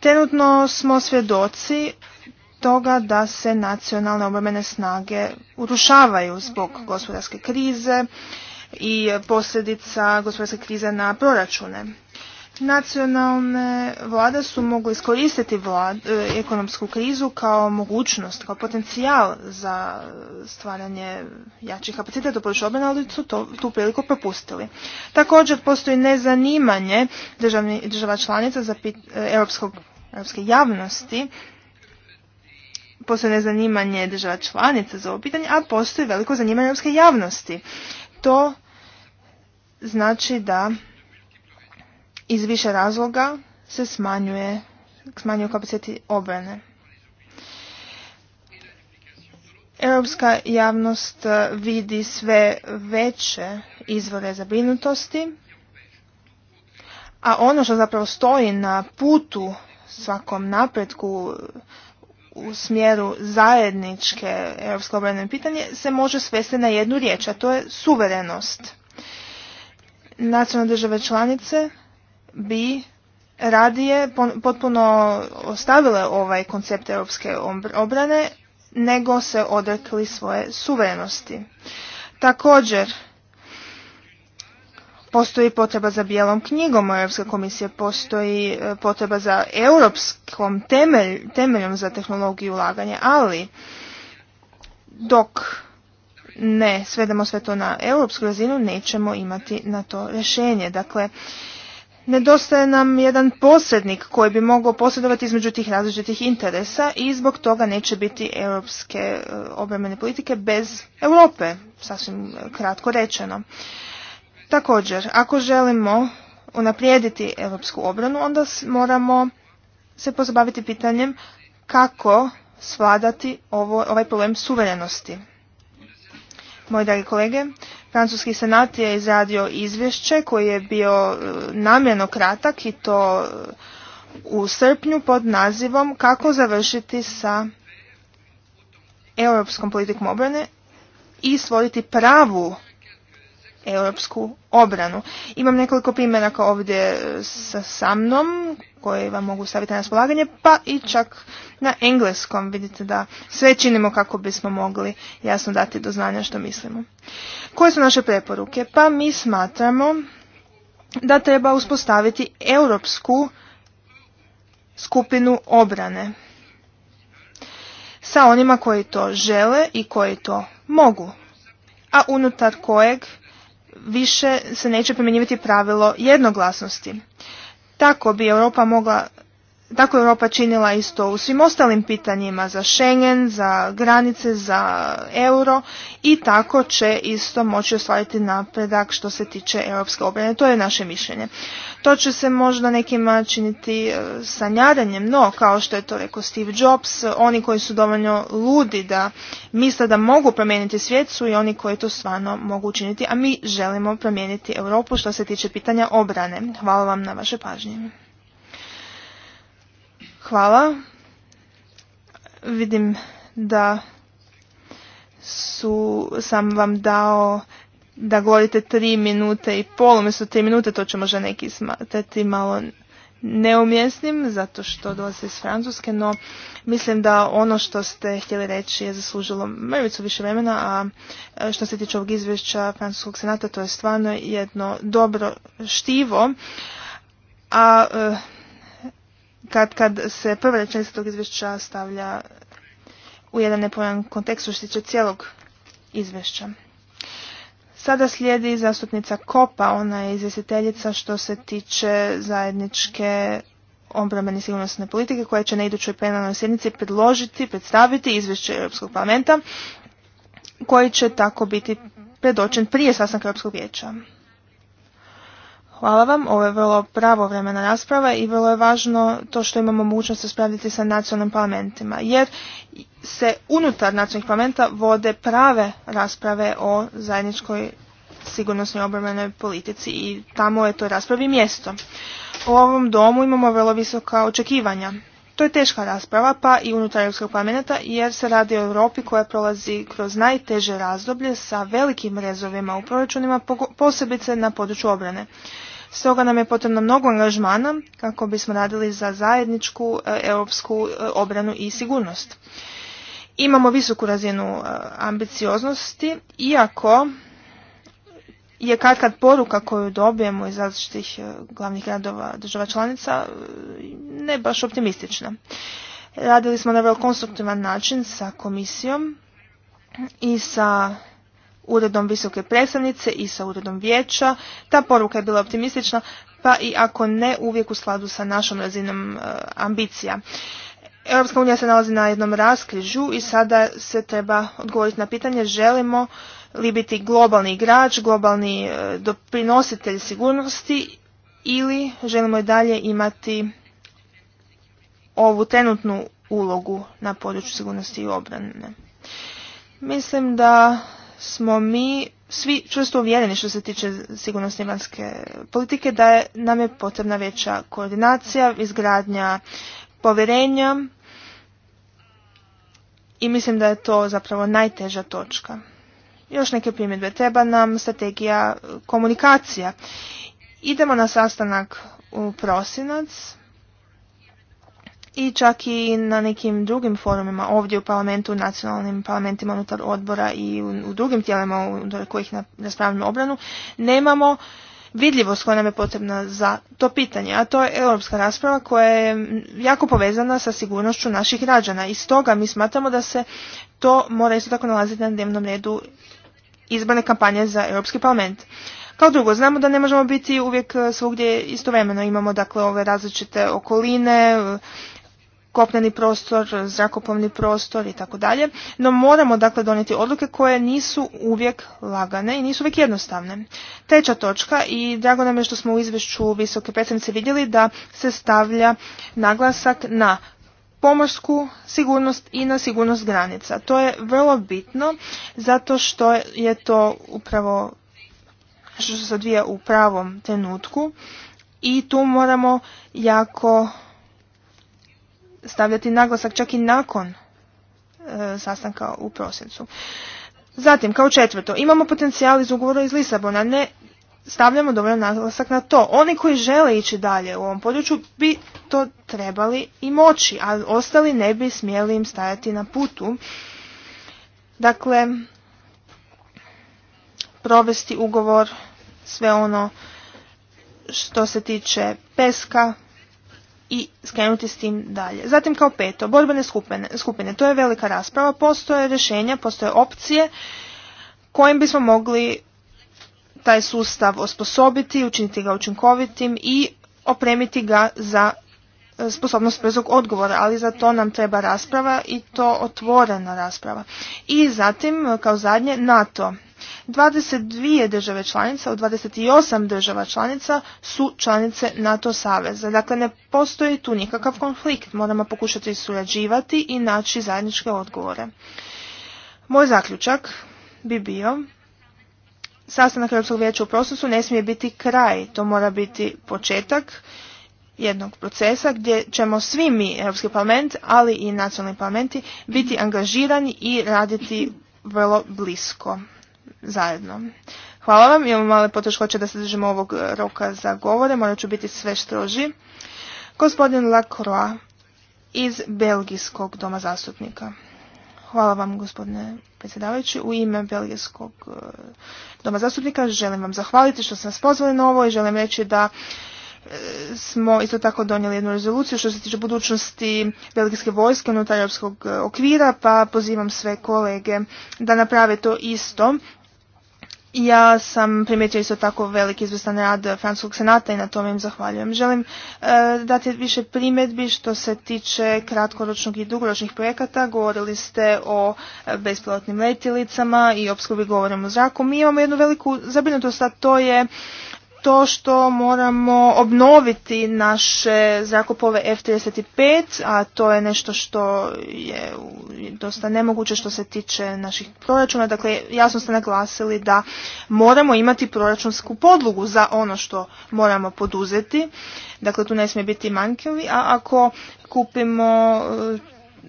trenutno smo svjedoci toga da se nacionalne obrambene snage urušavaju zbog gospodarske krize i posljedica gospodarske krize na proračune. Nacionalne vlade su mogle iskoristiti vlad, e, ekonomsku krizu kao mogućnost, kao potencijal za stvaranje jačih kapaciteta u području obrane, ali su to, tu priliku propustili. Također postoji nezanimanje državni, država članica za pit, e, europske javnosti, postoji nezanimanje država članica za ovo pitanje, a postoji veliko zanimanje europske javnosti. To znači da iz više razloga se smanjuje, smanjuje kapaciteti obrane. Europska javnost eh, vidi sve veće izvore zabrinutosti, a ono što zapravo stoji na putu svakom napretku u smjeru zajedničke europske obrane pitanje se može svesti na jednu riječ, a to je suverenost. Nacionalne države članice bi radije potpuno ostavile ovaj koncept europske obrane nego se odrekli svoje suverenosti. Također, postoji potreba za bijelom knjigom Europske komisije, postoji e, potreba za europskom temelj, temeljom za tehnologiju ulaganja, ali dok ne svedemo sve to na europsku razinu, nećemo imati na to rješenje. Dakle, nedostaje nam jedan posrednik koji bi mogao posredovati između tih različitih interesa i zbog toga neće biti europske e, obrambene politike bez Europe, sasvim kratko rečeno. Također, ako želimo unaprijediti europsku obranu, onda moramo se pozabaviti pitanjem kako svladati ovaj problem suverenosti. Moji dragi kolege, Francuski senat je izradio izvješće koje je bio e, namjerno kratak i to e, u srpnju pod nazivom Kako završiti sa europskom politikom obrane i stvoriti pravu europsku obranu. Imam nekoliko primjeraka ovdje e, sa, sa mnom koje vam mogu staviti na raspolaganje, pa i čak na engleskom. Vidite da sve činimo kako bismo mogli jasno dati do znanja što mislimo. Koje su naše preporuke? Pa mi smatramo da treba uspostaviti europsku skupinu obrane sa onima koji to žele i koji to mogu, a unutar kojeg više se neće primjenjivati pravilo jednoglasnosti. Tako bi Europa mogla tako je Europa činila isto u svim ostalim pitanjima za Schengen, za granice, za euro i tako će isto moći ostvariti napredak što se tiče europske obrane. To je naše mišljenje. To će se možda nekima činiti e, sanjadanjem, no kao što je to rekao Steve Jobs, oni koji su dovoljno ludi da misle da mogu promijeniti svijet su i oni koji to stvarno mogu učiniti, a mi želimo promijeniti Europu što se tiče pitanja obrane. Hvala vam na vaše pažnje. Hvala. Vidim da su, sam vam dao da govorite tri minute i pol, umjesto tri minute, to će možda neki smatrati malo neumjesnim, zato što dolaze iz Francuske, no mislim da ono što ste htjeli reći je zaslužilo mrvicu više vremena, a e, što se tiče ovog izvješća Francuskog senata, to je stvarno jedno dobro štivo, a e, kad, kad se prva rečenica tog izvješća stavlja u jedan nepojan kontekst što se tiče cijelog izvješća. Sada slijedi zastupnica Kopa, ona je izvjestiteljica što se tiče zajedničke obrambene i sigurnosne politike koja će na idućoj plenarnoj sjednici predložiti, predstaviti izvješće Europskog parlamenta koji će tako biti predočen prije sastanka Europskog vijeća. Hvala vam, ovo je vrlo pravovremena rasprava i vrlo je važno to što imamo mogućnost raspravljati sa nacionalnim parlamentima, jer se unutar nacionalnih parlamenta vode prave rasprave o zajedničkoj sigurnosnoj obrambenoj politici i tamo je to raspravi mjesto. U ovom domu imamo vrlo visoka očekivanja. To je teška rasprava, pa i unutar Europskog parlamenta, jer se radi o Europi koja prolazi kroz najteže razdoblje sa velikim rezovima u proračunima, posebice na području obrane. Stoga nam je potrebno mnogo angažmana kako bismo radili za zajedničku e, europsku e, obranu i sigurnost. Imamo visoku razinu e, ambicioznosti, iako je kad kad poruka koju dobijemo iz različitih glavnih gradova država članica ne baš optimistična. Radili smo na vrlo konstruktivan način sa komisijom i sa uredom visoke predstavnice i sa uredom vijeća. Ta poruka je bila optimistična, pa i ako ne uvijek u skladu sa našom razinom e, ambicija. Europska unija se nalazi na jednom raskrižu i sada se treba odgovoriti na pitanje želimo li biti globalni igrač, globalni e, doprinositelj sigurnosti ili želimo i dalje imati ovu trenutnu ulogu na području sigurnosti i obrane. Mislim da smo mi svi čvrsto uvjereni što se tiče sigurnosti vanjske politike da je, nam je potrebna veća koordinacija, izgradnja povjerenja i mislim da je to zapravo najteža točka. Još neke primjedbe. Treba nam strategija komunikacija. Idemo na sastanak u prosinac i čak i na nekim drugim forumima ovdje u parlamentu, nacionalnim parlamentima unutar odbora i u, drugim tijelima u kojih raspravljamo obranu, nemamo vidljivost koja nam je potrebna za to pitanje, a to je europska rasprava koja je jako povezana sa sigurnošću naših građana. I stoga mi smatramo da se to mora isto tako nalaziti na dnevnom redu izborne kampanje za Europski parlament. Kao drugo, znamo da ne možemo biti uvijek svugdje istovremeno. Imamo dakle ove različite okoline, kopneni prostor, zrakoplovni prostor i tako dalje. No moramo dakle donijeti odluke koje nisu uvijek lagane i nisu uvijek jednostavne. Treća točka i drago nam je što smo u izvješću visoke predstavnice vidjeli da se stavlja naglasak na pomorsku sigurnost i na sigurnost granica. To je vrlo bitno zato što je to upravo što se odvija u pravom trenutku i tu moramo jako stavljati naglasak čak i nakon e, sastanka u prosincu. Zatim, kao četvrto, imamo potencijal iz ugovora iz Lisabona, ne stavljamo dovoljno naglasak na to. Oni koji žele ići dalje u ovom području bi to trebali i moći, a ostali ne bi smjeli im stajati na putu. Dakle, provesti ugovor, sve ono što se tiče peska, i skrenuti s tim dalje. Zatim kao peto, borbene skupine. skupine. To je velika rasprava, postoje rješenja, postoje opcije kojim bismo mogli taj sustav osposobiti, učiniti ga učinkovitim i opremiti ga za e, sposobnost brzog odgovora, ali za to nam treba rasprava i to otvorena rasprava. I zatim, e, kao zadnje, NATO. 22 države članica od 28 država članica su članice NATO saveza. Dakle, ne postoji tu nikakav konflikt. Moramo pokušati surađivati i naći zajedničke odgovore. Moj zaključak bi bio sastanak Europskog vijeća u procesu ne smije biti kraj, to mora biti početak jednog procesa gdje ćemo svi mi, Europski parlament, ali i nacionalni parlamenti, biti angažirani i raditi vrlo blisko zajedno. Hvala vam, imamo male poteškoće da se držimo ovog e, roka za govore, morat ću biti sve stroži. Gospodin Lacroix iz Belgijskog doma zastupnika. Hvala vam gospodine predsjedavajući. U ime Belgijskog e, doma zastupnika želim vam zahvaliti što sam nas pozvali na ovo i želim reći da e, smo isto tako donijeli jednu rezoluciju što se tiče budućnosti belgijske vojske unutar europskog okvira, pa pozivam sve kolege da naprave to isto ja sam primijetio isto tako veliki izvrstan rad Francuskog senata i na tome im zahvaljujem. Želim e, dati više primjedbi što se tiče kratkoročnog i dugoročnih projekata. Govorili ste o e, besplatnim letjelicama i opskrbi govorimo o zraku. Mi imamo jednu veliku zabrinutost, a to je to što moramo obnoviti naše zrakopove F-35, a to je nešto što je dosta nemoguće što se tiče naših proračuna. Dakle, jasno ste naglasili da moramo imati proračunsku podlogu za ono što moramo poduzeti. Dakle, tu ne smije biti manjkevi, a ako kupimo e,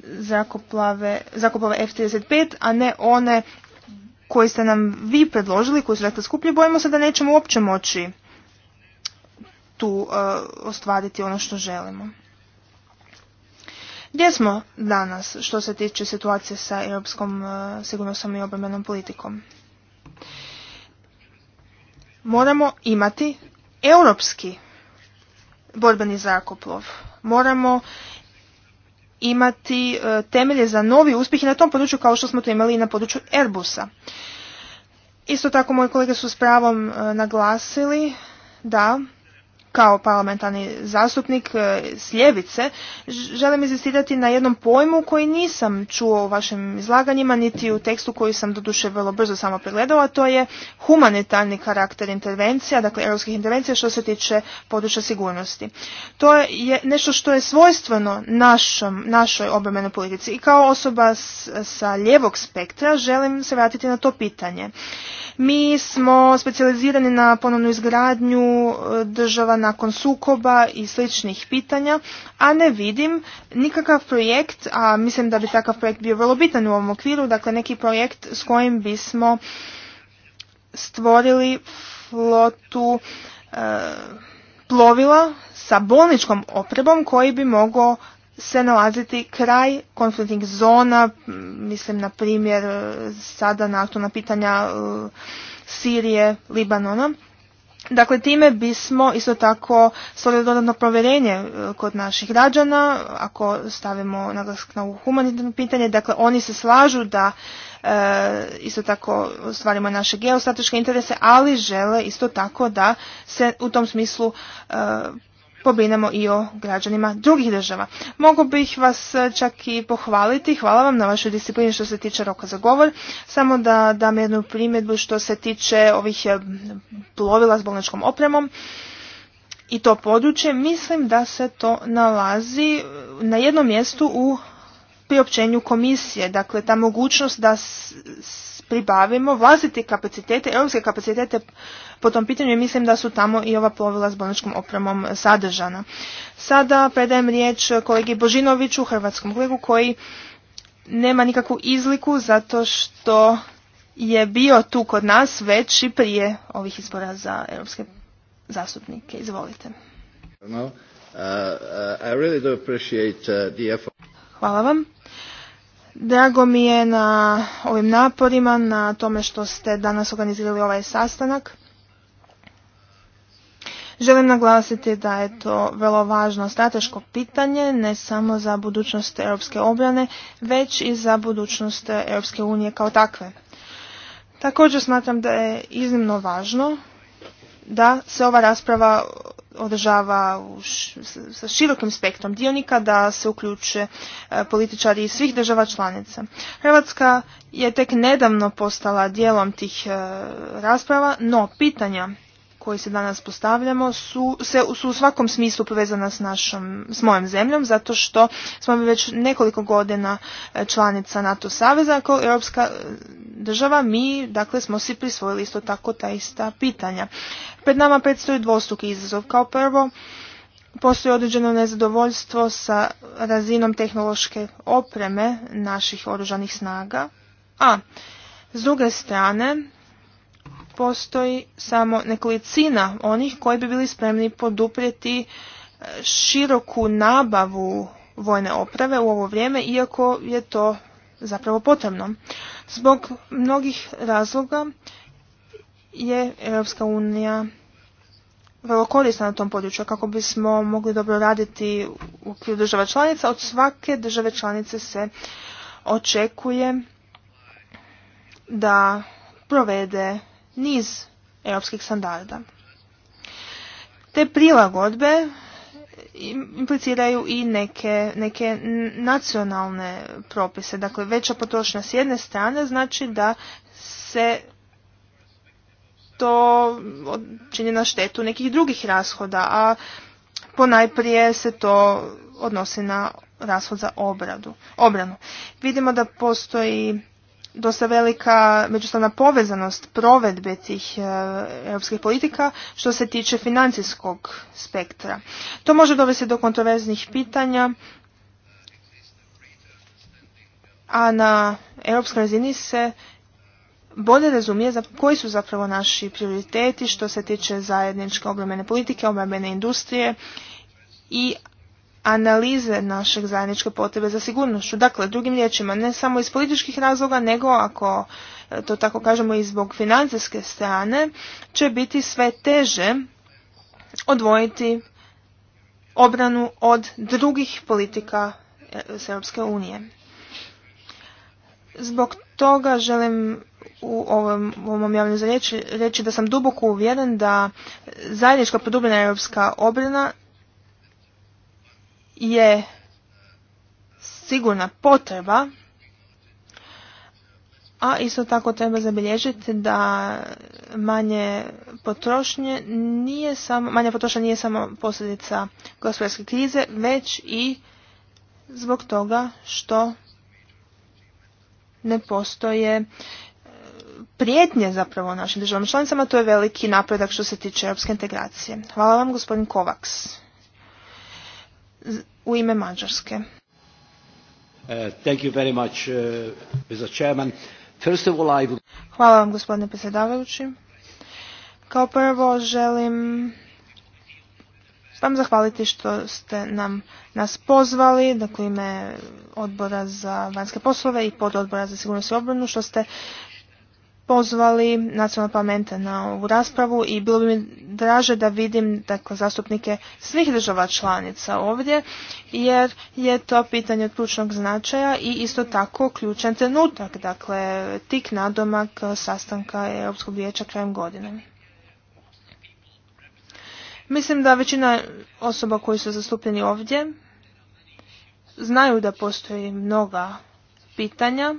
zrakoplave, zrakopove F-35, a ne one koje ste nam vi predložili, koji su dakle skuplji, bojimo se da nećemo uopće moći tu e, ostvariti ono što želimo. Gdje smo danas što se tiče situacije sa europskom e, sigurnosnom i obrambenom politikom? Moramo imati europski borbeni zrakoplov. Moramo imati e, temelje za novi uspjeh i na tom području kao što smo to imali i na području Airbusa. Isto tako moji kolege su s pravom naglasili da kao parlamentarni zastupnik e, s ljevice želim izistirati na jednom pojmu koji nisam čuo u vašim izlaganjima niti u tekstu koji sam doduše vrlo brzo samo pregledao, a to je humanitarni karakter intervencija, dakle europskih intervencija što se tiče područja sigurnosti. To je nešto što je svojstveno našom, našoj obrambenoj politici i kao osoba s, sa ljevog spektra želim se vratiti na to pitanje. Mi smo specijalizirani na ponovnu izgradnju e, država nakon sukoba i sličnih pitanja, a ne vidim nikakav projekt, a mislim da bi takav projekt bio vrlo bitan u ovom okviru, dakle neki projekt s kojim bismo stvorili flotu e, plovila sa bolničkom oprebom koji bi mogao se nalaziti kraj konfliktnih zona, mislim na primjer e, sada na na pitanja e, Sirije, Libanona. Dakle, time bismo isto tako stvorili dodatno povjerenje e, kod naših građana, ako stavimo naglasak na humanitarno pitanje, dakle oni se slažu da e, isto tako stvarimo naše geostrateške interese, ali žele isto tako da se u tom smislu e, pobrinemo i o građanima drugih država. Mogu bih vas e, čak i pohvaliti, hvala vam na vašoj disciplini što se tiče roka za govor, samo da dam jednu primjedbu što se tiče ovih e, plovila s bolničkom opremom i to područje, mislim da se to nalazi e, na jednom mjestu u priopćenju komisije, dakle ta mogućnost da pribavimo vlastite kapacitete, europske kapacitete po tom pitanju i mislim da su tamo i ova plovila s bolničkom opremom sadržana. Sada predajem riječ kolegi Božinoviću, hrvatskom kolegu koji nema nikakvu izliku zato što je bio tu kod nas već i prije ovih izbora za europske zastupnike. Izvolite. Uh, uh, uh, Hvala vam. Drago mi je na ovim naporima, na tome što ste danas organizirali ovaj sastanak. Želim naglasiti da je to vrlo važno strateško pitanje, ne samo za budućnost europske obrane, već i za budućnost Europske unije kao takve. Također smatram da je iznimno važno da se ova rasprava održava sa širokim spektrom dionika, da se uključe e, političari iz svih država članica. Hrvatska je tek nedavno postala dijelom tih e, rasprava, no pitanja koji se danas postavljamo su, u svakom smislu povezana s, našom, s mojom zemljom, zato što smo mi već nekoliko godina e, članica NATO saveza kao europska e, država, mi dakle smo si prisvojili isto tako ta ista pitanja. Pred nama predstoji dvostruki izazov. Kao prvo, postoji određeno nezadovoljstvo sa razinom tehnološke opreme naših oružanih snaga, a s druge strane, postoji samo nekolicina onih koji bi bili spremni poduprijeti e, široku nabavu vojne oprave u ovo vrijeme, iako je to zapravo potrebno. Zbog mnogih razloga je Europska unija vrlo korisna na tom području kako bismo mogli dobro raditi u okviru država članica. Od svake države članice se očekuje da provede niz europskih standarda. Te prilagodbe impliciraju i neke, neke nacionalne propise. Dakle, veća potrošnja s jedne strane znači da se to čini na štetu nekih drugih rashoda, a ponajprije se to odnosi na rashod za obradu, obranu. Vidimo da postoji dosta velika međustavna povezanost provedbe tih e, europskih politika što se tiče financijskog spektra. To može dovesti do kontroverznih pitanja, a na europskoj razini se bolje razumije koji su zapravo naši prioriteti što se tiče zajedničke obrambene politike, obrambene industrije i analize našeg zajedničke potrebe za sigurnošću. Dakle, drugim riječima, ne samo iz političkih razloga, nego ako e, to tako kažemo i zbog financijske strane, će biti sve teže odvojiti obranu od drugih politika e, s Europske unije. Zbog toga želim u ovom, u ovom javnom reći, reći da sam duboko uvjeren da zajednička produbljena europska obrana je sigurna potreba, a isto tako treba zabilježiti da manje potrošnje nije samo, manja potrošnja nije samo posljedica gospodarske krize, već i zbog toga što ne postoje e, prijetnje zapravo našim državama članicama, to je veliki napredak što se tiče europske integracije. Hvala vam gospodin Kovaks u ime Mađarske. Uh, uh, Hvala vam gospodine predsjedavajući. Kao prvo želim vam zahvaliti što ste nam nas pozvali, dakle ime odbora za vanjske poslove i pododbora za sigurnost i obranu, što ste pozvali nacionalna parlamenta na ovu raspravu i bilo bi mi draže da vidim dakle, zastupnike svih država članica ovdje jer je to pitanje od ključnog značaja i isto tako ključan trenutak, dakle tik nadomak sastanka Europskog vijeća krajem godine. Mislim da većina osoba koji su zastupljeni ovdje znaju da postoji mnoga pitanja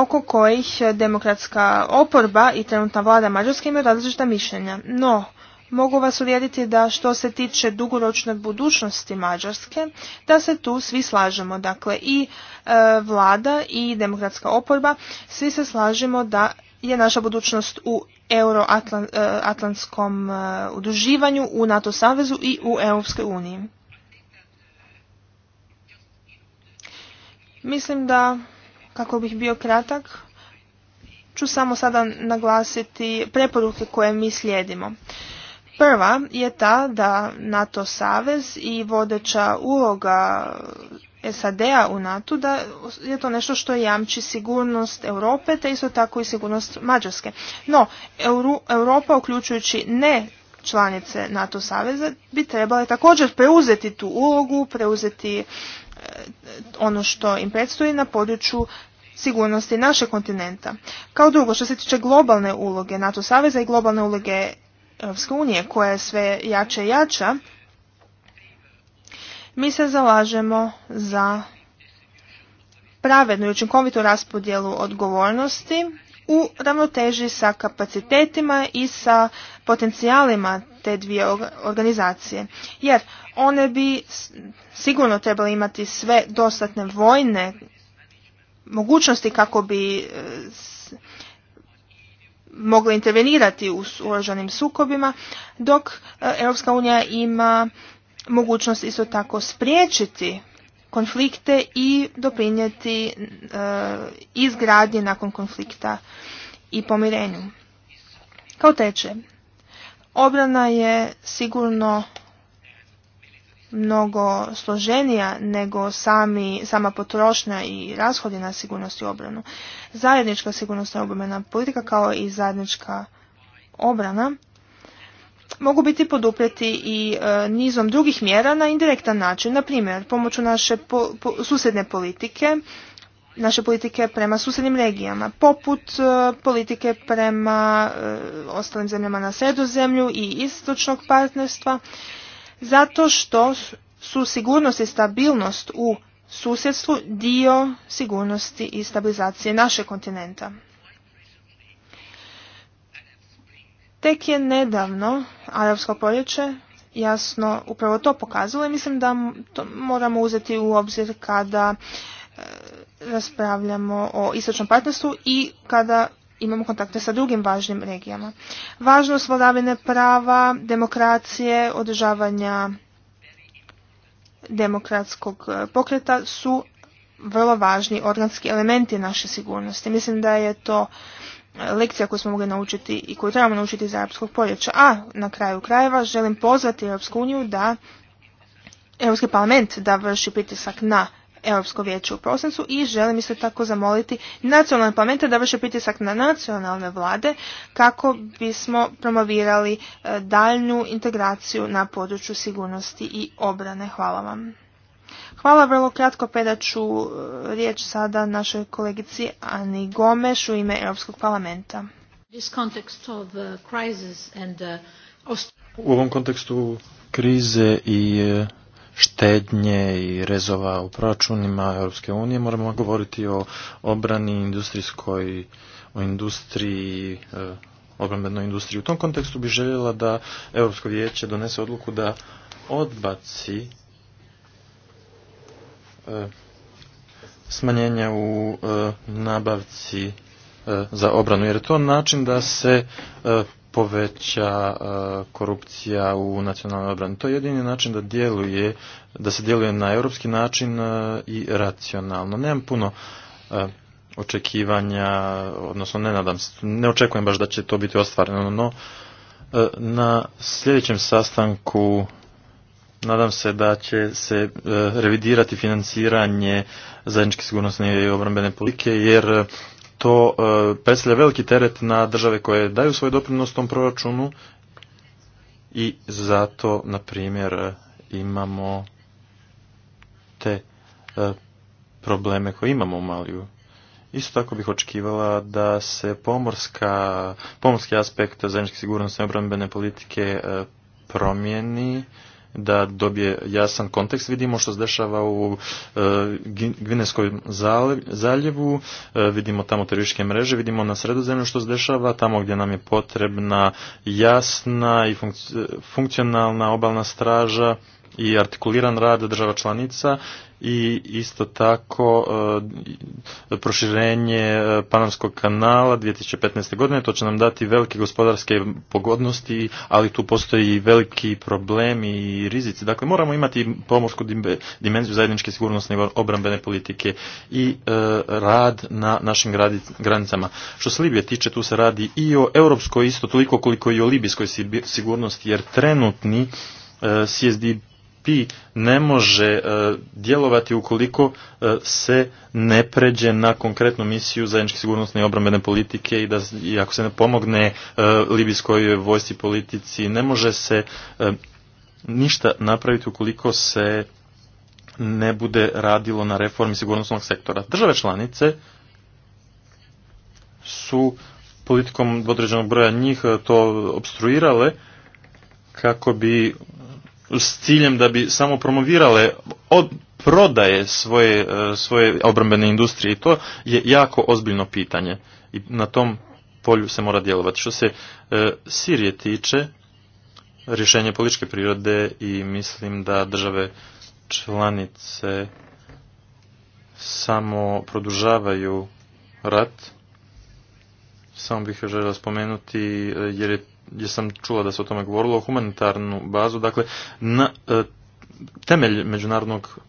oko kojih demokratska oporba i trenutna vlada Mađarske imaju različita mišljenja. No, mogu vas uvjeriti da što se tiče dugoročne budućnosti Mađarske, da se tu svi slažemo. Dakle, i e, vlada i demokratska oporba, svi se slažemo da je naša budućnost u euroatlantskom e, e, udruživanju, u NATO savezu i u Europskoj uniji. Mislim da kako bih bio kratak, ću samo sada naglasiti preporuke koje mi slijedimo. Prva je ta da NATO savez i vodeća uloga SAD-a u NATO da je to nešto što jamči sigurnost Europe te isto tako i sigurnost Mađarske. No, Europa uključujući ne članice NATO saveza bi trebale također preuzeti tu ulogu, preuzeti e, ono što im predstoji na području sigurnosti našeg kontinenta. Kao drugo, što se tiče globalne uloge NATO saveza i globalne uloge Europske unije, koja je sve jača i jača, mi se zalažemo za pravednu i učinkovitu raspodjelu odgovornosti u ravnoteži sa kapacitetima i sa potencijalima te dvije organizacije. Jer one bi sigurno trebale imati sve dostatne vojne mogućnosti kako bi e, mogli intervenirati u uloženim sukobima, dok e, Europska unija ima mogućnost isto tako spriječiti konflikte i doprinijeti e, izgradnje nakon konflikta i pomirenju. Kao teče, obrana je sigurno mnogo složenija nego sami, sama potrošnja i rashodi na sigurnost i obranu. Zajednička sigurnosna obrana politika kao i zajednička obrana mogu biti poduprijeti i e, nizom drugih mjera na indirektan način, na primjer pomoću naše susjedne politike, naše politike prema susjednim regijama, poput e, politike prema e, ostalim zemljama na sredozemlju i istočnog partnerstva, zato što su sigurnost i stabilnost u susjedstvu dio sigurnosti i stabilizacije našeg kontinenta. Tek je nedavno arapsko proljeće jasno upravo to pokazalo i mislim da to moramo uzeti u obzir kada e, raspravljamo o istočnom partnerstvu i kada imamo kontakte sa drugim važnim regijama. Važnost vladavine prava, demokracije, održavanja demokratskog e, pokreta su vrlo važni organski elementi naše sigurnosti. Mislim da je to e, lekcija koju smo mogli naučiti i koju trebamo naučiti iz Europskog poljeća. A na kraju krajeva želim pozvati Europsku uniju da Europski parlament da vrši pritisak na Europsko vijeće u prosincu i želim isto tako zamoliti nacionalne parlamente da vrše pritisak na nacionalne vlade kako bismo promovirali e, daljnju integraciju na području sigurnosti i obrane. Hvala vam. Hvala, vrlo kratko predat ću e, riječ sada našoj kolegici Ani Gomeš u ime Europskog parlamenta. Uh, uh, u ovom kontekstu krize i e, štednje i rezova u proračunima Europske unije, moramo govoriti o obrani industrijskoj, o industriji, e, obrambenoj industriji. U tom kontekstu bi željela da Europsko vijeće donese odluku da odbaci e, smanjenja u e, nabavci za obranu, jer je to način da se poveća e, korupcija u nacionalnoj obrani. To je jedini način da djeluje, da se djeluje na europski način e, i racionalno. Nemam puno e, očekivanja, odnosno ne nadam, ne očekujem baš da će to biti ostvareno, no na sljedećem sastanku nadam se da će se revidirati financiranje zajedničke sigurnosne i obrambene politike, jer to e, predstavlja veliki teret na države koje daju svoj doprinos tom proračunu i zato, na primjer, imamo te e, probleme koje imamo u Maliju. Isto tako bih očekivala da se pomorska, pomorski aspekt zajedničke i obrambene politike e, promijeni da dobije jasan kontekst. Vidimo što se dešava u e, Gvineskoj zaljevu, e, vidimo tamo terorističke mreže, vidimo na sredozemlju što se dešava, tamo gdje nam je potrebna jasna i funkcionalna obalna straža i artikuliran rad država članica i isto tako e, proširenje e, Panamskog kanala 2015. godine. To će nam dati velike gospodarske pogodnosti, ali tu postoji veliki problem i rizici. Dakle, moramo imati pomorsku dimenziju zajedničke sigurnosne obrambene politike i e, rad na našim granicama. Što se Libije tiče, tu se radi i o europskoj isto toliko koliko i o libijskoj sigurnosti, jer trenutni CSD pi ne može e, djelovati ukoliko e, se ne pređe na konkretnu misiju zajedničke sigurnosne i obrambene politike i, da, i ako se ne pomogne e, libijskoj vojsci politici, ne može se ništa napraviti ukoliko se ne bude radilo na reformi sigurnosnog sektora. Države članice su politikom određenog broja njih to obstruirale kako bi s ciljem da bi samo promovirale od prodaje svoje, e, svoje obrambene industrije i to je jako ozbiljno pitanje i na tom polju se mora djelovati. Što se e, Sirije tiče, rješenje političke prirode i mislim da države članice samo produžavaju rat. Samo bih želio spomenuti e, jer je gdje sam čula da se o tome govorilo, humanitarnu bazu, dakle, na, e, temelj međunarodnog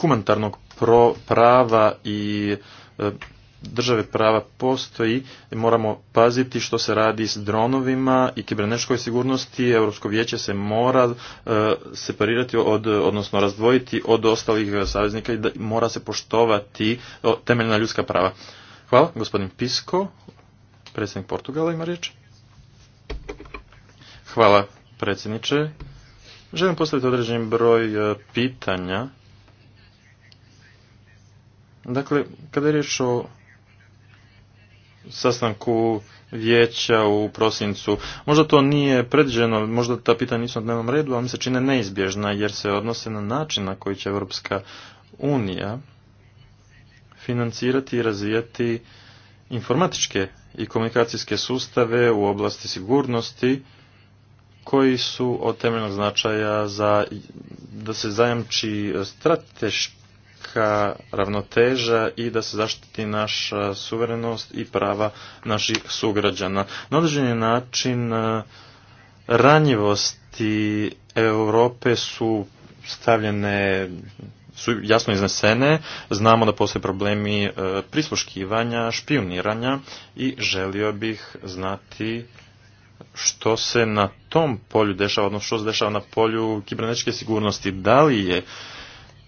humanitarnog pro, prava i e, države prava postoji, i moramo paziti što se radi s dronovima i kibernetičkoj sigurnosti. Europsko vijeće se mora e, separirati od, odnosno razdvojiti od ostalih saveznika i da mora se poštovati temeljna ljudska prava. Hvala, gospodin Pisko, predsjednik Portugala ima riječ. Hvala predsjedniče. Želim postaviti određen broj e, pitanja. Dakle, kada je riječ o sastanku vijeća u prosincu. Možda to nije predviđeno, možda ta pitanja nisu na dnevnom redu, ali mi se čine neizbježna jer se odnose na način na koji će Europska unija financirati i razvijati informatičke i komunikacijske sustave u oblasti sigurnosti koji su od temeljnog značaja za da se zajamči strateška ravnoteža i da se zaštiti naša suverenost i prava naših sugrađana. Na određeni način e, ranjivosti Europe su stavljene su jasno iznesene. Znamo da postoje problemi e, prisluškivanja, špioniranja i želio bih znati što se na tom polju dešava, odnosno što se dešava na polju kibernetičke sigurnosti. Da li je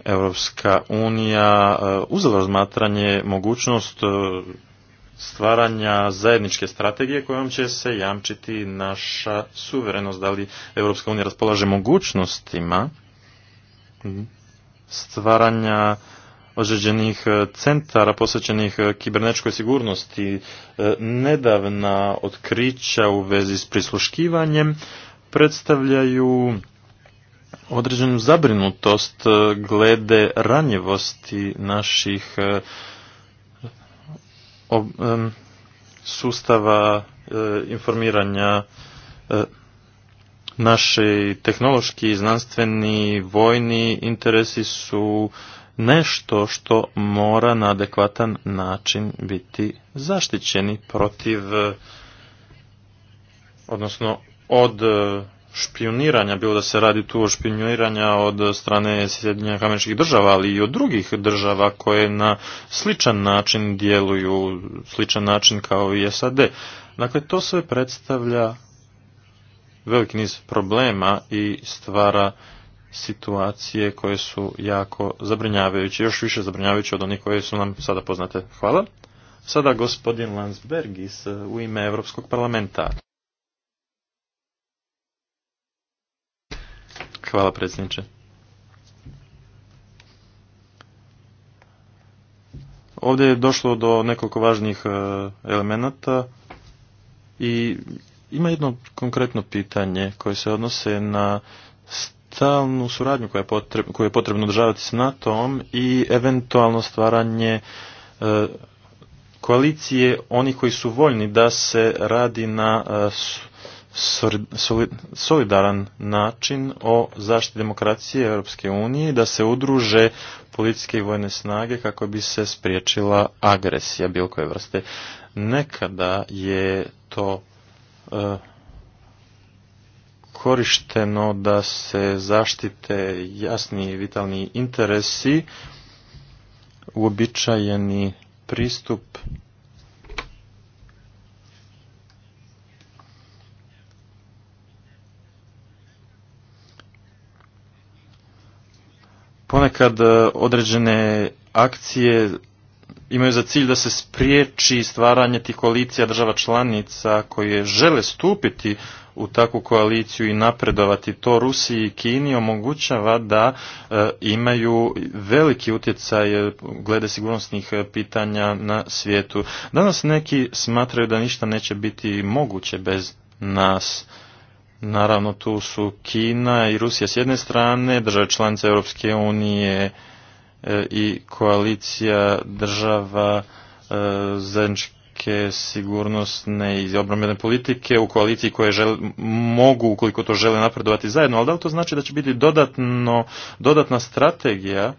Europska unija e, uzela razmatranje mogućnost e, stvaranja zajedničke strategije kojom će se jamčiti naša suverenost. Da li Europska unija raspolaže mogućnostima mhm stvaranja određenih e, centara posvećenih e, kibernetičkoj sigurnosti, e, nedavna otkrića u vezi s prisluškivanjem predstavljaju određenu zabrinutost glede ranjivosti naših sustava informiranja naši tehnološki, znanstveni, vojni interesi su nešto što mora na adekvatan način biti zaštićeni protiv odnosno od špioniranja, bilo da se radi tu o špioniranja od strane Sjedinjenih američkih država, ali i od drugih država koje na sličan način djeluju, sličan način kao i SAD. Dakle, to sve predstavlja veliki niz problema i stvara situacije koje su jako zabrinjavajuće, još više zabrinjavajuće od onih koje su nam sada poznate. Hvala. Sada gospodin Landsbergis eh, u ime Europskog parlamenta. Hvala predsjedniče. Ovdje je došlo do nekoliko važnih eh, elemenata i ima jedno konkretno pitanje koje se odnose na stalnu suradnju koju je, koju je potrebno održavati s NATO-om i eventualno stvaranje e, koalicije onih koji su voljni da se radi na e, solidaran način o zaštiti demokracije Europske unije da se udruže policijske i vojne snage kako bi se spriječila agresija bilo koje vrste. Nekada je to E, korišteno da se zaštite jasni vitalni interesi, uobičajeni pristup ponekad e, određene akcije imaju za cilj da se spriječi stvaranje tih koalicija država članica koje žele stupiti u takvu koaliciju i napredovati to Rusiji i Kini omogućava da e, imaju veliki utjecaj e, glede sigurnosnih e, pitanja na svijetu. Danas neki smatraju da ništa neće biti moguće bez nas. Naravno tu su Kina i Rusija s jedne strane, države članice Europske unije E, i koalicija država e, zajedničke sigurnosne i obrambene politike u koaliciji koje mogu ukoliko to žele napredovati zajedno, ali da li to znači da će biti dodatno, dodatna strategija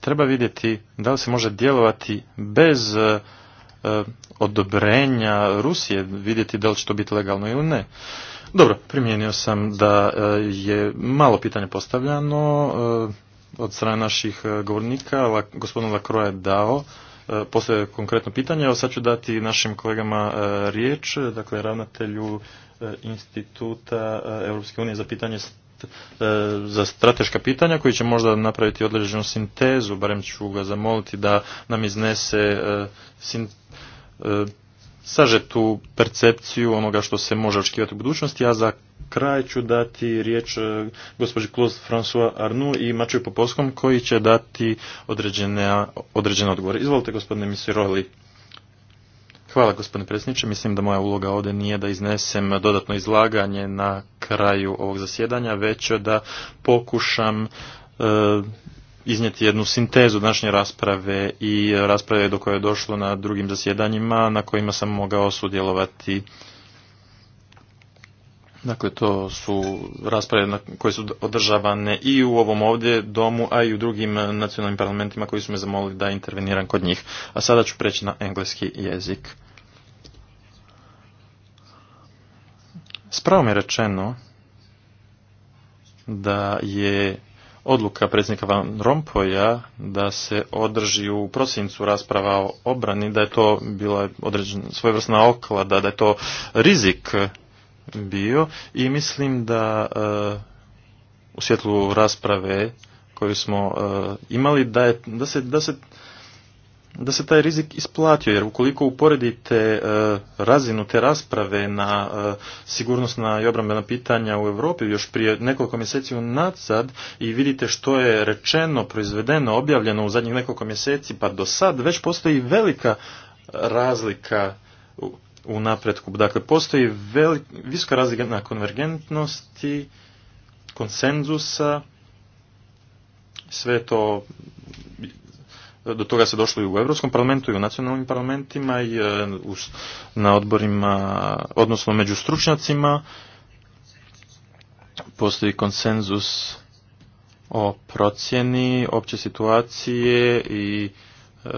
treba vidjeti da li se može djelovati bez e, odobrenja Rusije, vidjeti da li će to biti legalno ili ne. Dobro, primijenio sam da e, je malo pitanja postavljano e, od strane naših e, govornika. Gospodin Lacroix je dao postavio konkretno pitanje. Evo sad ću dati našim kolegama riječ, dakle ravnatelju instituta Europske unije za pitanje za strateška pitanja koji će možda napraviti određenu sintezu, barem ću ga zamoliti da nam iznese tu percepciju onoga što se može očekivati u budućnosti, a za kraj ću dati riječ e, gospođi Kloz François Arnu i Mačiju Popovskom koji će dati određene, određene odgovore. Izvolite gospodine Misiroli. Hvala gospodine predsjedniče. Mislim da moja uloga ovdje nije da iznesem dodatno izlaganje na kraju ovog zasjedanja, već da pokušam e, iznijeti jednu sintezu današnje rasprave i rasprave do koje je došlo na drugim zasjedanjima na kojima sam mogao sudjelovati. Dakle, to su rasprave koje su održavane i u ovom ovdje domu, a i u drugim nacionalnim parlamentima koji su me zamolili da interveniram kod njih. A sada ću preći na engleski jezik. Spravo mi je rečeno da je odluka predsjednika Van Rompoja da se održi u prosincu rasprava o obrani, da je to bila određena svojevrsna oklada, da je to rizik bio i mislim da e, u svjetlu rasprave koju smo e, imali da, je, da se, da se da se taj rizik isplatio, jer ukoliko uporedite e, razinu te rasprave na e, sigurnosna i obrambena pitanja u Europi još prije nekoliko mjeseci unazad i vidite što je rečeno, proizvedeno, objavljeno u zadnjih nekoliko mjeseci pa do sad, već postoji velika razlika u, napretku. Dakle, postoji velik, visoka razlika na konvergentnosti, konsenzusa, sve to do toga se došlo i u Europskom parlamentu i u nacionalnim parlamentima i e, na odborima, odnosno među stručnjacima. Postoji konsenzus o procjeni opće situacije i e,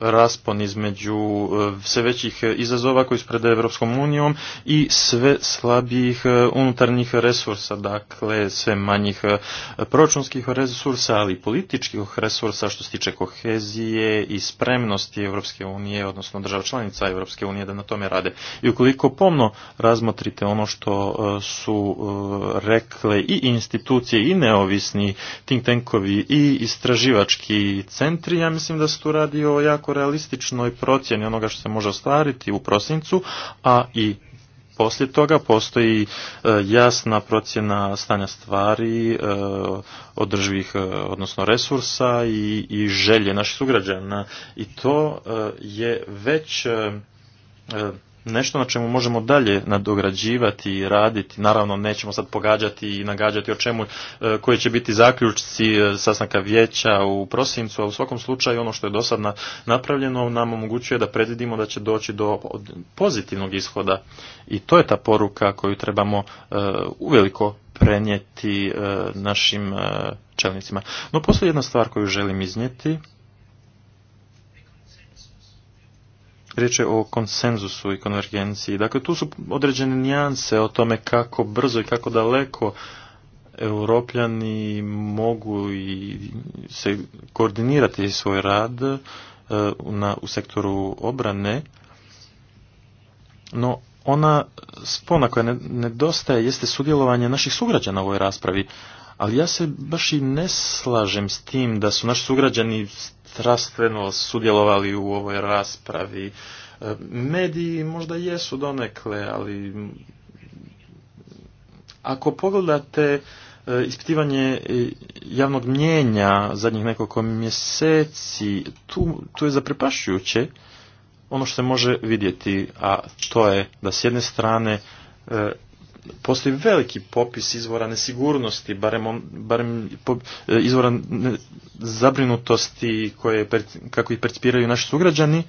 raspon između e, sve većih izazova koji su pred Europskom unijom i sve slabijih e, unutarnjih resursa, dakle sve manjih e, proračunskih resursa, ali i političkih resursa što se tiče kohezije i spremnosti Europske unije, odnosno država članica Europske unije da na tome rade. I ukoliko pomno razmotrite ono što su rekle i institucije i neovisni think tankovi i istraživački centri, ja mislim da se tu radi o jako realističnoj procjeni onoga što se može ostvariti u prosincu, a i poslije toga postoji e, jasna procjena stanja stvari, e, održivih, e, odnosno resursa i, i želje naših sugrađana. I to je već nešto na čemu možemo dalje nadograđivati i raditi. Naravno, nećemo sad pogađati i nagađati o čemu, e, koji će biti zaključci e, sastanka vijeća u prosincu, a u svakom slučaju ono što je do napravljeno nam omogućuje da predvidimo da će doći do pozitivnog ishoda. I to je ta poruka koju trebamo e, uveliko prenijeti našim čelnicima. No, poslije jedna stvar koju želim iznijeti, riječ je o konsenzusu i konvergenciji. Dakle, tu su određene nijanse o tome kako brzo i kako daleko europljani mogu i se koordinirati svoj rad e, u sektoru obrane, no ona spona koja nedostaje jeste sudjelovanje naših sugrađana u ovoj raspravi, ali ja se baš i ne slažem s tim da su naši sugrađani strastveno sudjelovali u ovoj raspravi. E, mediji možda jesu donekle, ali ako pogledate e, ispitivanje e, javnog mnjenja zadnjih nekoliko mjeseci, tu, je zaprepašujuće ono što se može vidjeti, a to je da s jedne strane postoji veliki popis izvora nesigurnosti, barem, barem e, izvora zabrinutosti koje, kako ih percipiraju naši sugrađani,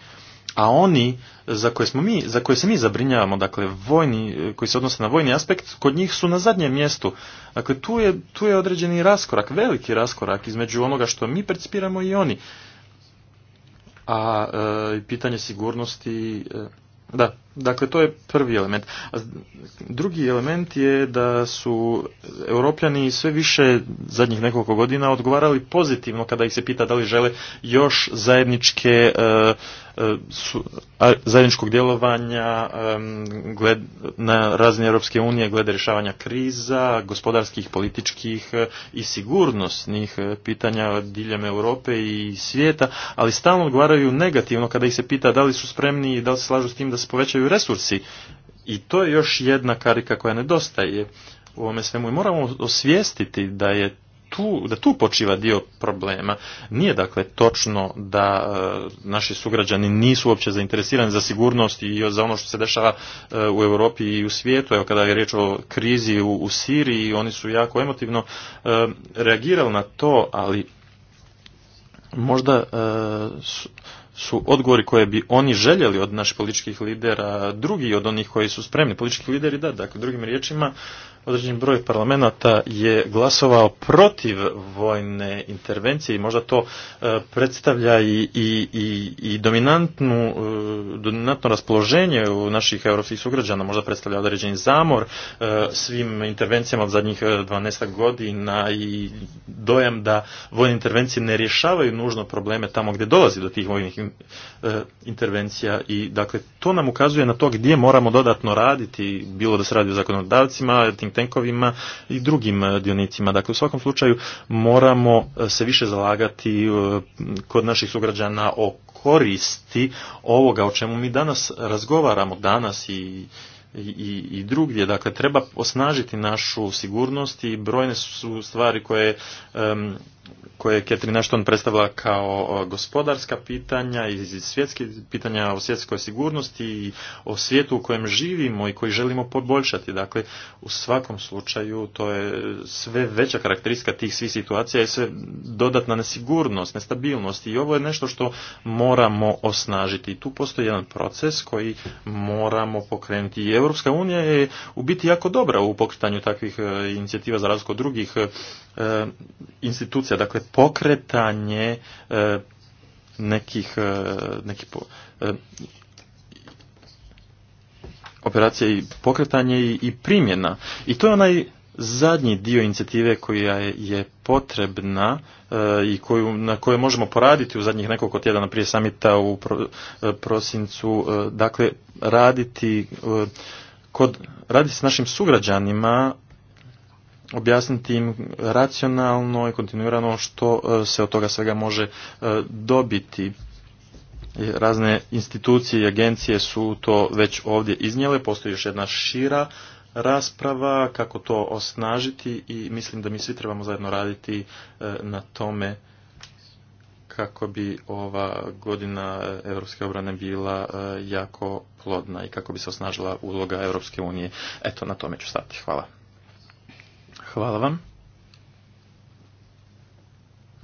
a oni za koje, smo mi, za koje se mi zabrinjavamo, dakle vojni, e, koji se odnose na vojni aspekt, kod njih su na zadnjem mjestu. Dakle, tu je, tu je određeni raskorak, veliki raskorak između onoga što mi percipiramo i oni. A e, pitanje sigurnosti, da, Dakle, to je prvi element. A drugi element je da su europljani sve više zadnjih nekoliko godina odgovarali pozitivno kada ih se pita da li žele još zajedničke e, e, zajedničkog djelovanja e, gled, na razne Europske unije glede rješavanja kriza, gospodarskih, političkih i sigurnosnih pitanja diljem Europe i svijeta, ali stalno odgovaraju negativno kada ih se pita da li su spremni i da li se slažu s tim da se povećaju resursi. I to je još jedna karika koja nedostaje u ovome svemu. I moramo osvijestiti da je tu, da tu počiva dio problema. Nije dakle točno da e, naši sugrađani nisu uopće zainteresirani za sigurnost i za ono što se dešava e, u Europi i u svijetu. Evo kada je riječ o krizi u, Siriji, oni su jako emotivno e, reagirali na to, ali možda su, su odgovori koje bi oni željeli od naših političkih lidera, drugi od onih koji su spremni, politički lideri da, dakle drugim riječima određen broj parlamenta je glasovao protiv vojne intervencije i možda to e, predstavlja i, i, i, i dominantnu, e, dominantno raspoloženje u naših europskih sugrađana, možda predstavlja određeni zamor e, svim intervencijama od zadnjih 12 godina i dojam da vojne intervencije ne rješavaju nužno probleme tamo gdje dolazi do tih vojnih intervencija i dakle to nam ukazuje na to gdje moramo dodatno raditi, bilo da se radi o zakonodavcima, tenkovima i drugim e, dionicima. Dakle, u svakom slučaju moramo e, se više zalagati e, kod naših sugrađana o koristi ovoga o čemu mi danas razgovaramo, danas i i, i drugdje. Dakle, treba osnažiti našu sigurnost i brojne su stvari koje koje je Catherine Ashton predstavila kao gospodarska pitanja i svjetske pitanja o svjetskoj sigurnosti i o svijetu u kojem živimo i koji želimo poboljšati. Dakle, u svakom slučaju to je sve veća karakteristika tih svih situacija je sve dodatna nesigurnost, nestabilnost i ovo je nešto što moramo osnažiti. I tu postoji jedan proces koji moramo pokrenuti. I Europska unija je u biti jako dobra u pokretanju takvih e, inicijativa za razliku od drugih e, e, institucija. Dakle, pokretanje e, nekih, e, nekih e, operacija i pokretanje i primjena. I to je onaj zadnji dio inicijative koja je potrebna i koju, na kojoj možemo poraditi u zadnjih nekoliko tjedana prije samita u prosincu, dakle raditi kod, raditi s našim sugrađanima objasniti im racionalno i kontinuirano što e, se od toga svega može e, dobiti. Razne institucije i agencije su to već ovdje iznijele, postoji još jedna šira rasprava, kako to osnažiti i mislim da mi svi trebamo zajedno raditi e, na tome kako bi ova godina Europske obrane bila jako plodna i kako bi se osnažila uloga Europske unije. Eto, na tome ću stati. Hvala. Hvala vam.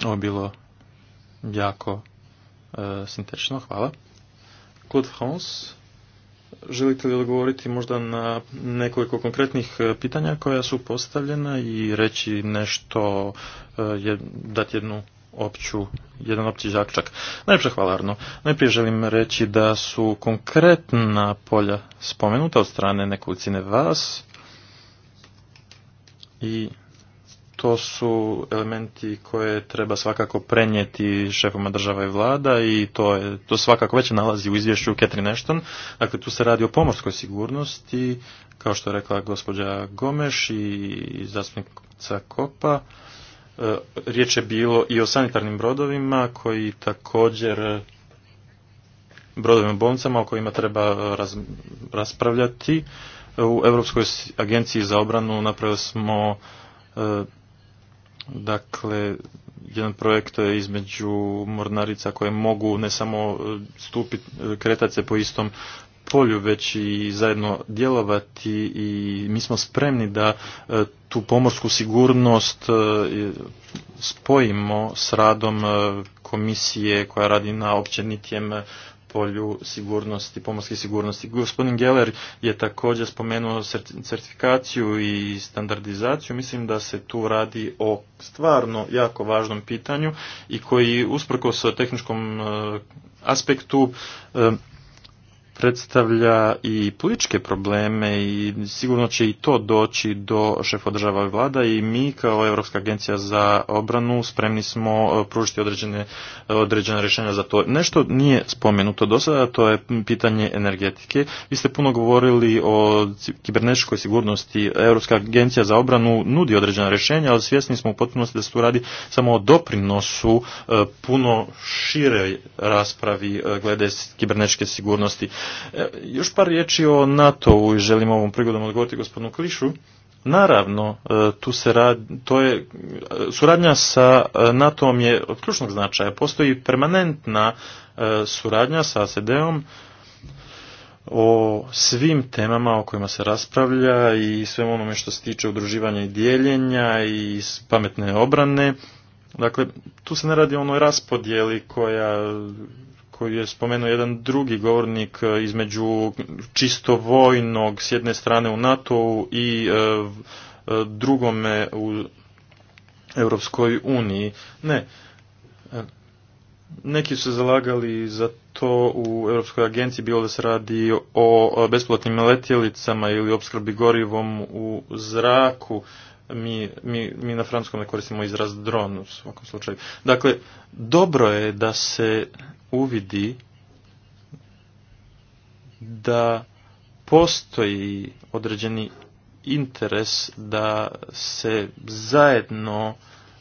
Ovo je bilo jako e, sintetično, hvala. Claude Hans, želite li odgovoriti možda na nekoliko konkretnih e, pitanja koja su postavljena i reći nešto, e, dati jednu opću, jedan opći zaključak. Najprije hvala Arno. Najprije želim reći da su konkretna polja spomenuta od strane nekolicine vas i to su elementi koje treba svakako prenijeti šefovima država i vlada i to, je, to svakako već nalazi u izvješću Catherine Ashton. Dakle, tu se radi o pomorskoj sigurnosti, kao što je rekla gospođa Gomeš i zastupnica Kopa. E, riječ je bilo i o sanitarnim brodovima koji također brodovima bolnicama o kojima treba raz, raspravljati u Europskoj agenciji za obranu napravili smo e, dakle jedan projekt između mornarica koje mogu ne samo e, stupiti, kretati se po istom polju već i zajedno djelovati i mi smo spremni da e, tu pomorsku sigurnost spojimo s radom komisije koja radi na općenitijem polju sigurnosti, pomorske sigurnosti. Gospodin Geller je također spomenuo certifikaciju i standardizaciju. Mislim da se tu radi o stvarno jako važnom pitanju i koji usprkos tehničkom eh, aspektu eh, predstavlja i političke probleme i sigurno će i to doći do šefa država i vlada i mi kao Europska agencija za obranu spremni smo e, pružiti određene, određene rješenja za to. Nešto nije spomenuto do sada, to je pitanje energetike. Vi ste puno govorili o kibernetičkoj sigurnosti. Europska agencija za obranu nudi određena rješenja, ali svjesni smo u potpunosti da se tu radi samo o doprinosu e, puno šire raspravi e, glede kibernetičke sigurnosti. E, još par riječi o NATO-u i želim ovom prigodom odgovoriti gospodinu Klišu. Naravno, e, tu se radi, to je, e, suradnja sa NATO-om je od ključnog značaja. Postoji permanentna suradnja sa SED-om o svim temama o kojima se raspravlja i svem onome što se tiče udruživanja i dijeljenja i pametne obrane. Dakle, tu se ne radi o onoj raspodjeli koja koji je spomenuo jedan drugi govornik e, između čisto vojnog s jedne strane u NATO-u i e, e, drugome u Europskoj uniji. Ne, neki su se zalagali za to u Europskoj agenciji, bilo da se radi o besplatnim letjelicama ili opskrbi gorivom u zraku. Mi, mi, mi na francuskom ne koristimo izraz dron u svakom slučaju. Dakle, dobro je da se uvidi da postoji određeni interes da se zajedno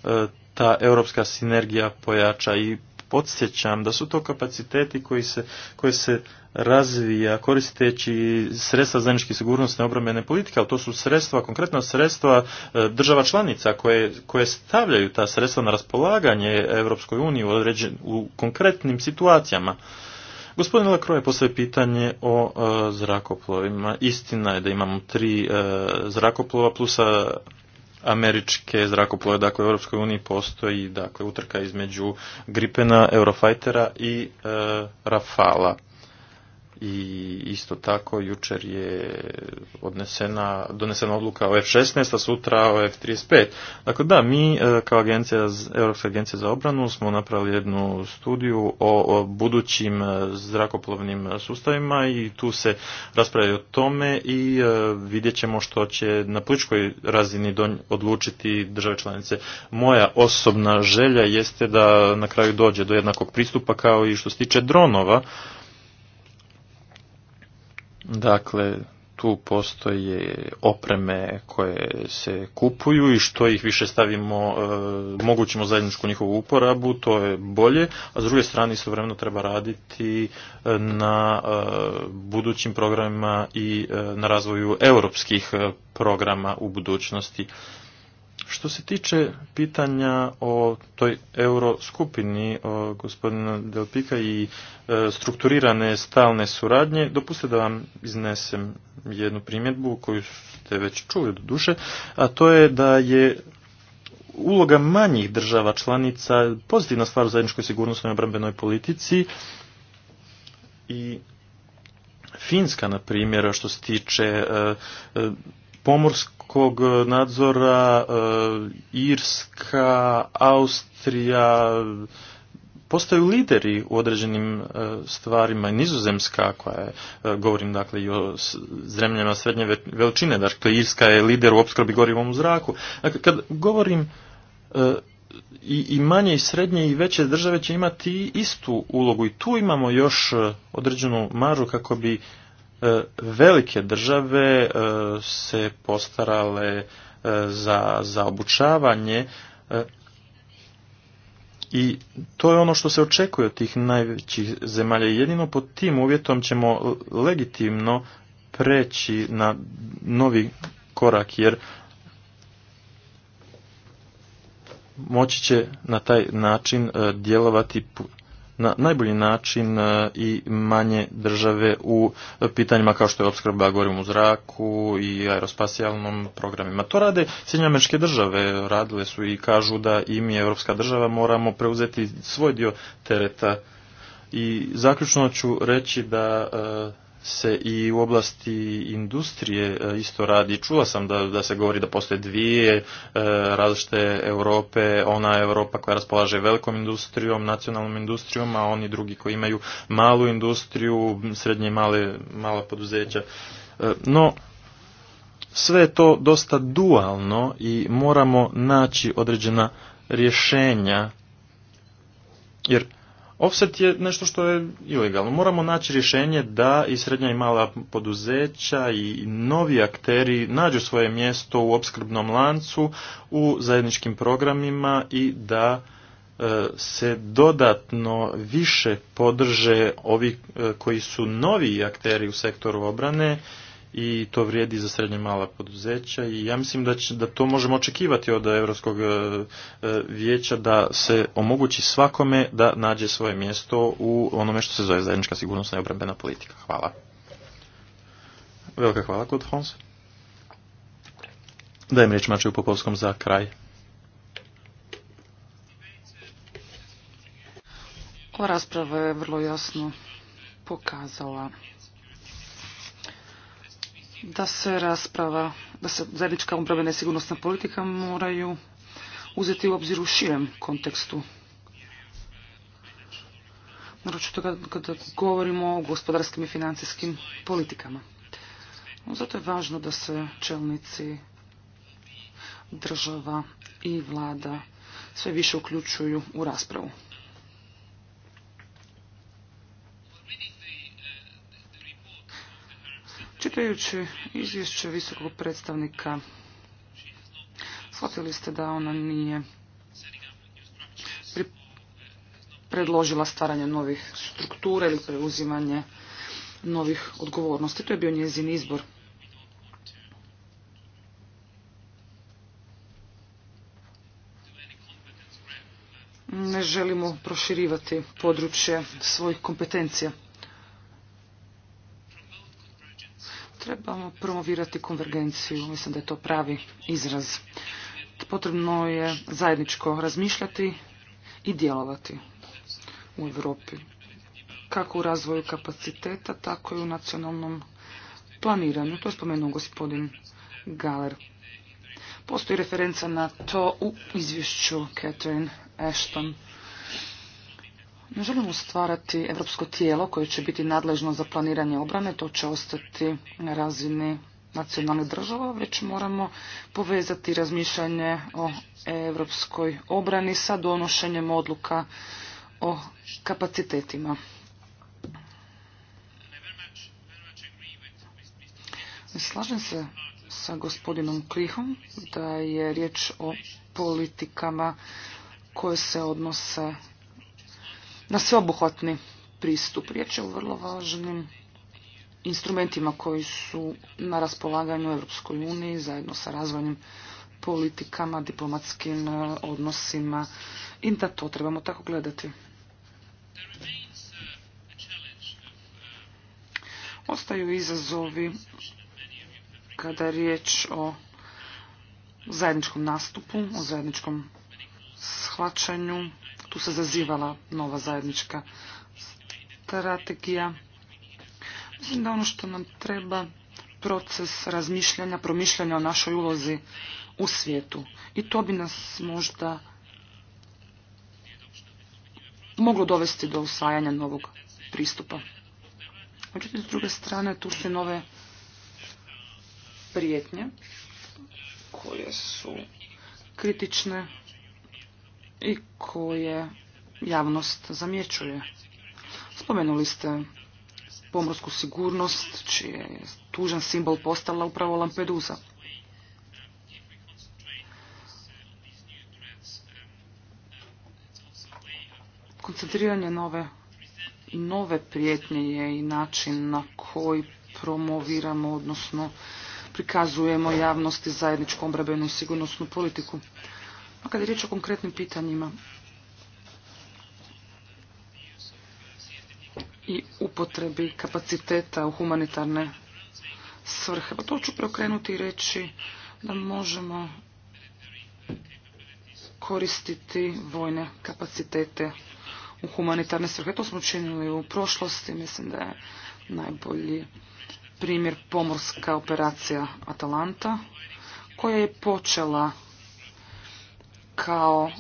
e, ta europska sinergija pojača i podsjećam da su to kapaciteti koji se, se razvija koristeći sredstva zajedničke sigurnosne obrambene politike, ali to su sredstva, konkretno sredstva e, država članica koje, koje stavljaju ta sredstva na raspolaganje Europskoj uniji u, u konkretnim situacijama. Gospodin je postoje pitanje o e, zrakoplovima. Istina je da imamo tri e, zrakoplova plusa američke zrakoplove. Dakle, u Europskoj uniji postoji dakle, utrka između Gripena, Eurofightera i e, Rafala i isto tako jučer je odnesena, donesena odluka o F-16, a sutra o F-35. Dakle da, mi e, kao agencija, Europska agencija za obranu smo napravili jednu studiju o, o budućim e, zrakoplovnim sustavima i tu se raspravlja o tome i e, vidjet ćemo što će na političkoj razini odlučiti države članice. Moja osobna želja jeste da na kraju dođe do jednakog pristupa kao i što se tiče dronova, Dakle, tu postoje opreme koje se kupuju i što ih više stavimo, e, mogućimo zajedničku njihovu uporabu, to je bolje, a s druge strane istovremeno treba raditi e, na e, budućim programima i na razvoju europskih programa u budućnosti. Što se tiče pitanja o toj euroskupini o e, gospodina Delpika i e, strukturirane stalne suradnje, dopustite da vam iznesem jednu primjedbu koju ste već čuli do duše, a to je da je uloga manjih država članica pozitivna stvar u zajedničkoj sigurnosnoj i obrambenoj politici i Finska, na primjer, što se tiče e, pomorskog e, nadzora e, Irska, Austrija postaju lideri u određenim e, stvarima nizozemska koja je, govorim dakle i o zemljama srednje veličine, dakle Irska je lider u opskrbi gorivom zraku. Dakle, kad govorim i, manje i srednje i veće države će imati istu ulogu i tu imamo još određenu maržu kako bi E, velike države e, se postarale e, za, za obučavanje i to je ono što se očekuje od tih najvećih zemalja. Jedino pod tim uvjetom ćemo legitimno preći na novi korak, jer moći će na taj način djelovati na najbolji način e, i manje države u pitanjima kao što je opskrba gorivom u zraku i aerospasijalnom programima. To rade američke države, radile su i kažu da i mi Europska država moramo preuzeti svoj dio tereta i zaključno ću reći da e, se i u oblasti industrije e, isto radi. Čula sam da, da se govori da postoje dvije e, različite Europe, ona Europa koja raspolaže velikom industrijom, nacionalnom industrijom, a oni drugi koji imaju malu industriju, srednje i male, mala poduzeća. E, no, sve je to dosta dualno i moramo naći određena rješenja, jer Offset je nešto što je ilegalno. Moramo naći rješenje da i srednja i mala poduzeća i novi akteri nađu svoje mjesto u opskrbnom lancu u zajedničkim programima i da e, se dodatno više podrže ovi e, koji su novi akteri u sektoru obrane i to vrijedi za srednje mala poduzeća i ja mislim da, da to možemo očekivati od Europskog e, e, vijeća da se omogući svakome da nađe svoje mjesto u onome što se zove zajednička sigurnosna i obrambena politika. Hvala. Velika hvala kod Hons. Dajem riječ Mačeju Popovskom za kraj. Ova rasprava je vrlo jasno pokazala da se rasprava, da se zajednička upravljena i sigurnosna politika moraju uzeti u obzir u širem kontekstu. Naročito to kada govorimo o gospodarskim i financijskim politikama. Zato je važno da se čelnici država i vlada sve više uključuju u raspravu. Čitajući izvješće visokog predstavnika, shvatili ste da ona nije predložila stvaranje novih struktura ili preuzimanje novih odgovornosti. To je bio njezin izbor. Ne želimo proširivati područje svojih kompetencija. Trebamo promovirati konvergenciju, mislim da je to pravi izraz. Potrebno je zajedničko razmišljati i djelovati u Europi, kako u razvoju kapaciteta, tako i u nacionalnom planiranju. To je spomenuo gospodin Galer. Postoji referenca na to u izvješću Catherine Ashton. Ne želimo stvarati evropsko tijelo koje će biti nadležno za planiranje obrane, to će ostati na razini nacionalnih država, već moramo povezati razmišljanje o evropskoj obrani sa donošenjem odluka o kapacitetima. Slažem se sa gospodinom Klihom da je riječ o politikama koje se odnose na sveobuhvatni pristup. Riječ je o vrlo važnim instrumentima koji su na raspolaganju Europskoj uniji zajedno sa razvojnim politikama, diplomatskim e, odnosima i da to trebamo tako gledati. Ostaju izazovi kada je riječ o zajedničkom nastupu, o zajedničkom shvaćanju tu se zazivala nova zajednička strategija. Mislim da ono što nam treba proces razmišljanja, promišljanja o našoj ulozi u svijetu. I to bi nas možda moglo dovesti do usvajanja novog pristupa. Međutim, s druge strane, tu su nove prijetnje koje su kritične i koje javnost zamjećuje. Spomenuli ste pomorsku sigurnost, čiji je tužan simbol postala upravo Lampedusa. Koncentriranje nove, nove prijetnje je i način na koji promoviramo, odnosno prikazujemo javnosti zajedničku obrambenu i sigurnosnu politiku kada je riječ o konkretnim pitanjima i upotrebi kapaciteta u humanitarne svrhe, pa to ću preokrenuti i reći da možemo koristiti vojne kapacitete u humanitarne svrhe. To smo učinili u prošlosti, mislim da je najbolji primjer pomorska operacija Atalanta koja je počela kao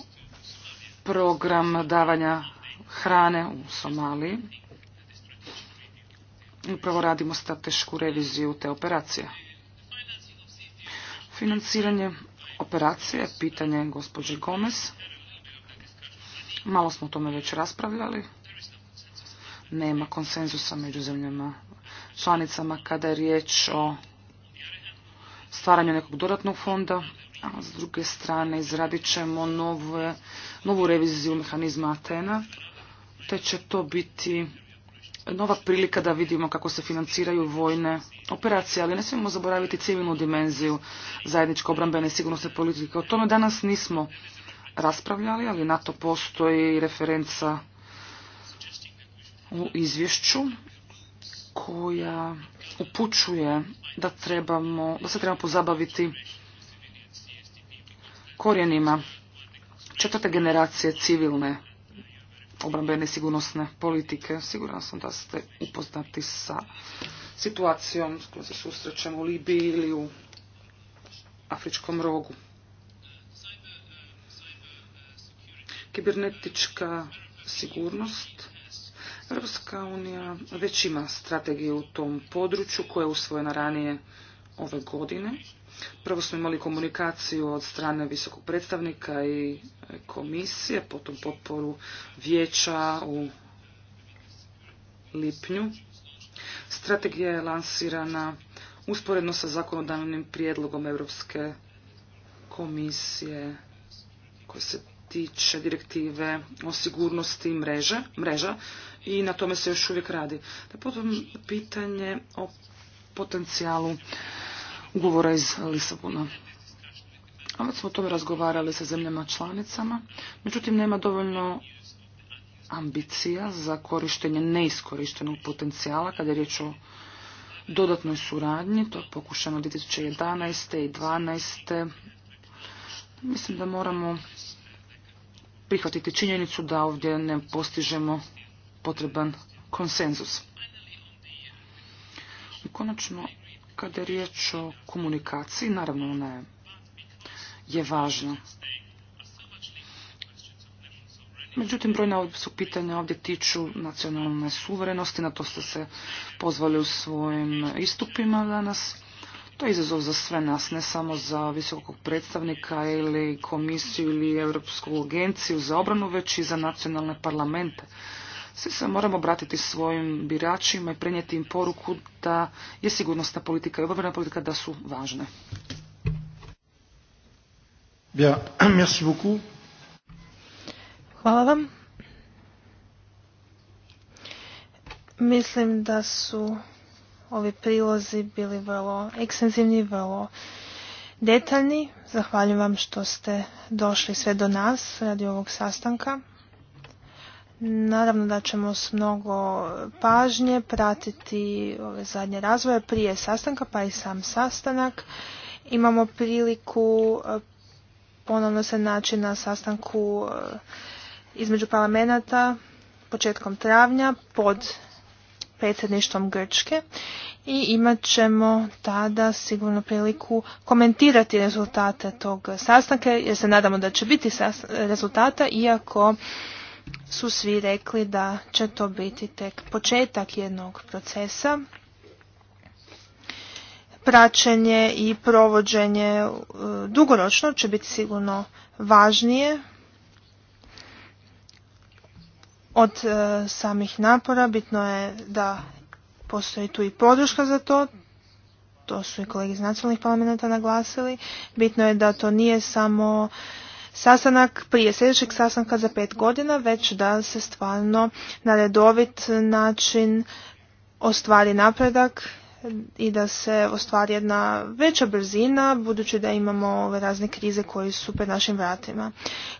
program davanja hrane u Somaliji. Upravo radimo stratešku reviziju te operacije. Financiranje operacije, pitanje gospođe Gomez. Malo smo o tome već raspravljali. Nema konsenzusa među zemljama članicama kada je riječ o stvaranju nekog dodatnog fonda a s druge strane izradit ćemo novu reviziju mehanizma Atena, te će to biti nova prilika da vidimo kako se financiraju vojne operacije, ali ne smijemo zaboraviti civilnu dimenziju zajedničke obrambene i sigurnosne politike. O tome danas nismo raspravljali, ali na to postoji referenca u izvješću koja upućuje da, trebamo, da se trebamo pozabaviti korijenima četvrte generacije civilne obrambene sigurnosne politike. Siguran sam da ste upoznati sa situacijom s kojom se susrećemo u Libiji ili u Afričkom rogu. Kibernetička sigurnost. Europska unija već ima strategiju u tom području koja je usvojena ranije ove godine. Prvo smo imali komunikaciju od strane visokog predstavnika i komisije, potom potporu vijeća u lipnju. Strategija je lansirana usporedno sa zakonodavnim prijedlogom Europske komisije koje se tiče direktive o sigurnosti mreže, mreža i na tome se još uvijek radi. Da potom pitanje o potencijalu govora iz Lisabona. već smo o tome razgovarali sa zemljama članicama, međutim nema dovoljno ambicija za korištenje neiskorištenog potencijala kada je riječ o dodatnoj suradnji, to je pokušano 2011. i 2012. Mislim da moramo prihvatiti činjenicu da ovdje ne postižemo potreban konsenzus. I konačno kada je riječ o komunikaciji, naravno ona je važna. Međutim, brojna su pitanja ovdje tiču nacionalne suverenosti, na to ste se pozvali u svojim istupima danas. To je izazov za sve nas, ne samo za visokog predstavnika ili komisiju ili Europsku agenciju za obranu, već i za nacionalne parlamente. Svi se moramo obratiti svojim biračima i prenijeti im poruku da je sigurnosna politika i obrana politika da su važne. Hvala vam. Mislim da su ovi prilozi bili vrlo ekstenzivni, vrlo detaljni. Zahvaljujem vam što ste došli sve do nas radi ovog sastanka. Naravno da ćemo s mnogo pažnje pratiti ove zadnje razvoje prije sastanka pa i sam sastanak. Imamo priliku e, ponovno se naći na sastanku e, između parlamenta početkom travnja pod predsjedništvom Grčke i imat ćemo tada sigurno priliku komentirati rezultate tog sastanka jer se nadamo da će biti rezultata iako su svi rekli da će to biti tek početak jednog procesa praćenje i provođenje e, dugoročno će biti sigurno važnije od e, samih napora. Bitno je da postoji tu i podrška za to. To su i kolege iz nacionalnih parlamenta naglasili. Bitno je da to nije samo sastanak prije sljedećeg sastanka za pet godina, već da se stvarno na redovit način ostvari napredak i da se ostvari jedna veća brzina budući da imamo ove razne krize koje su pred našim vratima.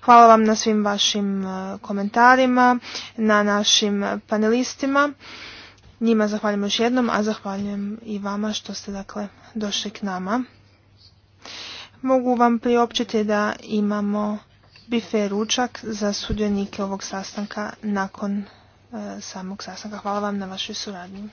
Hvala vam na svim vašim e, komentarima, na našim panelistima. Njima zahvaljujem još jednom, a zahvaljujem i vama što ste dakle došli k nama. Mogu vam priopćiti da imamo bife ručak za sudionike ovog sastanka nakon e, samog sastanka. Hvala vam na vašoj suradnji.